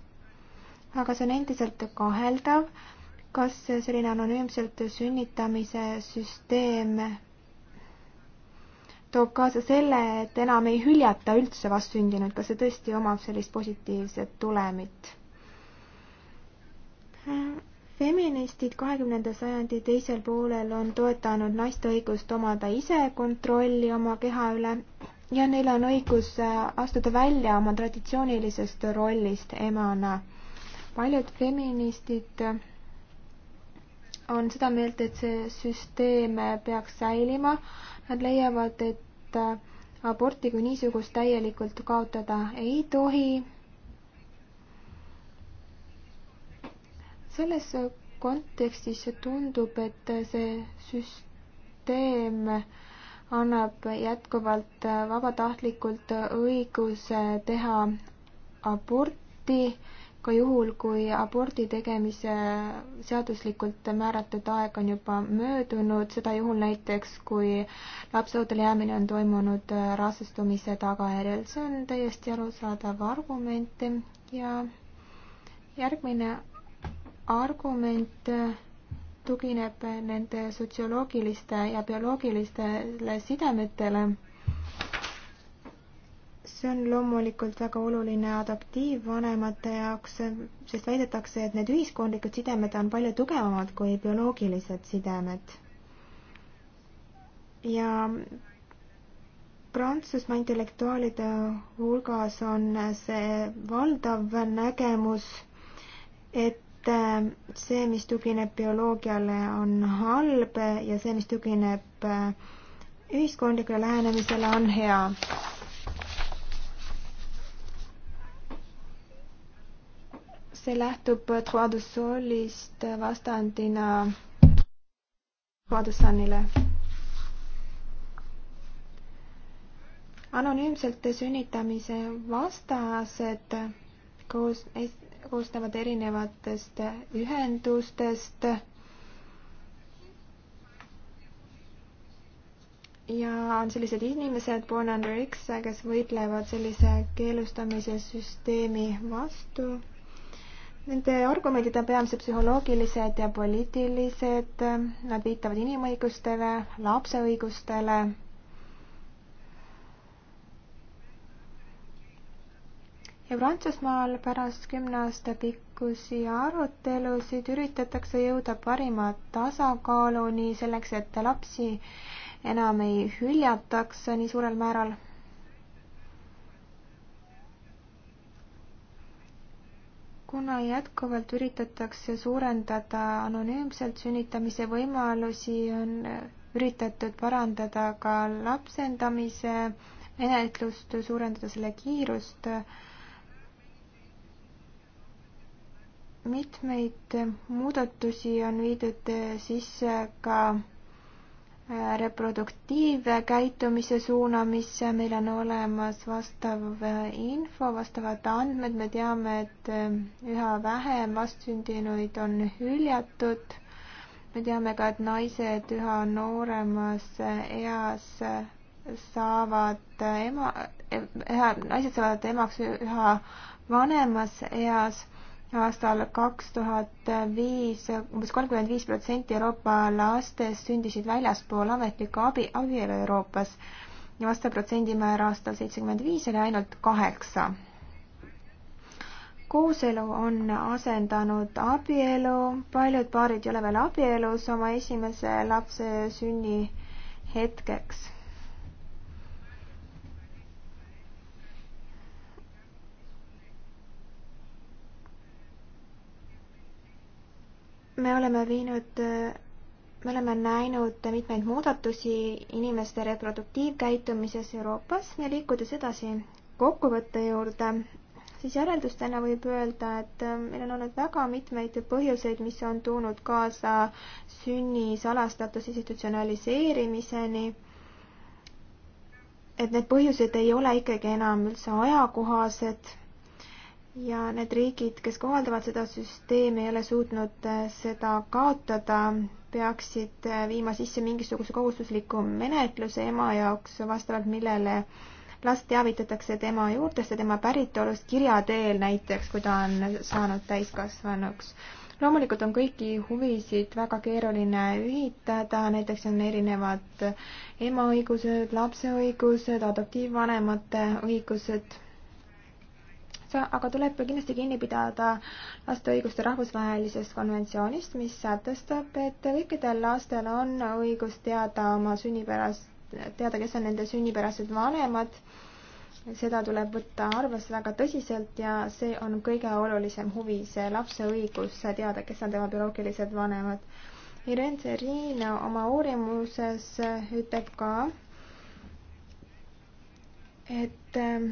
aga see on endiselt kaheldav kas selline anonüümselt sünnitamise süsteem toob kaasa selle, et enam ei hüljata üldse vastsündinuid, kas see tõesti omab sellist positiivset tulemit? feministid kahekümnenda sajandi teisel poolel on toetanud naiste õigust omada ise kontrolli oma keha üle ja neil on õigus astuda välja oma traditsioonilisest rollist emana. paljud feministid on seda meelt, et see süsteem peaks säilima. Nad leiavad, et äh, aborti kui niisugust täielikult kaotada ei tohi. selles kontekstis tundub, et see süsteem annab jätkuvalt vabatahtlikult õiguse teha aborti ka juhul, kui abordi tegemise seaduslikult määratud aeg on juba möödunud, seda juhul näiteks, kui lapseootele jäämine on toimunud äh, rasestumise tagajärjel. see on täiesti arusaadav argument ja järgmine argument äh, tugineb nende sotsioloogiliste ja bioloogilistele sidemetele see on loomulikult väga oluline adaptiivvanemate jaoks, sest väidetakse, et need ühiskondlikud sidemed on palju tugevamad kui bioloogilised sidemed. ja Prantsusmaa intellektuaalide hulgas on see valdav nägemus, et see, mis tugineb bioloogiale, on halb ja see, mis tugineb ühiskondlikule lähenemisele, on hea see lähtub Trois du Solist vastandina Trois du Sunile. anonüümselt sünnitamise vastased koos, koosnevad erinevatest ühendustest ja on sellised inimesed, born under X, kes võitlevad sellise keelustamise süsteemi vastu. Nende argumendid on peamiselt psühholoogilised ja poliitilised, nad viitavad inimõigustele, lapse õigustele. ja Prantsusmaal pärast kümne aasta pikkusi arutelusid üritatakse jõuda parima tasakaaluni selleks, et lapsi enam ei hüljataks nii suurel määral kuna jätkuvalt üritatakse suurendada anonüümselt sünnitamise võimalusi, on üritatud parandada ka lapsendamise menetlust, suurendada selle kiirust. mitmeid muudatusi on viidud sisse ka reproduktiivkäitumise suunamisse, meil on olemas vastav äh, info, vastavad andmed, me teame, et äh, üha vähem vastsündinuid on hüljatud. me teame ka, et naised üha nooremas äh, eas saavad ema, naised saavad emaks üha vanemas eas aastal kaks tuhat viis umbes kolmkümmend viis protsenti Euroopa lastest sündisid väljaspool ametlikku abi, abielu Euroopas ja vastav protsendimäär aastal seitsekümmend viis oli ainult kaheksa. kooselu on asendanud abielu, paljud paarid ei ole veel abielus oma esimese lapse sünni hetkeks me oleme viinud, me oleme näinud mitmeid muudatusi inimeste reproduktiivkäitumises Euroopas ja liikudes edasi kokkuvõtte juurde, siis järeldustena võib öelda, et meil on olnud väga mitmeid põhjuseid, mis on toonud kaasa sünni salastatus institutsionaliseerimiseni. et need põhjused ei ole ikkagi enam üldse ajakohased ja need riigid, kes kohaldavad seda süsteemi, ei ole suutnud äh, seda kaotada, peaksid äh, viima sisse mingisuguse kohustusliku menetluse ema jaoks, vastavalt millele last teavitatakse tema juurtest ja tema päritolust kirja teel näiteks, kui ta on saanud täiskasvanuks. loomulikult on kõiki huvisid väga keeruline ühitada, näiteks on erinevad ema õigused, lapse õigused, adoptiivvanemate õigused tähtsa, aga tuleb kindlasti kinni pidada laste õiguste rahvusvahelisest konventsioonist, mis sätestab, et kõikidel lastel on õigus teada oma sünnipärast, teada, kes on nende sünnipärased vanemad. seda tuleb võtta arvesse väga tõsiselt ja see on kõige olulisem huvi, see lapse õigus teada, kes on tema bioloogilised vanemad. Irene Serin oma uurimuses ütleb ka, et äh,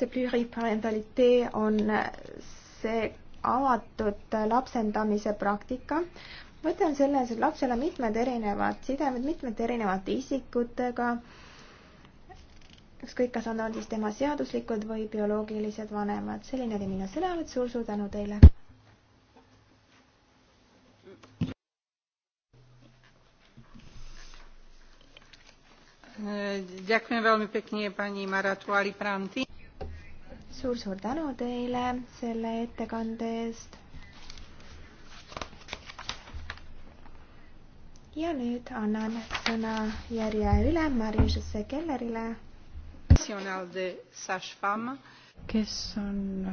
see plüüriparimentalitee on see avatud lapsendamise praktika. mõte on selles, et lapsel on mitmed erinevad sidemed mitmete erinevate isikutega, ükskõik, kas on nad siis tema seaduslikud või bioloogilised vanemad. selline oli minu sõnavõtt, suur-suur tänu teile! ďakujem veľmi pekne pani maratuali prandi suur-suur tänu teile selle ettekande eest. ja nüüd annan sõna järje üle Marie-Josee Kellerile, kes on,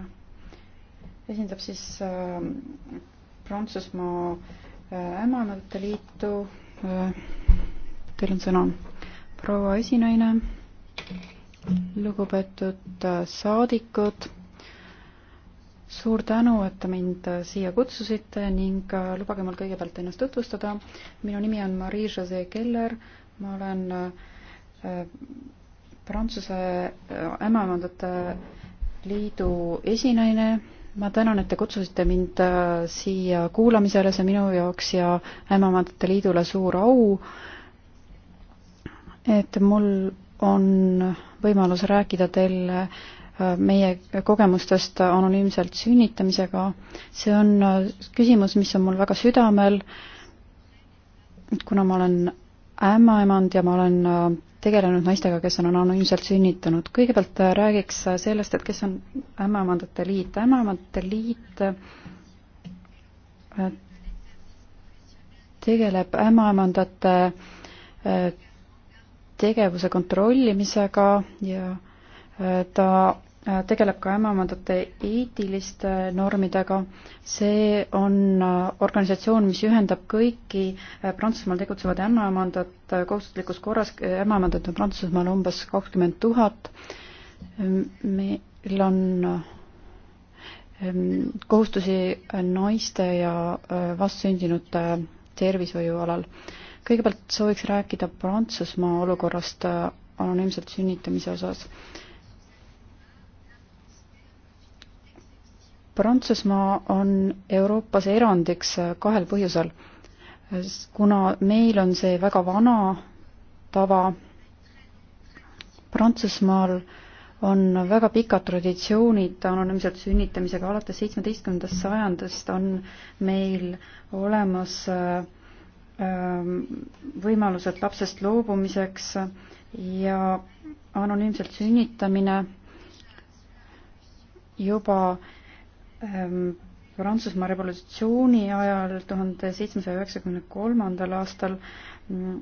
esindab siis äh, Prantsusmaa äh, Ämmaemandate Liitu äh,. Teil on sõna, proua esinaine lugupeetud äh, saadikud, suur tänu, et te mind äh, siia kutsusite ning äh, lubage mul kõigepealt ennast tutvustada. minu nimi on Marie-Josee Keller, ma olen Prantsuse Ämmaemandate Liidu esinaine. ma tänan, et te kutsusite mind siia kuulamisele, see on minu jaoks ja Ämmaemandate Liidule suur au, et mul on võimalus rääkida teile äh, meie kogemustest anonüümselt sünnitamisega. see on äh, küsimus, mis on mul väga südamel, kuna ma olen ämmaemand ja ma olen äh, tegelenud naistega, kes on anonüümselt sünnitanud. kõigepealt räägiks sellest, et kes on ämmaemandate liit. ämmaemandate liit tegeleb ämmaemandate tegevuse kontrollimisega ja äh, ta äh, tegeleb ka ämmaemandate eetiliste äh, normidega. see on organisatsioon, mis ühendab kõiki Prantsusmaal tegutsevad ämmaemandad kohustuslikus korras, ämmaemandat on Prantsusmaal umbes kakskümmend tuhat. meil on ähm, kohustusi naiste ja vastsündinute tervishoiu alal kõigepealt sooviks rääkida Prantsusmaa olukorrast äh, anonüümselt sünnitamise osas. Prantsusmaa on Euroopas erandiks äh, kahel põhjusel. kuna meil on see väga vana tava, Prantsusmaal on väga pikad traditsioonid anonüümselt sünnitamisega, alates seitsmeteistkümnendast sajandist on meil olemas äh, Ähm, võimalused lapsest loobumiseks ja anonüümselt sünnitamine juba ähm, Prantsusmaa revolutsiooni ajal tuhande seitsmesaja üheksakümne kolmandal aastal mm,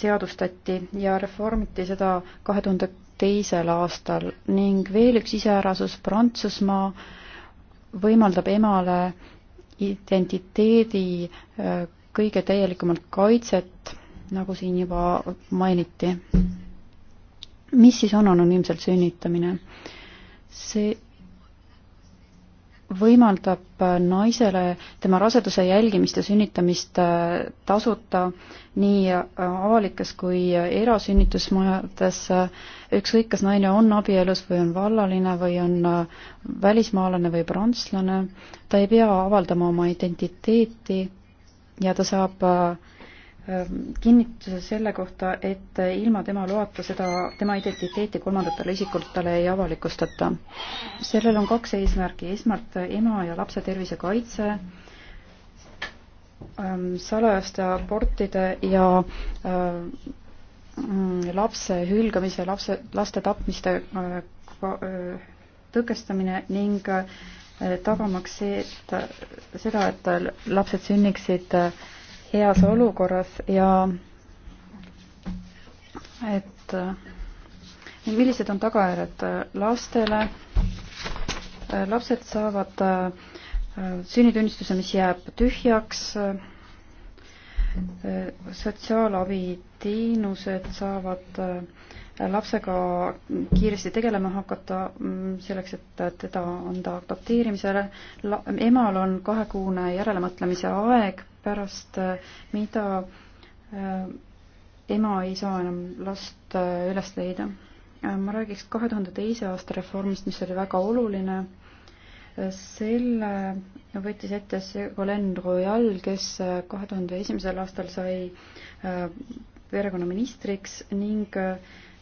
seadustati ja reformiti seda kahe tuhande teisel aastal ning veel üks iseärasus Prantsusmaa võimaldab emale identiteedi äh, kõige täielikumalt kaitset, nagu siin juba mainiti. mis siis on anonüümselt sünnitamine? see võimaldab naisele tema raseduse jälgimist ja sünnitamist äh, tasuta nii äh, avalikes kui äh, erasünnitusmajades, ükskõik, kas naine on abielus või on vallaline või on välismaalane või prantslane, ta ei pea avaldama oma identiteeti ja ta saab äh, kinnituse selle kohta, et ilma tema loata seda, tema identiteeti kolmandatele isikutele ei avalikustata. sellel on kaks eesmärki, esmalt ema ja lapse tervise kaitse, ähm, salajaste abortide ja äh, lapse hülgamise, lapse, laste tapmiste äh, tõkestamine ning äh, tagamaks see, et seda, et lapsed sünniksid heas olukorras ja et millised on tagajärjed lastele. lapsed saavad sünnitunnistuse, mis jääb tühjaks. sotsiaalabiteenused saavad äh, lapsega kiiresti tegelema hakata, mm, selleks et teda anda adopteerimisele. emal on kahekuune järelemõtlemise aeg, pärast mida äh, ema ei saa enam last äh, üles leida. Äh, ma räägiks kahe tuhande teise aasta reformist, mis oli väga oluline. selle võttis ette Ségolène Royal, kes kahe tuhande esimesel aastal sai perekonnaministriks ning äh,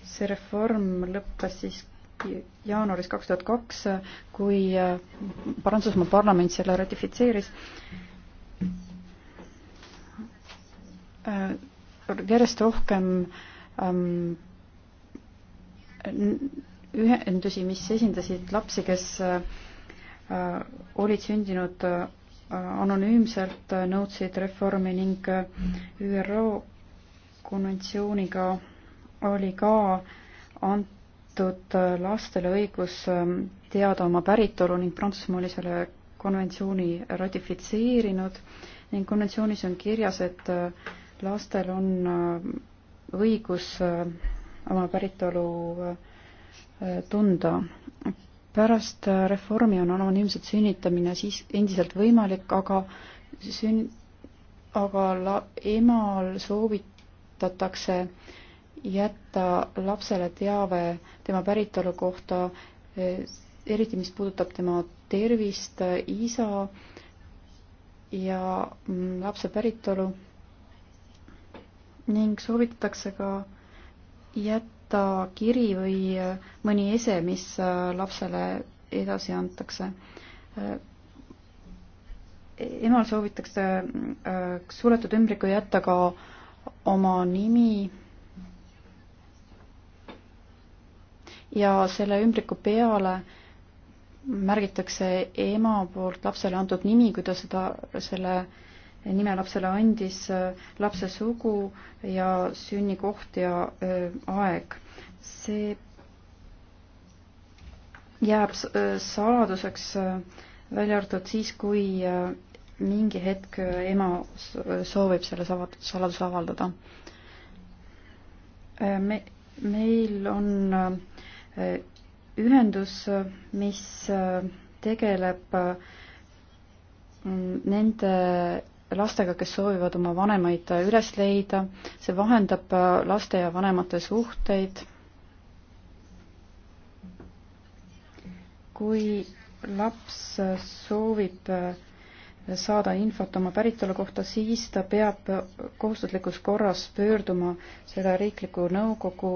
see reform lõppes siis jaanuaris kaks tuhat kaks, kui äh, Prantsusmaa parlament selle ratifitseeris. Äh, järjest rohkem ähm, ühendusi, mis esindasid lapsi, kes äh, olid sündinud äh, anonüümselt, äh, nõudsid reformi ning ÜRO konventsiooniga äh, oli ka antud lastele õigus ähm, teada oma päritolu ning Prantsusmaa oli selle konventsiooni ratifitseerinud ning konventsioonis on kirjas, et äh, lastel on äh, õigus äh, oma päritolu tunda. pärast reformi on anonüümset sünnitamine siis endiselt võimalik, aga sün-, aga la-, emal soovitatakse äh, jätta lapsele teave tema päritolu kohta, eriti mis puudutab tema tervist, isa ja mm, lapse päritolu ning soovitatakse ka jätta kiri või äh, mõni ese, mis äh, lapsele edasi antakse. Äh, emal soovitakse suletud ümbriku jätta ka oma nimi ja selle ümbriku peale märgitakse ema poolt lapsele antud nimi, kui ta seda, selle nime lapsele andis, lapse sugu ja sünnikoht ja aeg. see jääb saladuseks välja arvatud siis, kui mingi hetk ema soovib selle saladuse avaldada. me, meil on ühendus, mis äh, tegeleb äh, nende lastega, kes soovivad oma vanemaid üles leida, see vahendab äh, laste ja vanemate suhteid. kui laps soovib saada infot oma päritolu kohta, siis ta peab kohustuslikus korras pöörduma seda riikliku nõukogu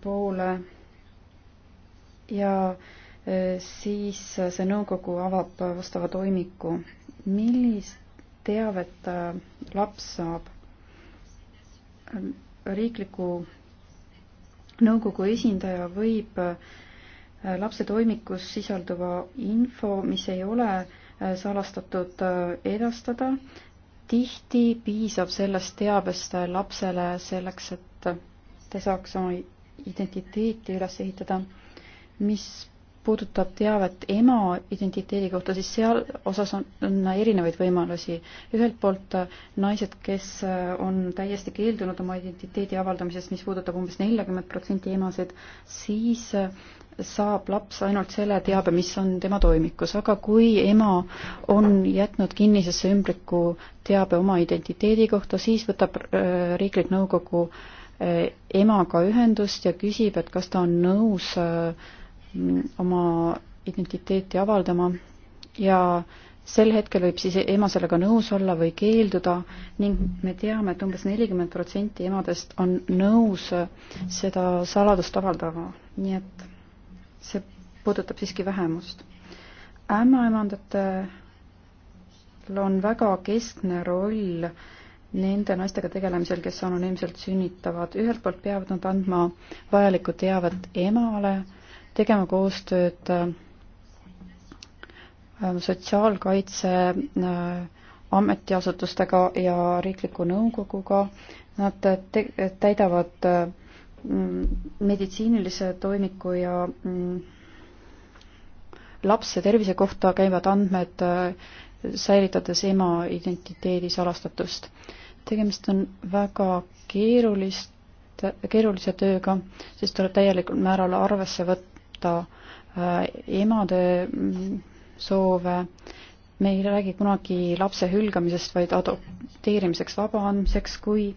poole ja äh, siis see nõukogu avab vastava toimiku. millist teavet äh, laps saab? Ähm, riikliku nõukogu esindaja võib äh, lapse toimikus sisalduva info, mis ei ole salastatud, edastada. tihti piisab sellest teabest lapsele selleks, et ta saaks oma identiteeti üles ehitada mis puudutab teavet ema identiteedi kohta, siis seal osas on, on erinevaid võimalusi. ühelt poolt äh, naised, kes äh, on täiesti keeldunud oma identiteedi avaldamisest, mis puudutab umbes neljakümmet protsenti emasid, siis äh, saab laps ainult selle teabe, mis on tema toimikus, aga kui ema on jätnud kinnisesse ümbriku teabe oma identiteedi kohta, siis võtab riiklik nõukogu emaga ühendust ja küsib, et kas ta on nõus äh, oma identiteeti avaldama ja sel hetkel võib siis ema sellega nõus olla või keelduda ning me teame, et umbes nelikümmend protsenti emadest on nõus seda saladust avaldama, nii et see puudutab siiski vähemust. ämmaemandatel on väga keskne roll nende naistega tegelemisel, kes anonüümselt sünnitavad, ühelt poolt peavad nad andma vajalikku teavet emale, tegema koostööd äh, sotsiaalkaitse äh, ametiasutustega ja riikliku nõukoguga. Nad te-, täidavad äh, mm, meditsiinilise toimiku ja mm, lapse tervise kohta käivad andmed, säilitades ema identiteedi salastatust. tegemist on väga keerulist, keerulise tööga, sest tuleb täielikul määral arvesse võtta võtta äh, emade mm, soove, me ei räägi kunagi lapse hülgamisest, vaid adopteerimiseks vabaandmiseks, kui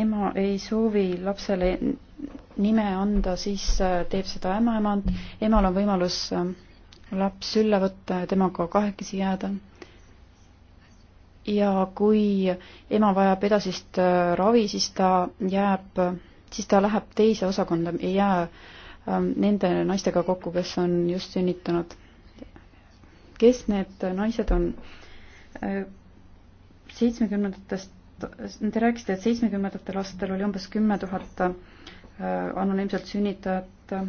ema ei soovi lapsele nime anda, siis äh, teeb seda ämmaemand, emal on võimalus äh, laps sülle võtta ja temaga kahekesi jääda. ja kui ema vajab edasist ravi, siis ta jääb, siis ta läheb teise osakonda, ei jää Ähm, nende naistega kokku, kes on just sünnitanud. kes need naised on? Äh, seitsmekümnendatest, te rääkisite, et seitsmekümnendatel aastatel oli umbes kümme tuhat äh, anonüümselt sünnitajat. Äh,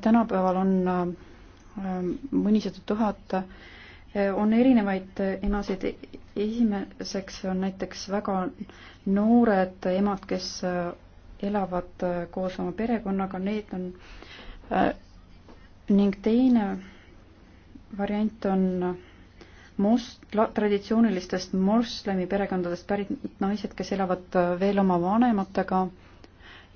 tänapäeval on mõnisada tuhat, on erinevaid emasid, esimeseks on näiteks väga noored emad, kes elavad äh, koos oma perekonnaga, need on äh, ning teine variant on äh, mos-, traditsioonilistest moslemi perekondadest pärit naised, kes elavad veel oma vanematega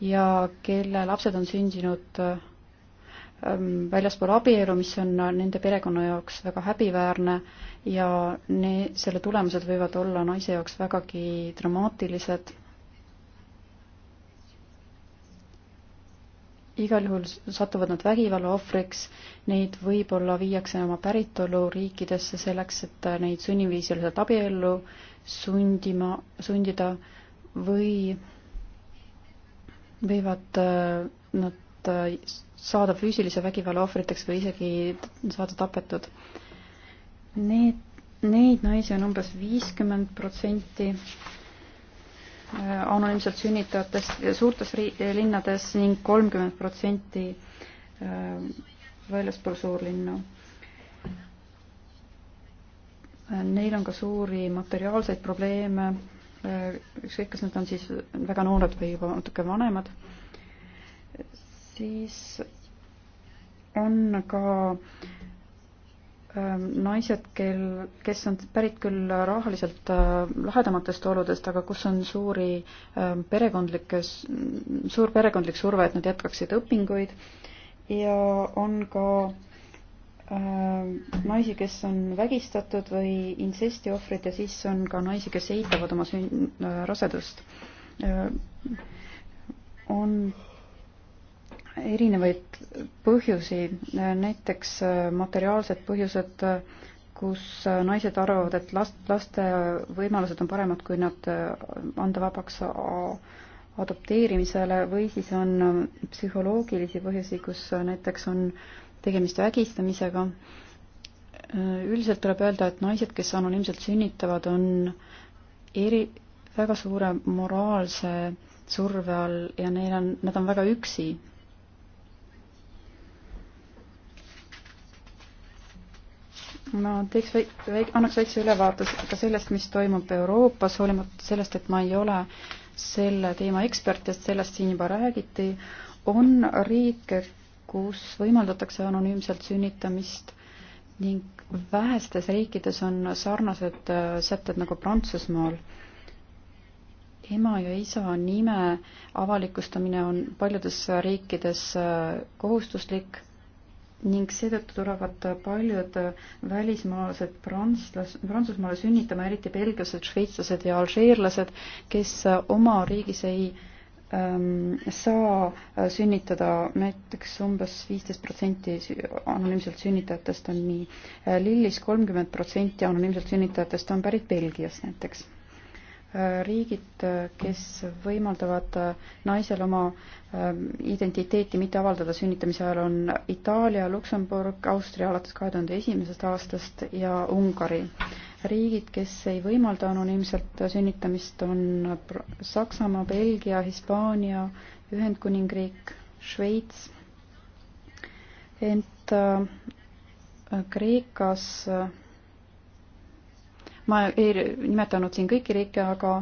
ja kelle lapsed on sündinud ähm, väljaspool abielu, mis on nende perekonna jaoks väga häbiväärne ja ne-, selle tulemused võivad olla naise jaoks vägagi dramaatilised igal juhul satuvad nad vägivalla ohvriks, neid võib-olla viiakse oma päritoluriikidesse selleks, et neid sunniviisiliselt abiellu sundima, sundida või võivad äh, nad äh, saada füüsilise vägivalla ohvriteks või isegi saada tapetud. Need, neid naisi on umbes viiskümmend protsenti Äh, anonüümselt sünnitajatest suurtes linnades ning kolmkümmend protsenti äh, väljaspool suurlinnu. Äh, neil on ka suuri materiaalseid probleeme, ükskõik, kas nad on siis väga noored või juba natuke vanemad, siis on ka äh, Ehm, naised, kel, kes on pärit küll rahaliselt äh, lahedamatest oludest, aga kus on suuri ehm, perekondlikke, suur perekondlik surve, et nad jätkaksid õpinguid ja on ka ehm, naisi, kes on vägistatud või intsesti ohvrid ja siis on ka naisi, kes eitavad oma sün-, äh, rasedust. on erinevaid põhjusi, näiteks äh, materiaalsed põhjused, kus äh, naised arvavad, et last, laste võimalused on paremad, kui nad äh, anda vabaks adopteerimisele või siis on psühholoogilisi põhjusi, kus näiteks on tegemist vägistamisega. üldiselt tuleb öelda, et naised, kes anonüümselt sünnitavad, on eri, väga suure moraalse surve all ja neil on, nad on väga üksi ma teeks väik-, väik-, annaks väikse ülevaate ka sellest, mis toimub Euroopas, hoolimata sellest, et ma ei ole selle teema ekspert ja sellest siin juba räägiti, on riike, kus võimaldatakse anonüümselt sünnitamist ning vähestes riikides on sarnased äh, sätted nagu Prantsusmaal. ema ja isa nime avalikustamine on paljudes riikides äh, kohustuslik ning seetõttu tulevad paljud välismaalased prantslas-, Prantsusmaale sünnitama, eriti belglased, šveitslased ja alžeerlased, kes oma riigis ei ähm, saa äh, sünnitada näiteks, näiteks umbes viisteist protsenti anonüümselt sünnitajatest on nii äh, Lillis, kolmkümmend protsenti anonüümselt sünnitajatest on pärit Belgiast näiteks riigid, kes võimaldavad naisel oma ähm, identiteeti mitte avaldada sünnitamise ajal, on Itaalia, Luksemburg, Austria alates kahe tuhande esimesest aastast ja Ungari. riigid, kes ei võimalda anonüümselt sünnitamist, on Saksamaa, Belgia, Hispaania, Ühendkuningriik, Šveits, ent äh, Kreekas äh, ma ei nimetanud siin kõiki riike, aga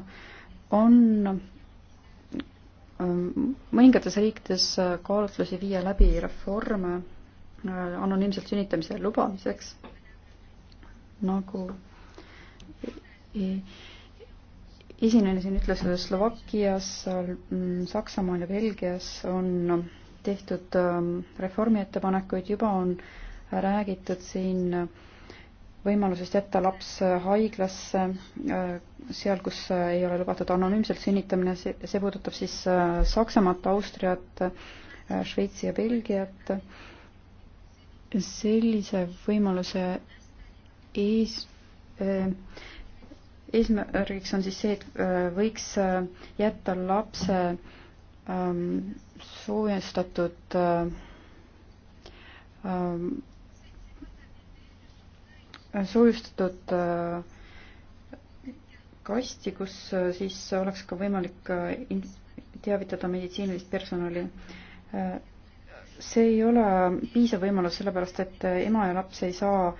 on ähm, mõningates riikides kaalutlusi viia läbi reforme äh, anonüümselt sünnitamise lubamiseks, nagu esineja siin ütles, Slovakkias, mm, Saksamaal ja Belgias on tehtud ähm, reformi ettepanekuid, juba on räägitud siin äh, võimalusest jätta laps äh, haiglasse äh, seal, kus äh, ei ole lubatud anonüümselt sünnitamine, see, see puudutab siis Saksamaad, Austriat, Šveitsi ja Belgiat. sellise võimaluse ees, eesmärgiks on siis see, et võiks jätta lapse ähm, soojestatud ähm, soojustatud äh, kasti, kus äh, siis oleks ka võimalik äh, teavitada meditsiinilist personali. see ei ole piisav võimalus, sellepärast et ema ja laps ei saa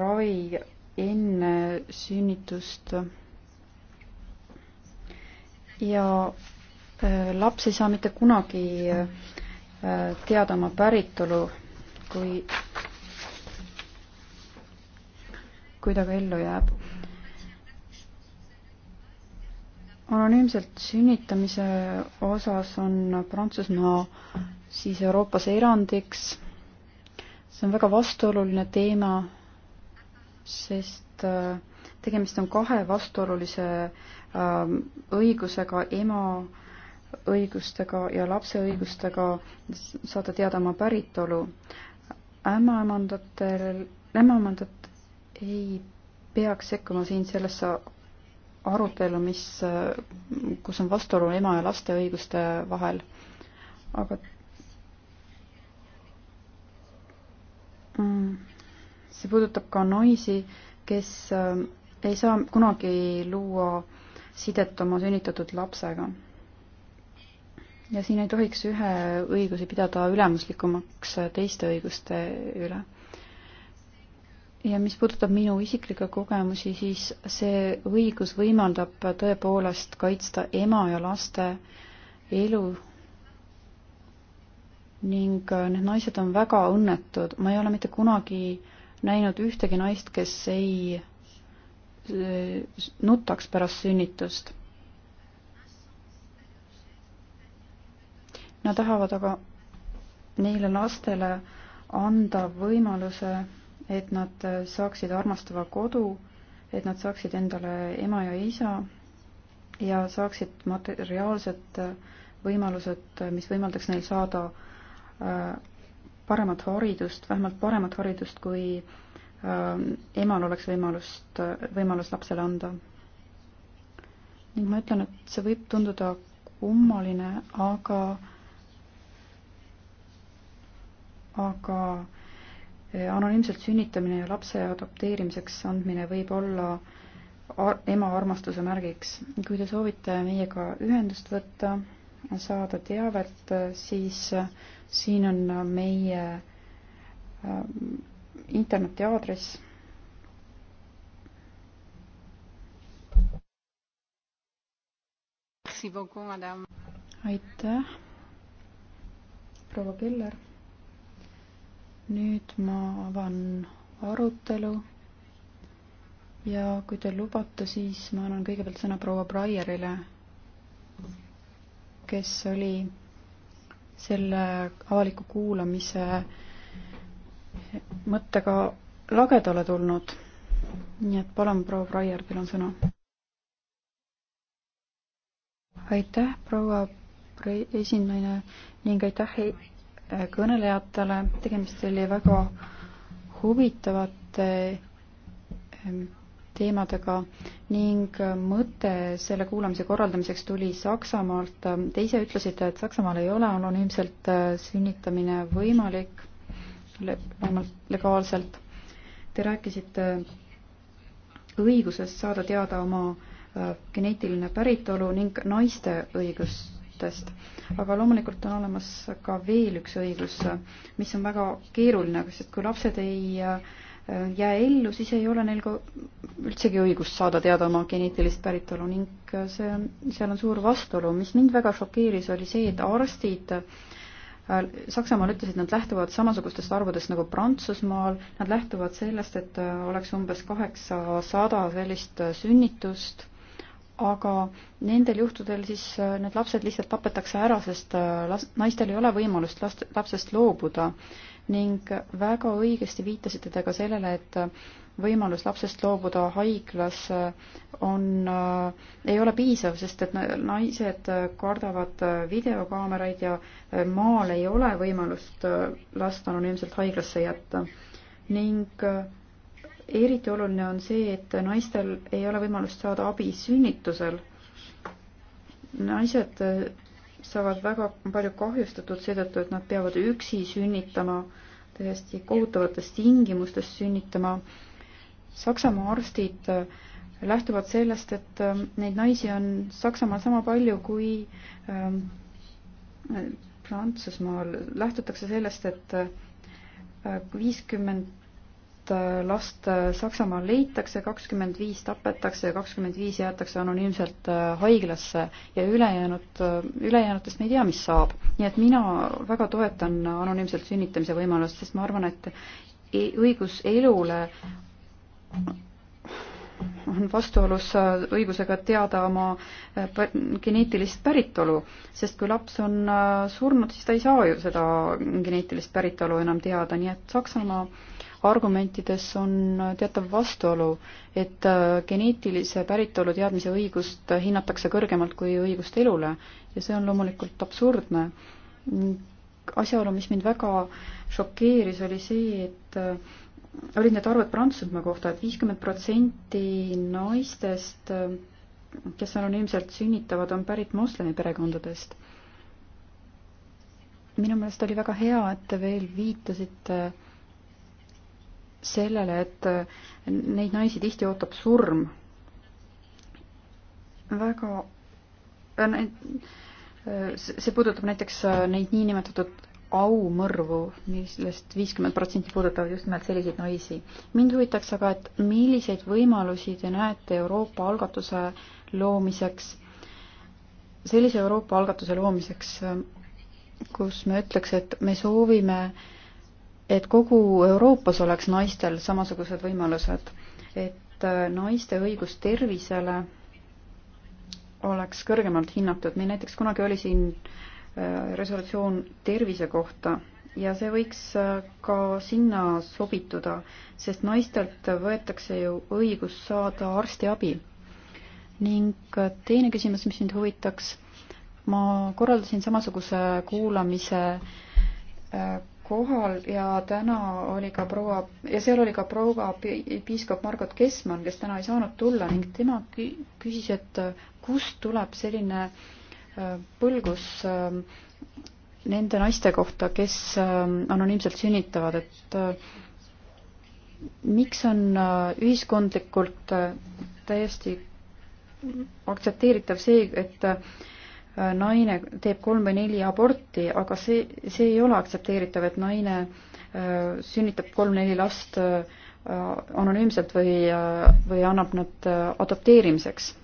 ravi enne sünnitust. ja laps ei saa mitte kunagi teada oma päritolu, kui kui ta ka ellu jääb. anonüümselt sünnitamise osas on Prantsusmaa siis Euroopas erandiks. see on väga vastuoluline teema, sest äh, tegemist on kahe vastuolulise äh, õigusega ema õigustega ja lapse õigustega saada teada oma päritolu. ämmaemandatel, ämmaemandat ei peaks sekkuma siin sellesse arutelu, mis, kus on vastuolu ema ja laste õiguste vahel, aga mm, see puudutab ka naisi, kes äh, ei saa kunagi luua sidet oma sünnitatud lapsega. ja siin ei tohiks ühe õigusi pidada ülemuslikumaks teiste õiguste üle ja mis puudutab minu isiklikke kogemusi, siis see õigus võimaldab tõepoolest kaitsta ema ja laste elu ning äh, need naised on väga õnnetud, ma ei ole mitte kunagi näinud ühtegi naist, kes ei äh, nutaks pärast sünnitust. Nad tahavad aga neile lastele anda võimaluse et nad saaksid armastava kodu, et nad saaksid endale ema ja isa ja saaksid materiaalsed võimalused, mis võimaldaks neil saada äh, paremat haridust, vähemalt paremat haridust, kui äh, emal oleks võimalust, võimalus lapsele anda. ning ma ütlen, et see võib tunduda kummaline, aga, aga anonüümselt sünnitamine ja lapse adopteerimiseks andmine võib olla ema armastuse märgiks. kui te soovite meiega ühendust võtta, saada teavet, siis äh, siin on meie äh, interneti aadress. aitäh, proua Keller nüüd ma avan arutelu ja kui te lubate, siis ma annan kõigepealt sõna proua Breierile, kes oli selle avaliku kuulamise mõttega lagedale tulnud. nii et palun, proua Breier, teil on sõna. aitäh, proua esinaine ning aitäh kõnelejatele, tegemist oli väga huvitavate ehm, teemadega ning mõte selle kuulamise korraldamiseks tuli Saksamaalt. Te ise ütlesite, et Saksamaal ei ole anonüümselt äh, sünnitamine võimalik, vähemalt legaalselt. Te rääkisite õigusest saada teada oma äh, geneetiline päritolu ning naiste õigus suhetest. aga loomulikult on olemas ka veel üks õigus, mis on väga keeruline, sest kui lapsed ei äh, jää ellu, siis ei ole neil ka üldsegi õigust saada teada oma geneetilist päritolu ning äh, see, seal on suur vastuolu. mis mind väga šokeeris, oli see, et arstid äh, Saksamaal ütlesid, nad lähtuvad samasugustest arvudest nagu Prantsusmaal, nad lähtuvad sellest, et oleks umbes kaheksasada sellist sünnitust aga nendel juhtudel siis äh, need lapsed lihtsalt tapetakse ära, sest äh, las-, naistel ei ole võimalust last, lapsest loobuda. ning väga õigesti viitasite te ka sellele, et äh, võimalus lapsest loobuda haiglas on äh,, ei ole piisav, sest et naised kardavad videokaameraid ja maal ei ole võimalust last anonüümselt haiglasse jätta. ning äh, eriti oluline on see, et naistel ei ole võimalust saada abi sünnitusel. naised äh, saavad väga palju kahjustatud seetõttu, et nad peavad üksi sünnitama, täiesti kohutavates tingimustes sünnitama. Saksamaa arstid äh, lähtuvad sellest, et äh, neid naisi on Saksamaal sama palju kui ähm, Prantsusmaal. lähtutakse sellest et, et viiskümmend tuhat äh, last äh, Saksamaal leitakse, kakskümmend viis tapetakse ja kakskümmend viis jäetakse anonüümselt äh, haiglasse ja ülejäänud, ülejäänutest me ei tea, mis saab. nii et mina väga toetan anonüümselt sünnitamise võimalust, sest ma arvan, et e-, õigus elule on vastuolus õigusega teada oma geneetilist päritolu, sest kui laps on surnud, siis ta ei saa ju seda geneetilist päritolu enam teada, nii et Saksamaa argumentides on teatav vastuolu, et äh, geneetilise päritolu teadmise õigust hinnatakse kõrgemalt kui õigust elule ja see on loomulikult absurdne. asjaolu, mis mind väga šokeeris, oli see, et äh, olid need arvud Prantsusmaa kohta et, et viiskümmend protsenti naistest, äh, kes anonüümselt sünnitavad, on pärit moslemi perekondadest minu meelest oli väga hea, et te veel viitasite äh, sellele, et äh, neid naisi tihti ootab surm. väga, äh, äh, see puudutab näiteks neid niinimetatud aumõrvu, millest viiskümmend protsenti puudutavad just nimelt selliseid naisi. mind huvitaks aga, et milliseid võimalusi te näete Euroopa algatuse loomiseks, sellise Euroopa algatuse loomiseks, kus me ütleks, et me soovime äh, et kogu Euroopas oleks naistel samasugused võimalused, et äh, naiste õigus tervisele oleks kõrgemalt hinnatud. meil näiteks kunagi oli siin äh, resolutsioon tervise kohta ja see võiks äh, ka sinna sobituda, sest naistelt võetakse ju õigus saada arstiabi. ning teine küsimus, mis mind huvitaks, ma korraldasin samasuguse kuulamise kohal ja täna oli ka proua ja seal oli ka proua piiskop Margot Kessmann, kes täna ei saanud tulla ning tema küsis, et äh, kust tuleb selline äh, põlgus äh, nende naiste kohta, kes anonüümselt sünnitavad, et miks on ühiskondlikult täiesti aktsepteeritav see, et naine teeb kolm või neli aborti, aga see, see ei ole aktsepteeritav, et naine äh, sünnitab kolm-neli last äh, anonüümselt või, äh, või annab nad adopteerimiseks.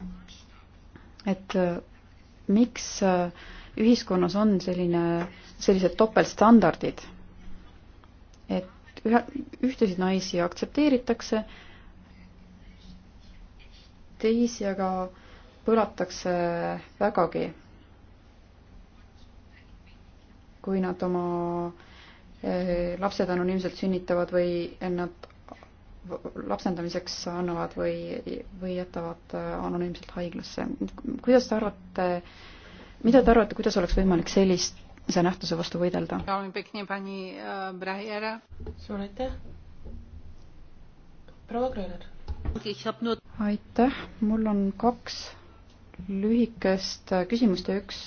et miks ühiskonnas on selline, sellised topeltstandardid? et ühe, ühtesid naisi aktsepteeritakse, teisi aga põlatakse vägagi kui nad oma eh, lapsed anonüümselt sünnitavad või nad lapsendamiseks annavad või, või jätavad eh, anonüümselt haiglasse. kuidas te arvate, mida te arvate, kuidas oleks võimalik sellist, see nähtuse vastu võidelda? Eh, suur aitäh. proua Gröner. aitäh, mul on kaks lühikest küsimust ja üks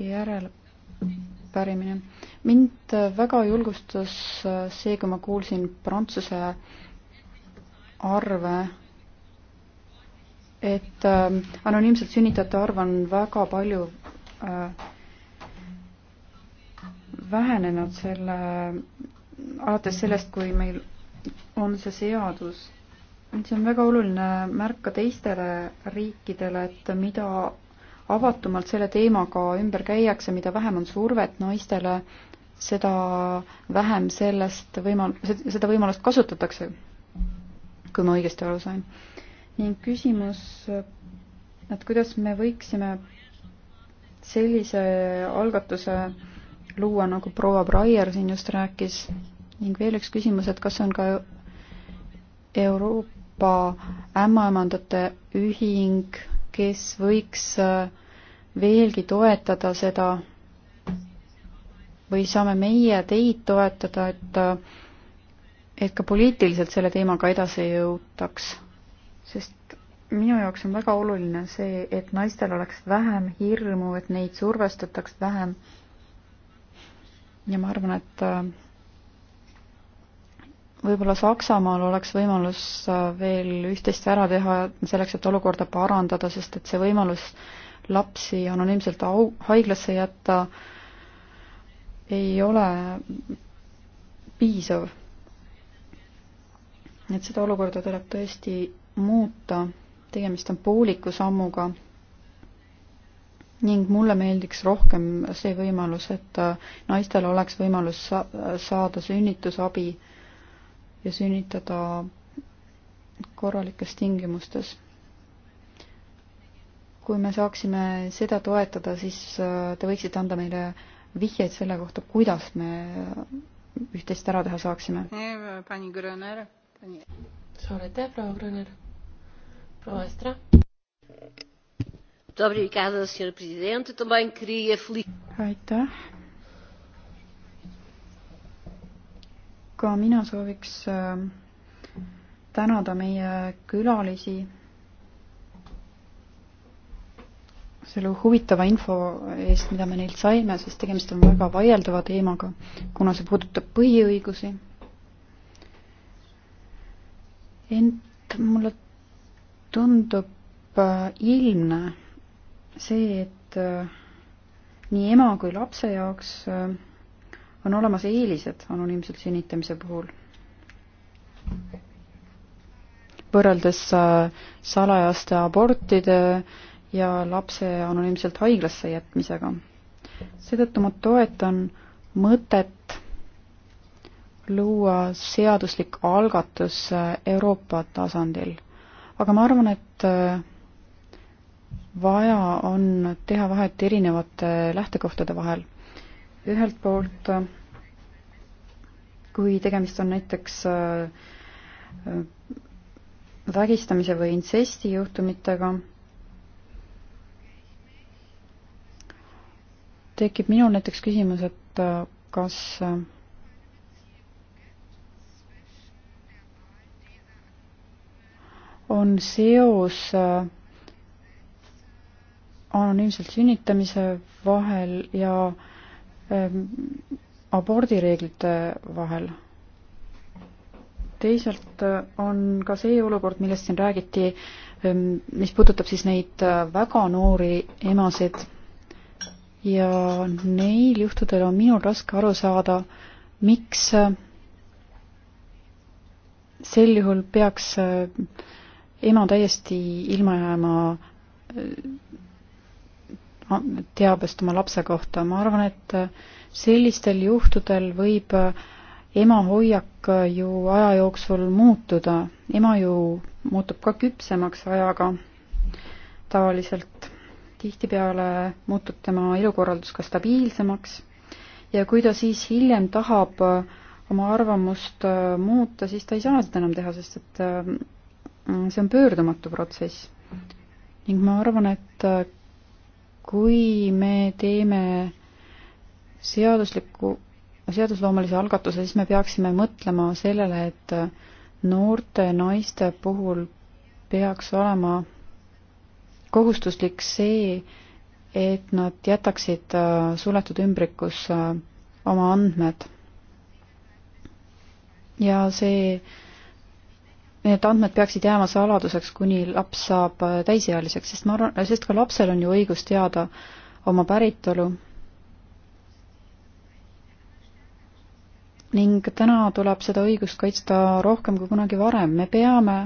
järel pärimine. mind väga julgustas see, kui ma kuulsin Prantsuse arve, et äh, anonüümselt sünnitajate arv on väga palju äh, vähenenud selle, alates sellest, kui meil on see seadus. see on väga oluline märk ka teistele riikidele, et mida avatumalt selle teemaga ümber käiakse, mida vähem on survet naistele, seda vähem sellest võimal-, seda võimalust kasutatakse, kui ma õigesti aru sain. ning küsimus, et kuidas me võiksime sellise algatuse luua, nagu proua Breyer siin just rääkis, ning veel üks küsimus, et kas on ka Euroopa ämmaemandate ühing kes võiks äh, veelgi toetada seda või saame meie teid toetada, et äh, et ka poliitiliselt selle teemaga edasi jõutaks. sest minu jaoks on väga oluline see, et naistel oleks vähem hirmu, et neid survestataks vähem. ja ma arvan, et äh, võib-olla Saksamaal oleks võimalus äh, veel üht-teist ära teha selleks, et olukorda parandada, sest et see võimalus lapsi anonüümselt au-, haiglasse jätta ei ole piisav. et seda olukorda tuleb tõesti muuta, tegemist on pooliku sammuga ning mulle meeldiks rohkem see võimalus, et äh, naistel oleks võimalus saada sünnitusabi äh, ja sünnitada korralikes tingimustes. kui me saaksime seda toetada, siis äh, te võiksite anda meile vihjeid selle kohta, kuidas me üht-teist ära teha saaksime. Eh, suur aitäh, proua Gröner. proua Estra. aitäh, ka mina sooviks äh, tänada meie külalisi selle huvitava info eest, mida me neilt saime, sest tegemist on väga vaieldava teemaga, kuna see puudutab põhiõigusi. ent mulle tundub äh, ilmne see, et äh, nii ema kui lapse jaoks äh, on olemas eelised anonüümselt sünnitamise puhul. võrreldes äh, salajaste abortide ja lapse anonüümselt haiglasse jätmisega. seetõttu ma toetan mõtet luua seaduslik algatus äh, Euroopa tasandil. aga ma arvan, et äh, vaja on teha vahet erinevate lähtekohtade vahel ühelt poolt, kui tegemist on näiteks äh, vägistamise või intsesti juhtumitega, tekib minul näiteks küsimus, et äh, kas äh, on seos anonüümselt sünnitamise vahel ja äh, Ehm, abordireeglite vahel. teisalt eh, on ka see olukord, millest siin räägiti, ehm, mis puudutab siis neid eh, väga noori emasid ja neil juhtudel on minul raske aru saada, miks eh, sel juhul peaks ema täiesti ilma jääma teabest oma lapse kohta. ma arvan, et sellistel juhtudel võib ema hoiak ju aja jooksul muutuda. ema ju muutub ka küpsemaks ajaga tavaliselt. tihtipeale muutub tema elukorraldus ka stabiilsemaks ja kui ta siis hiljem tahab oma arvamust muuta, siis ta ei saa seda enam teha, sest et mm, see on pöördumatu protsess. ning ma arvan, et kui me teeme seadusliku, seadusloomelise algatuse, siis me peaksime mõtlema sellele, et noorte naiste puhul peaks olema kohustuslik see, et nad jätaksid äh, suletud ümbrikusse äh, oma andmed. ja see äh, need andmed peaksid jääma saladuseks, kuni laps saab äh, täisealiseks, sest ma arvan, sest ka lapsel on ju õigus teada oma päritolu. ning täna tuleb seda õigust kaitsta rohkem kui kunagi varem, me peame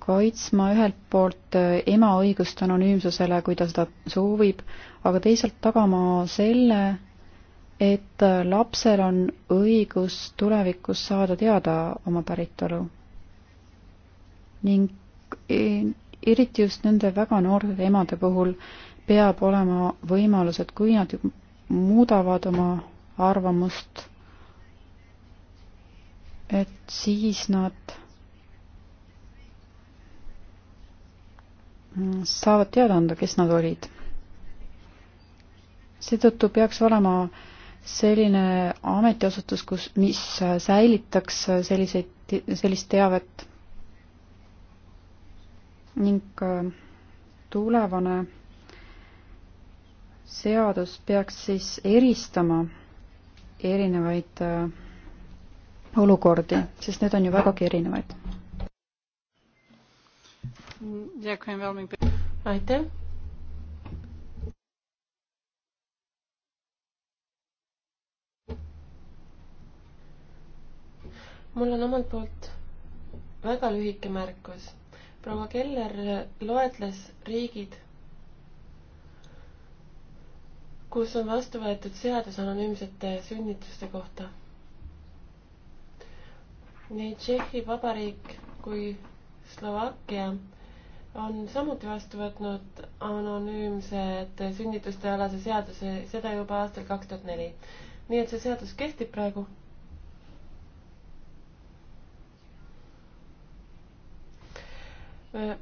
kaitsma ühelt poolt äh, ema õigust anonüümsusele, kui ta seda soovib, aga teisalt tagama selle, et äh, lapsel on õigus tulevikus saada teada oma päritolu ning e, eriti just nende väga noorte emade puhul peab olema võimalus, et kui nad muudavad oma arvamust, et siis nad saavad teada anda, kes nad olid. seetõttu peaks olema selline ametiasutus, kus, mis säilitaks selliseid, sellist teavet ning äh, tulevane seadus peaks siis eristama erinevaid äh, olukordi, sest need on ju vägagi erinevad. aitäh. mul on omalt poolt väga lühike märkus proua Keller loetles riigid, kus on vastu võetud seadus anonüümsete sünnituste kohta. nii Tšehhi Vabariik kui Slovakkia on samuti vastu võtnud anonüümsed sünnituste alase seaduse, seda juba aastal kaks tuhat neli. nii et see seadus kehtib praegu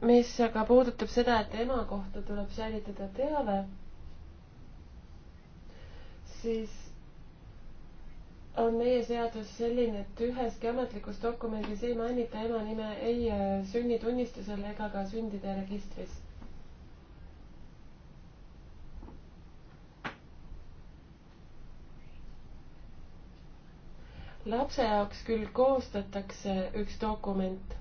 mis aga puudutab seda, et ema kohta tuleb säilitada teave, siis on meie seadus selline, et üheski ametlikus dokumendis ei mainita ema nime ei äh, sünnitunnistusel ega ka sündide registris. lapse jaoks küll koostatakse üks dokument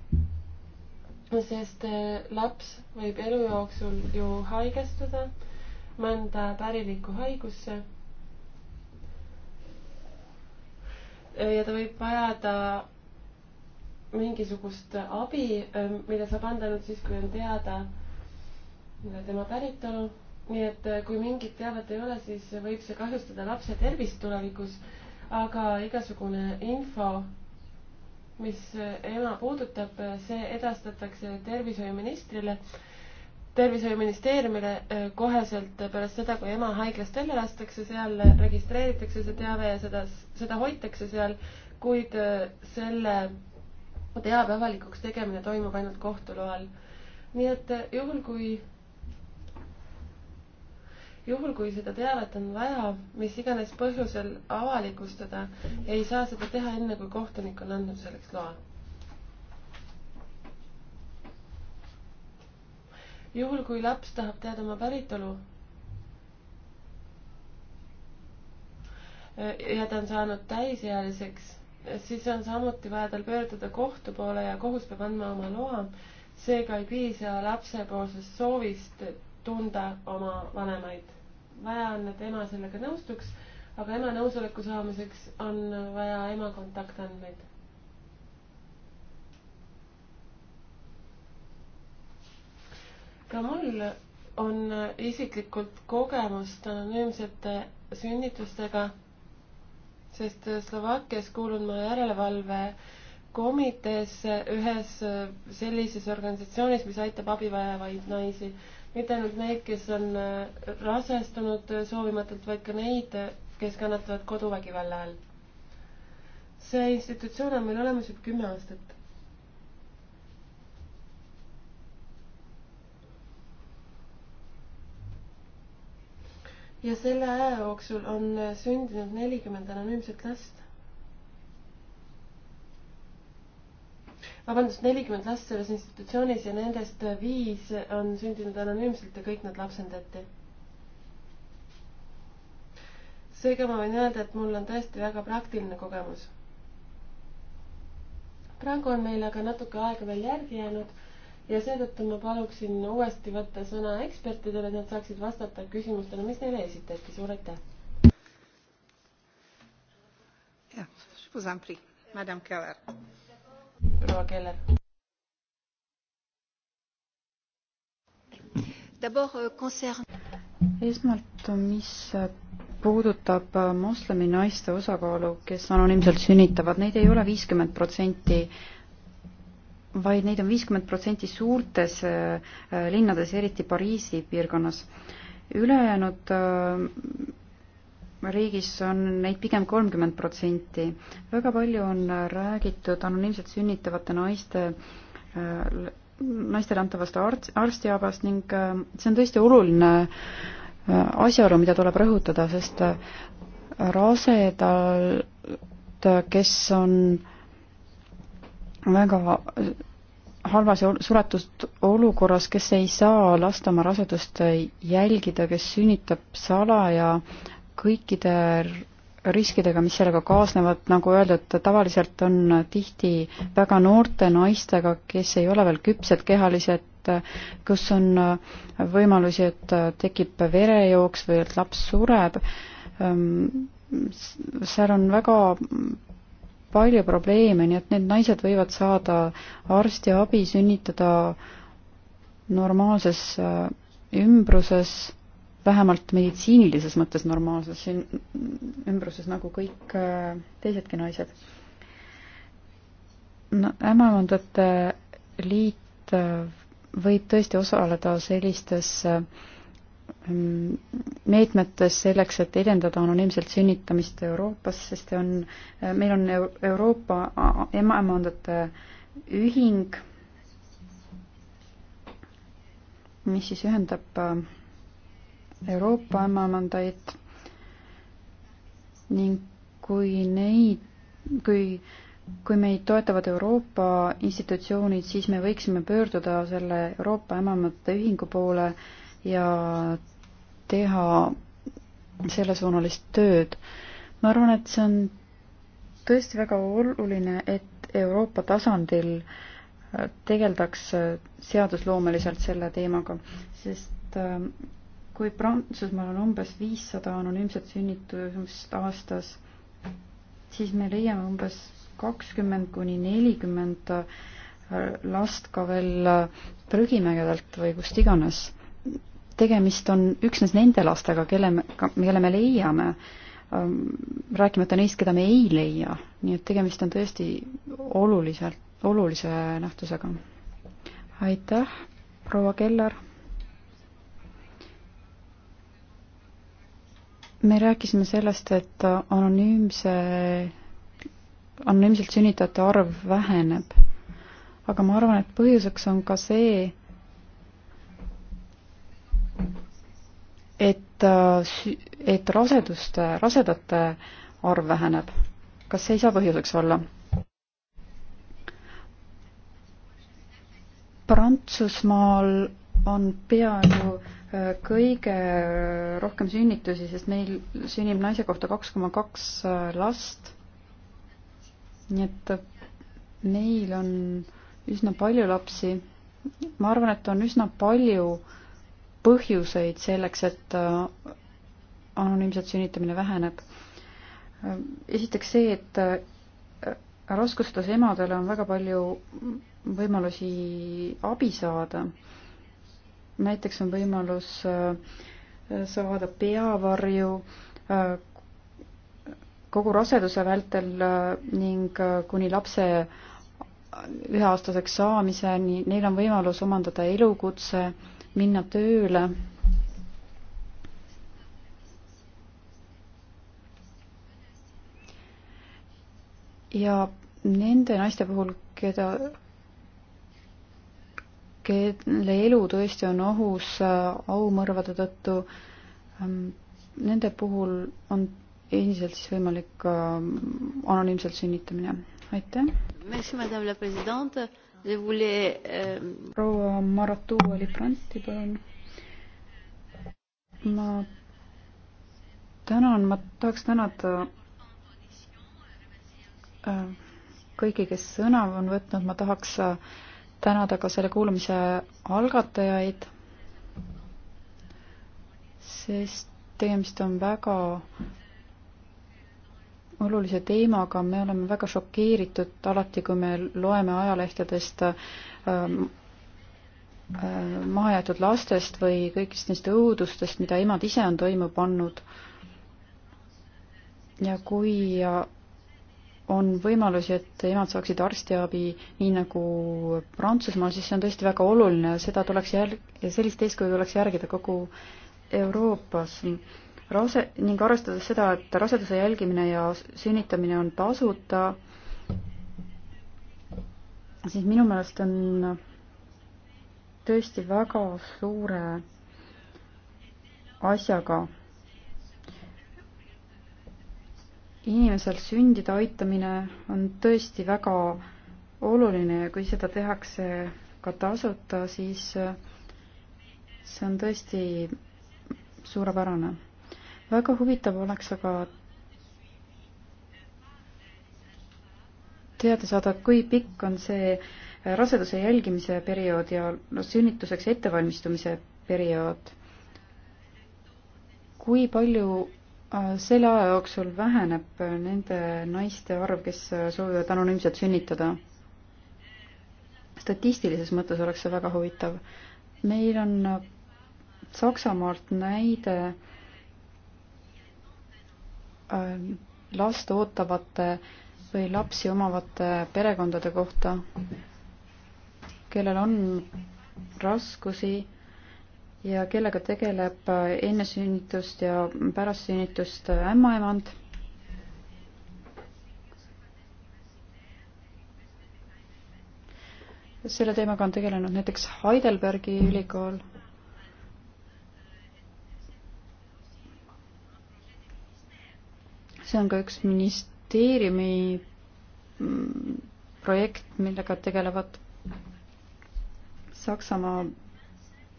sest äh, laps võib elu jooksul ju haigestuda mõnda pärilikku haigusse. Äh, ja ta võib vajada mingisugust abi, ähm, mida saab anda ainult siis, kui on teada tema päritolu. nii et äh, kui mingit teavet ei ole, siis võib see kahjustada lapse tervist tulevikus. aga igasugune info mis äh, ema puudutab, äh, see edastatakse tervishoiuministrile, tervishoiuministeeriumile äh, koheselt pärast seda, kui ema haiglast välja lastakse, seal registreeritakse see teave ja seda, seda hoitakse seal, kuid selle teabe avalikuks tegemine toimub ainult kohtu loal. nii et juhul, kui juhul, kui seda teavet on vaja, mis iganes põhjusel avalikustada, ei saa seda teha enne, kui kohtunik on andnud selleks loa. juhul, kui laps tahab teada oma päritolu ja ta on saanud täisealiseks, siis on samuti vaja tal pöörduda kohtu poole ja kohus peab andma oma loa. seega ei piisa lapsepoolsest soovist tunda oma vanemaid. vaja on, et ema sellega nõustuks, aga ema nõusoleku saamiseks on vaja ema kontaktandmeid. ka mul on isiklikult kogemust anonüümsete sünnitustega, sest Slovakkias kuulun ma järelevalve komitees ühes sellises organisatsioonis, mis aitab abivajajaid naisi mitte ainult neid, kes on äh, rasestunud äh, soovimatult, vaid ka neid, äh, kes kannatavad koduvägivalla all. see institutsioon on meil olemas juba kümme aastat. ja selle aja jooksul on sündinud nelikümmend anonüümset last vabandust, nelikümmend last selles institutsioonis ja nendest viis on sündinud anonüümselt ja kõik nad lapsendati. seega ma võin öelda, et mul on tõesti väga praktiline kogemus. praegu on meil aga natuke aega veel järgi jäänud ja seetõttu ma paluksin uuesti võtta sõna ekspertidele, et nad saaksid vastata küsimustele, mis neile esitati. suur aitäh! jah, Madame Keller proua Keller. Euh, esmalt, mis puudutab äh, moslemi naiste osakaalu, kes anonüümselt sünnitavad, neid ei ole viiskümmend protsenti, vaid neid on viiskümmend protsenti suurtes äh, äh, linnades, eriti Pariisi piirkonnas. ülejäänud riigis on neid pigem kolmkümmend protsenti. väga palju on räägitud anonüümselt sünnitavate naiste, äh, naistele antavast arst, arstiabast ning äh, see on tõesti oluline äh, asjaolu, mida tuleb rõhutada, sest rasedalt, kes on väga halvas ja suletud olukorras, kes ei saa lasta oma rasedust jälgida, kes sünnitab salaja, kõikide riskidega, mis sellega kaasnevad, nagu öeldud, tavaliselt on tihti väga noorte naistega, kes ei ole veel küpsed kehaliselt, kus on võimalusi, et tekib verejooks või et laps sureb. Ehm, seal on väga palju probleeme, nii et need naised võivad saada arstiabi, sünnitada normaalses ümbruses vähemalt meditsiinilises mõttes normaalses siin ümbruses nagu kõik äh, teisedki naised no,. ämmaemandate äh, liit äh, võib tõesti osaleda sellistes mm, meetmetes selleks, et edendada anonüümselt sünnitamist Euroopas, sest see on, meil on Euroopa ämmaemandate ühing, mis siis ühendab Euroopa ämmaemandaid ning kui neid, kui, kui meid toetavad Euroopa institutsioonid, siis me võiksime pöörduda selle Euroopa ämmaemandate ühingu poole ja teha sellesuunalist tööd. ma arvan, et see on tõesti väga oluline, et Euroopa tasandil tegeldaks seadusloomeliselt selle teemaga, sest äh, kui Prantsusmaal on umbes viissada anonüümset sünnitust aastas, siis me leiame umbes kakskümmend kuni nelikümmend äh, last ka veel prügimägedelt äh, või kust iganes. tegemist on üksnes nende lastega, kelle me, kelle me leiame, ähm, rääkimata neist, keda me ei leia, nii et tegemist on tõesti oluliselt, olulise nähtusega. aitäh, proua Keller me rääkisime sellest, et anonüümse, anonüümselt sünnitajate arv väheneb. aga ma arvan, et põhjuseks on ka see, et, et raseduste, rasedate arv väheneb. kas see ei saa põhjuseks olla? Prantsusmaal on peaaegu kõige rohkem sünnitusi, sest meil sünnib naise kohta kaks koma kaks äh, last. nii et meil on üsna palju lapsi. ma arvan, et on üsna palju põhjuseid selleks, et äh, anonüümselt sünnitamine väheneb. Äh, esiteks see, et raskustes emadele on väga palju võimalusi abi saada näiteks on võimalus äh, saada peavarju äh, kogu raseduse vältel äh, ning kuni lapse üheaastaseks saamiseni, neil on võimalus omandada elukutse, minna tööle. ja nende naiste puhul, keda kelle elu tõesti on ohus äh, aumõrvade tõttu, ähm, nende puhul on endiselt siis võimalik äh, anonüümselt sünnitamine. aitäh! Euh, proua Maratuu oli Franti, palun. ma tänan, ma tahaks tänada äh, kõiki, kes sõna on võtnud, ma tahaks äh, tänada ka selle kuulamise algatajaid, sest tegemist on väga olulise teemaga, me oleme väga šokeeritud alati, kui me loeme ajalehtedest ähm, äh, mahajäetud lastest või kõigist neist õudustest, mida emad ise on toime pannud. ja kui on võimalusi, et emad saaksid arstiabi nii nagu Prantsusmaal, siis see on tõesti väga oluline ja seda tuleks jälg-, sellist eeskuju tuleks järgida kogu Euroopas. rase-, ning arvestades seda, et raseduse jälgimine ja sünnitamine on tasuta, siis minu meelest on tõesti väga suure asjaga inimesel sündide aitamine on tõesti väga oluline ja kui seda tehakse ka tasuta, siis äh, see on tõesti suurepärane. väga huvitav oleks aga teada saada, kui pikk on see äh, raseduse jälgimise periood ja sünnituseks ettevalmistumise periood. kui palju Äh, selle aja jooksul väheneb nende naiste arv, kes äh, soovivad anonüümselt sünnitada. statistilises mõttes oleks see väga huvitav. meil on äh, Saksamaalt näide last ootavate või lapsi omavate perekondade kohta, kellel on raskusi ja kellega tegeleb enne sünnitust ja pärast sünnitust ämmaemand. selle teemaga on tegelenud näiteks Heidelbergi ülikool. see on ka üks ministeeriumi mm, projekt, millega tegelevad Saksamaa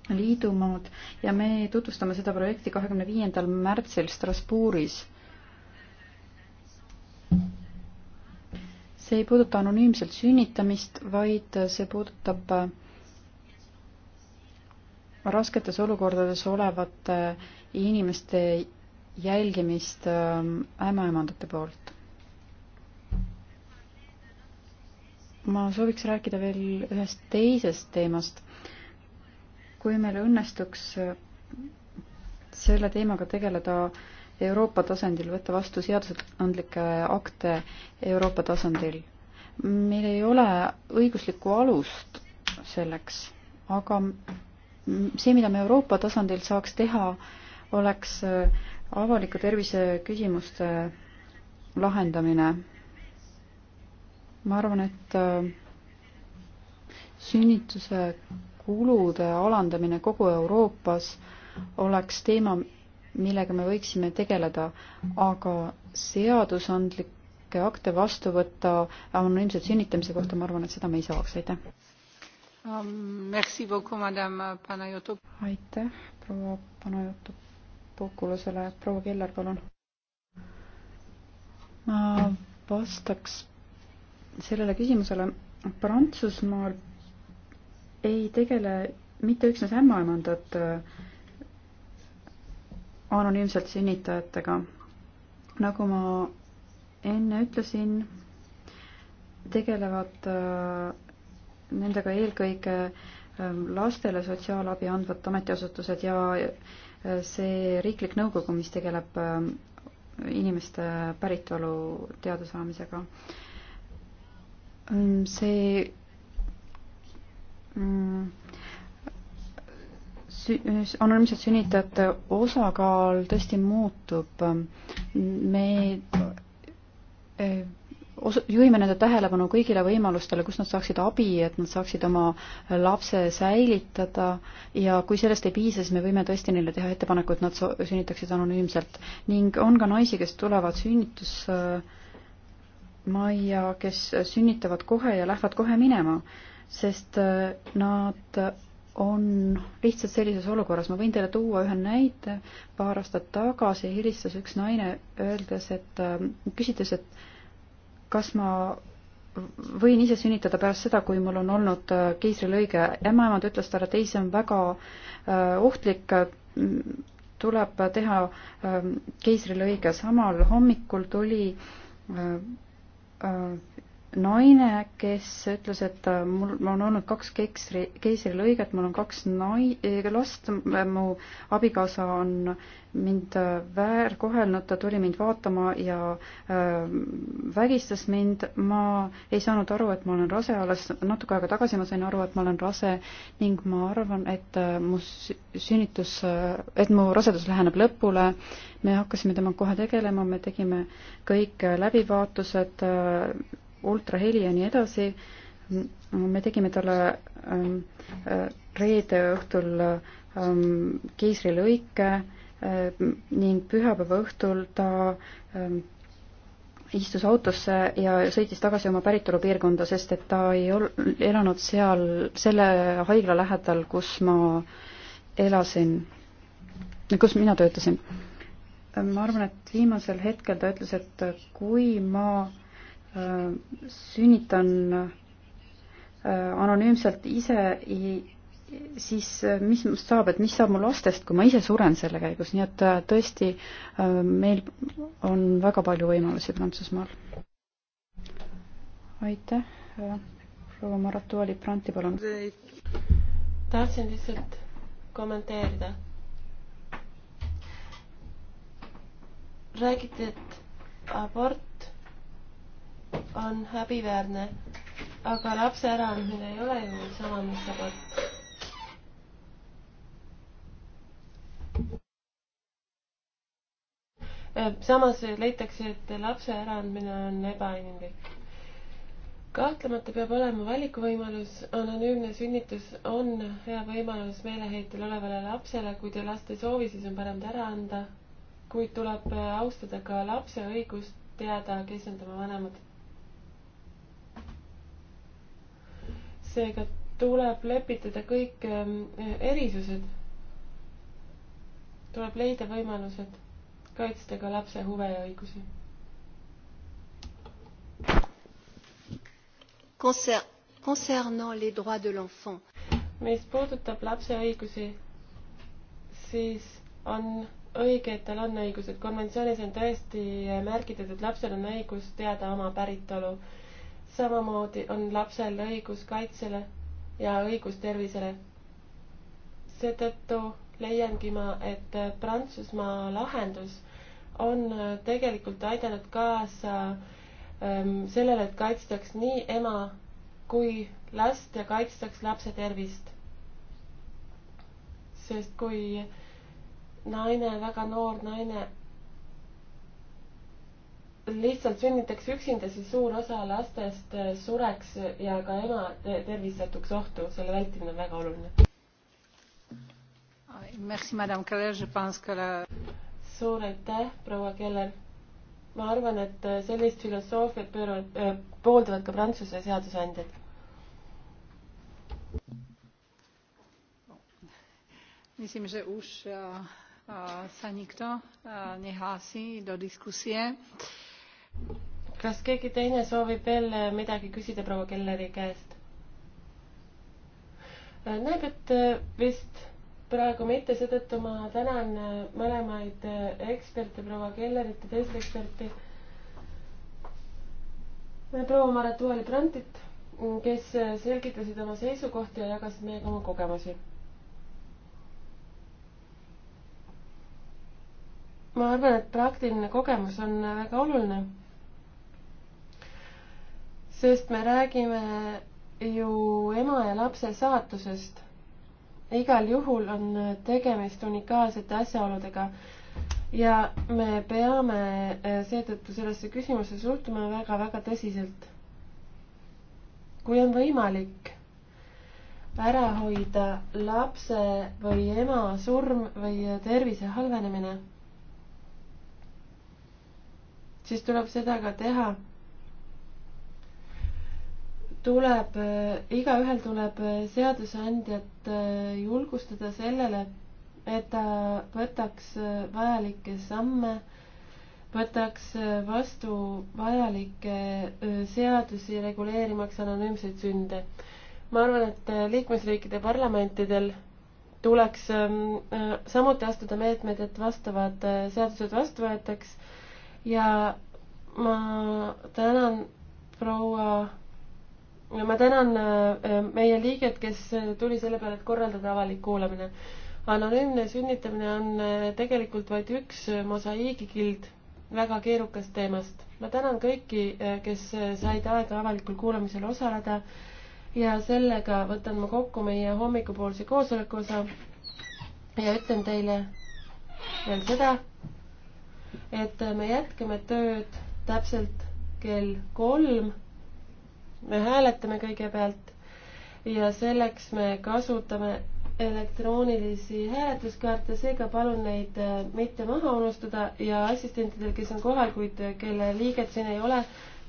liidumaad ja me tutvustame seda projekti kahekümne viiendal märtsil Strasbourgis. see ei puuduta anonüümselt sünnitamist, vaid see puudutab rasketes olukordades olevate inimeste jälgimist ähm, ämmaemandate poolt. ma sooviks rääkida veel ühest teisest teemast kui meil õnnestuks selle teemaga tegeleda Euroopa tasandil, võtta vastu seadusandlikke akte Euroopa tasandil, meil ei ole õiguslikku alust selleks, aga see, mida me Euroopa tasandil saaks teha, oleks avaliku tervise küsimuste lahendamine. ma arvan, et äh, sünnituse kulude alandamine kogu Euroopas oleks teema, millega me võiksime tegeleda, aga seadusandlikke akte vastu võtta anonüümselt sünnitamise kohta, ma arvan, et seda me ei saaks, aitäh. Um, aitäh proua Panajotopokulusele, proua Keller, palun. ma vastaks sellele küsimusele Prantsusmaal ei tegele mitte üksnes ämmaemandad äh, anonüümselt sünnitajatega. nagu ma enne ütlesin, tegelevad äh, nendega eelkõige äh, lastele sotsiaalabi andvad ametiasutused ja see riiklik nõukogu, mis tegeleb inimeste päritolu teada saamisega. Mm, see anonüümsed mm. sünnitajate osakaal tõesti muutub. me eh, os-, juhime nende tähelepanu kõigile võimalustele, kus nad saaksid abi, et nad saaksid oma lapse säilitada ja kui sellest ei piisa, siis me võime tõesti neile teha ettepaneku, et nad so-, sünnitaksid anonüümselt. ning on ka naisi, kes tulevad sünnitusmajja, kes sünnitavad kohe ja lähevad kohe minema sest äh, nad on lihtsalt sellises olukorras. ma võin teile tuua ühe näite. paar aastat tagasi helistas üks naine, öeldes, et äh, küsides, et kas ma võin ise sünnitada pärast seda, kui mul on olnud äh, keisrilõige. ämmaemand ütles talle, et ei, see on väga ohtlik, tuleb teha keisrilõige. samal hommikul tuli naine, kes ütles, et äh, mul on olnud kaks keksri, keisrilõiget, mul on kaks nai-, äh, last, mu abikaasa on mind äh, väärkohelnud, ta tuli mind vaatama ja äh, vägistas mind, ma ei saanud aru, et ma olen rase, alles natuke aega tagasi ma sain aru, et ma olen rase ning ma arvan, et äh, mu sünnitus äh,, et mu rasedus läheneb lõpule, me hakkasime temaga kohe tegelema, me tegime kõik läbivaatused äh,, ultraheli ja nii edasi. me tegime talle ähm, äh, reede õhtul ähm, keisrilõike äh, ning pühapäeva õhtul ta ähm, istus autosse ja sõitis tagasi oma päritolupiirkonda, sest et ta ei ol-, elanud seal, selle haigla lähedal, kus ma elasin, kus mina töötasin. ma arvan, et viimasel hetkel ta ütles, et kui ma Äh, sünnitan äh, anonüümselt ise, siis äh, mis must saab, et mis saab mu lastest, kui ma ise suren selle käigus, nii et tõesti meil on väga palju võimalusi Prantsusmaal. aitäh, proua Maratuali Pranti, palun. tahtsin lihtsalt kommenteerida. räägiti, et abort on häbiväärne, aga lapse äraandmine ei ole ju sama, mis abort. Äh, samas leitakse, et lapse äraandmine on ebainimlik. kahtlemata peab olema valikuvõimalus, anonüümne sünnitus on hea võimalus meeleheitel olevale lapsele, kui te last ei soovi, siis on parem ta ära anda, kuid tuleb austada ka lapse õigust teada, kes on tema vanemad seega tuleb lepitada kõik ähm, erisused. tuleb leida võimalused kaitsta ka lapse huve ja õigusi. Concernant les droits de l'enfant. mis puudutab lapse õigusi, siis on õige, et tal on õigused. konventsioonis on tõesti märgitud, et lapsel on õigus teada oma päritolu samamoodi on lapsel õigus kaitsele ja õigus tervisele. seetõttu leiangi ma, et Prantsusmaa lahendus on tegelikult aidanud kaasa ähm, sellele, et kaitstaks nii ema kui last ja kaitstaks lapse tervist. sest kui naine, väga noor naine lihtsalt sünnitaks üksinda, siis suur osa lastest äh, sureks ja ka ema äh, tervis satuks ohtu, selle vältimine on väga oluline. Ah, suur aitäh, proua Keller. ma arvan, et äh, sellist filosoofiat pööravad äh,, pooldavad ka Prantsuse seadusandjad. niisuguse uus äh, sa nikto nehlási do diskusie. Uh, kas keegi teine soovib veel äh, midagi küsida proua Kelleri käest? Äh, näeb, et äh, vist praegu mitte, seetõttu ma tänan mõlemaid eksperte, proua Kellerit ja teist eksperti. proua Maret Uuali-Prantit, mm, kes selgitasid oma seisukohti ja jagasid meiega oma kogemusi ma arvan, et praktiline kogemus on väga oluline sest me räägime ju ema ja lapse saatusest. igal juhul on tegemist unikaalsete asjaoludega ja me peame eh, seetõttu sellesse küsimusse suhtuma väga-väga tõsiselt. kui on võimalik ära hoida lapse või ema surm või tervise halvenemine, siis tuleb seda ka teha tuleb, äh, igaühel tuleb äh, seadusandjat äh, julgustada sellele, et ta võtaks vajalikke samme, võtaks vastu vajalikke seadusi reguleerimaks anonüümseid sünde. ma arvan, et liikmesriikide parlamentidel tuleks ähm, samuti astuda meetmed, et vastavad seadused vastu võetaks ja ma tänan proua no ma tänan äh, meie liiget, kes tuli selle peale, et korraldada avalik kuulamine. anonüümne sünnitamine on äh, tegelikult vaid üks mosaiigikild väga keerukast teemast. ma tänan kõiki, äh, kes said aega avalikul kuulamisel osaleda ja sellega võtan ma kokku meie hommikupoolse koosoleku osa ja ütlen teile veel seda, et me jätkame tööd täpselt kell kolm me hääletame kõigepealt ja selleks me kasutame elektroonilisi hääletuskaarte, seega palun neid äh, mitte maha unustada ja assistentidel, kes on kohal, kuid äh, kelle liiget siin ei ole,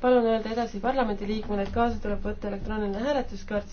palun öelda edasi parlamendiliikmele, et kaasa tuleb võtta elektrooniline hääletuskaart.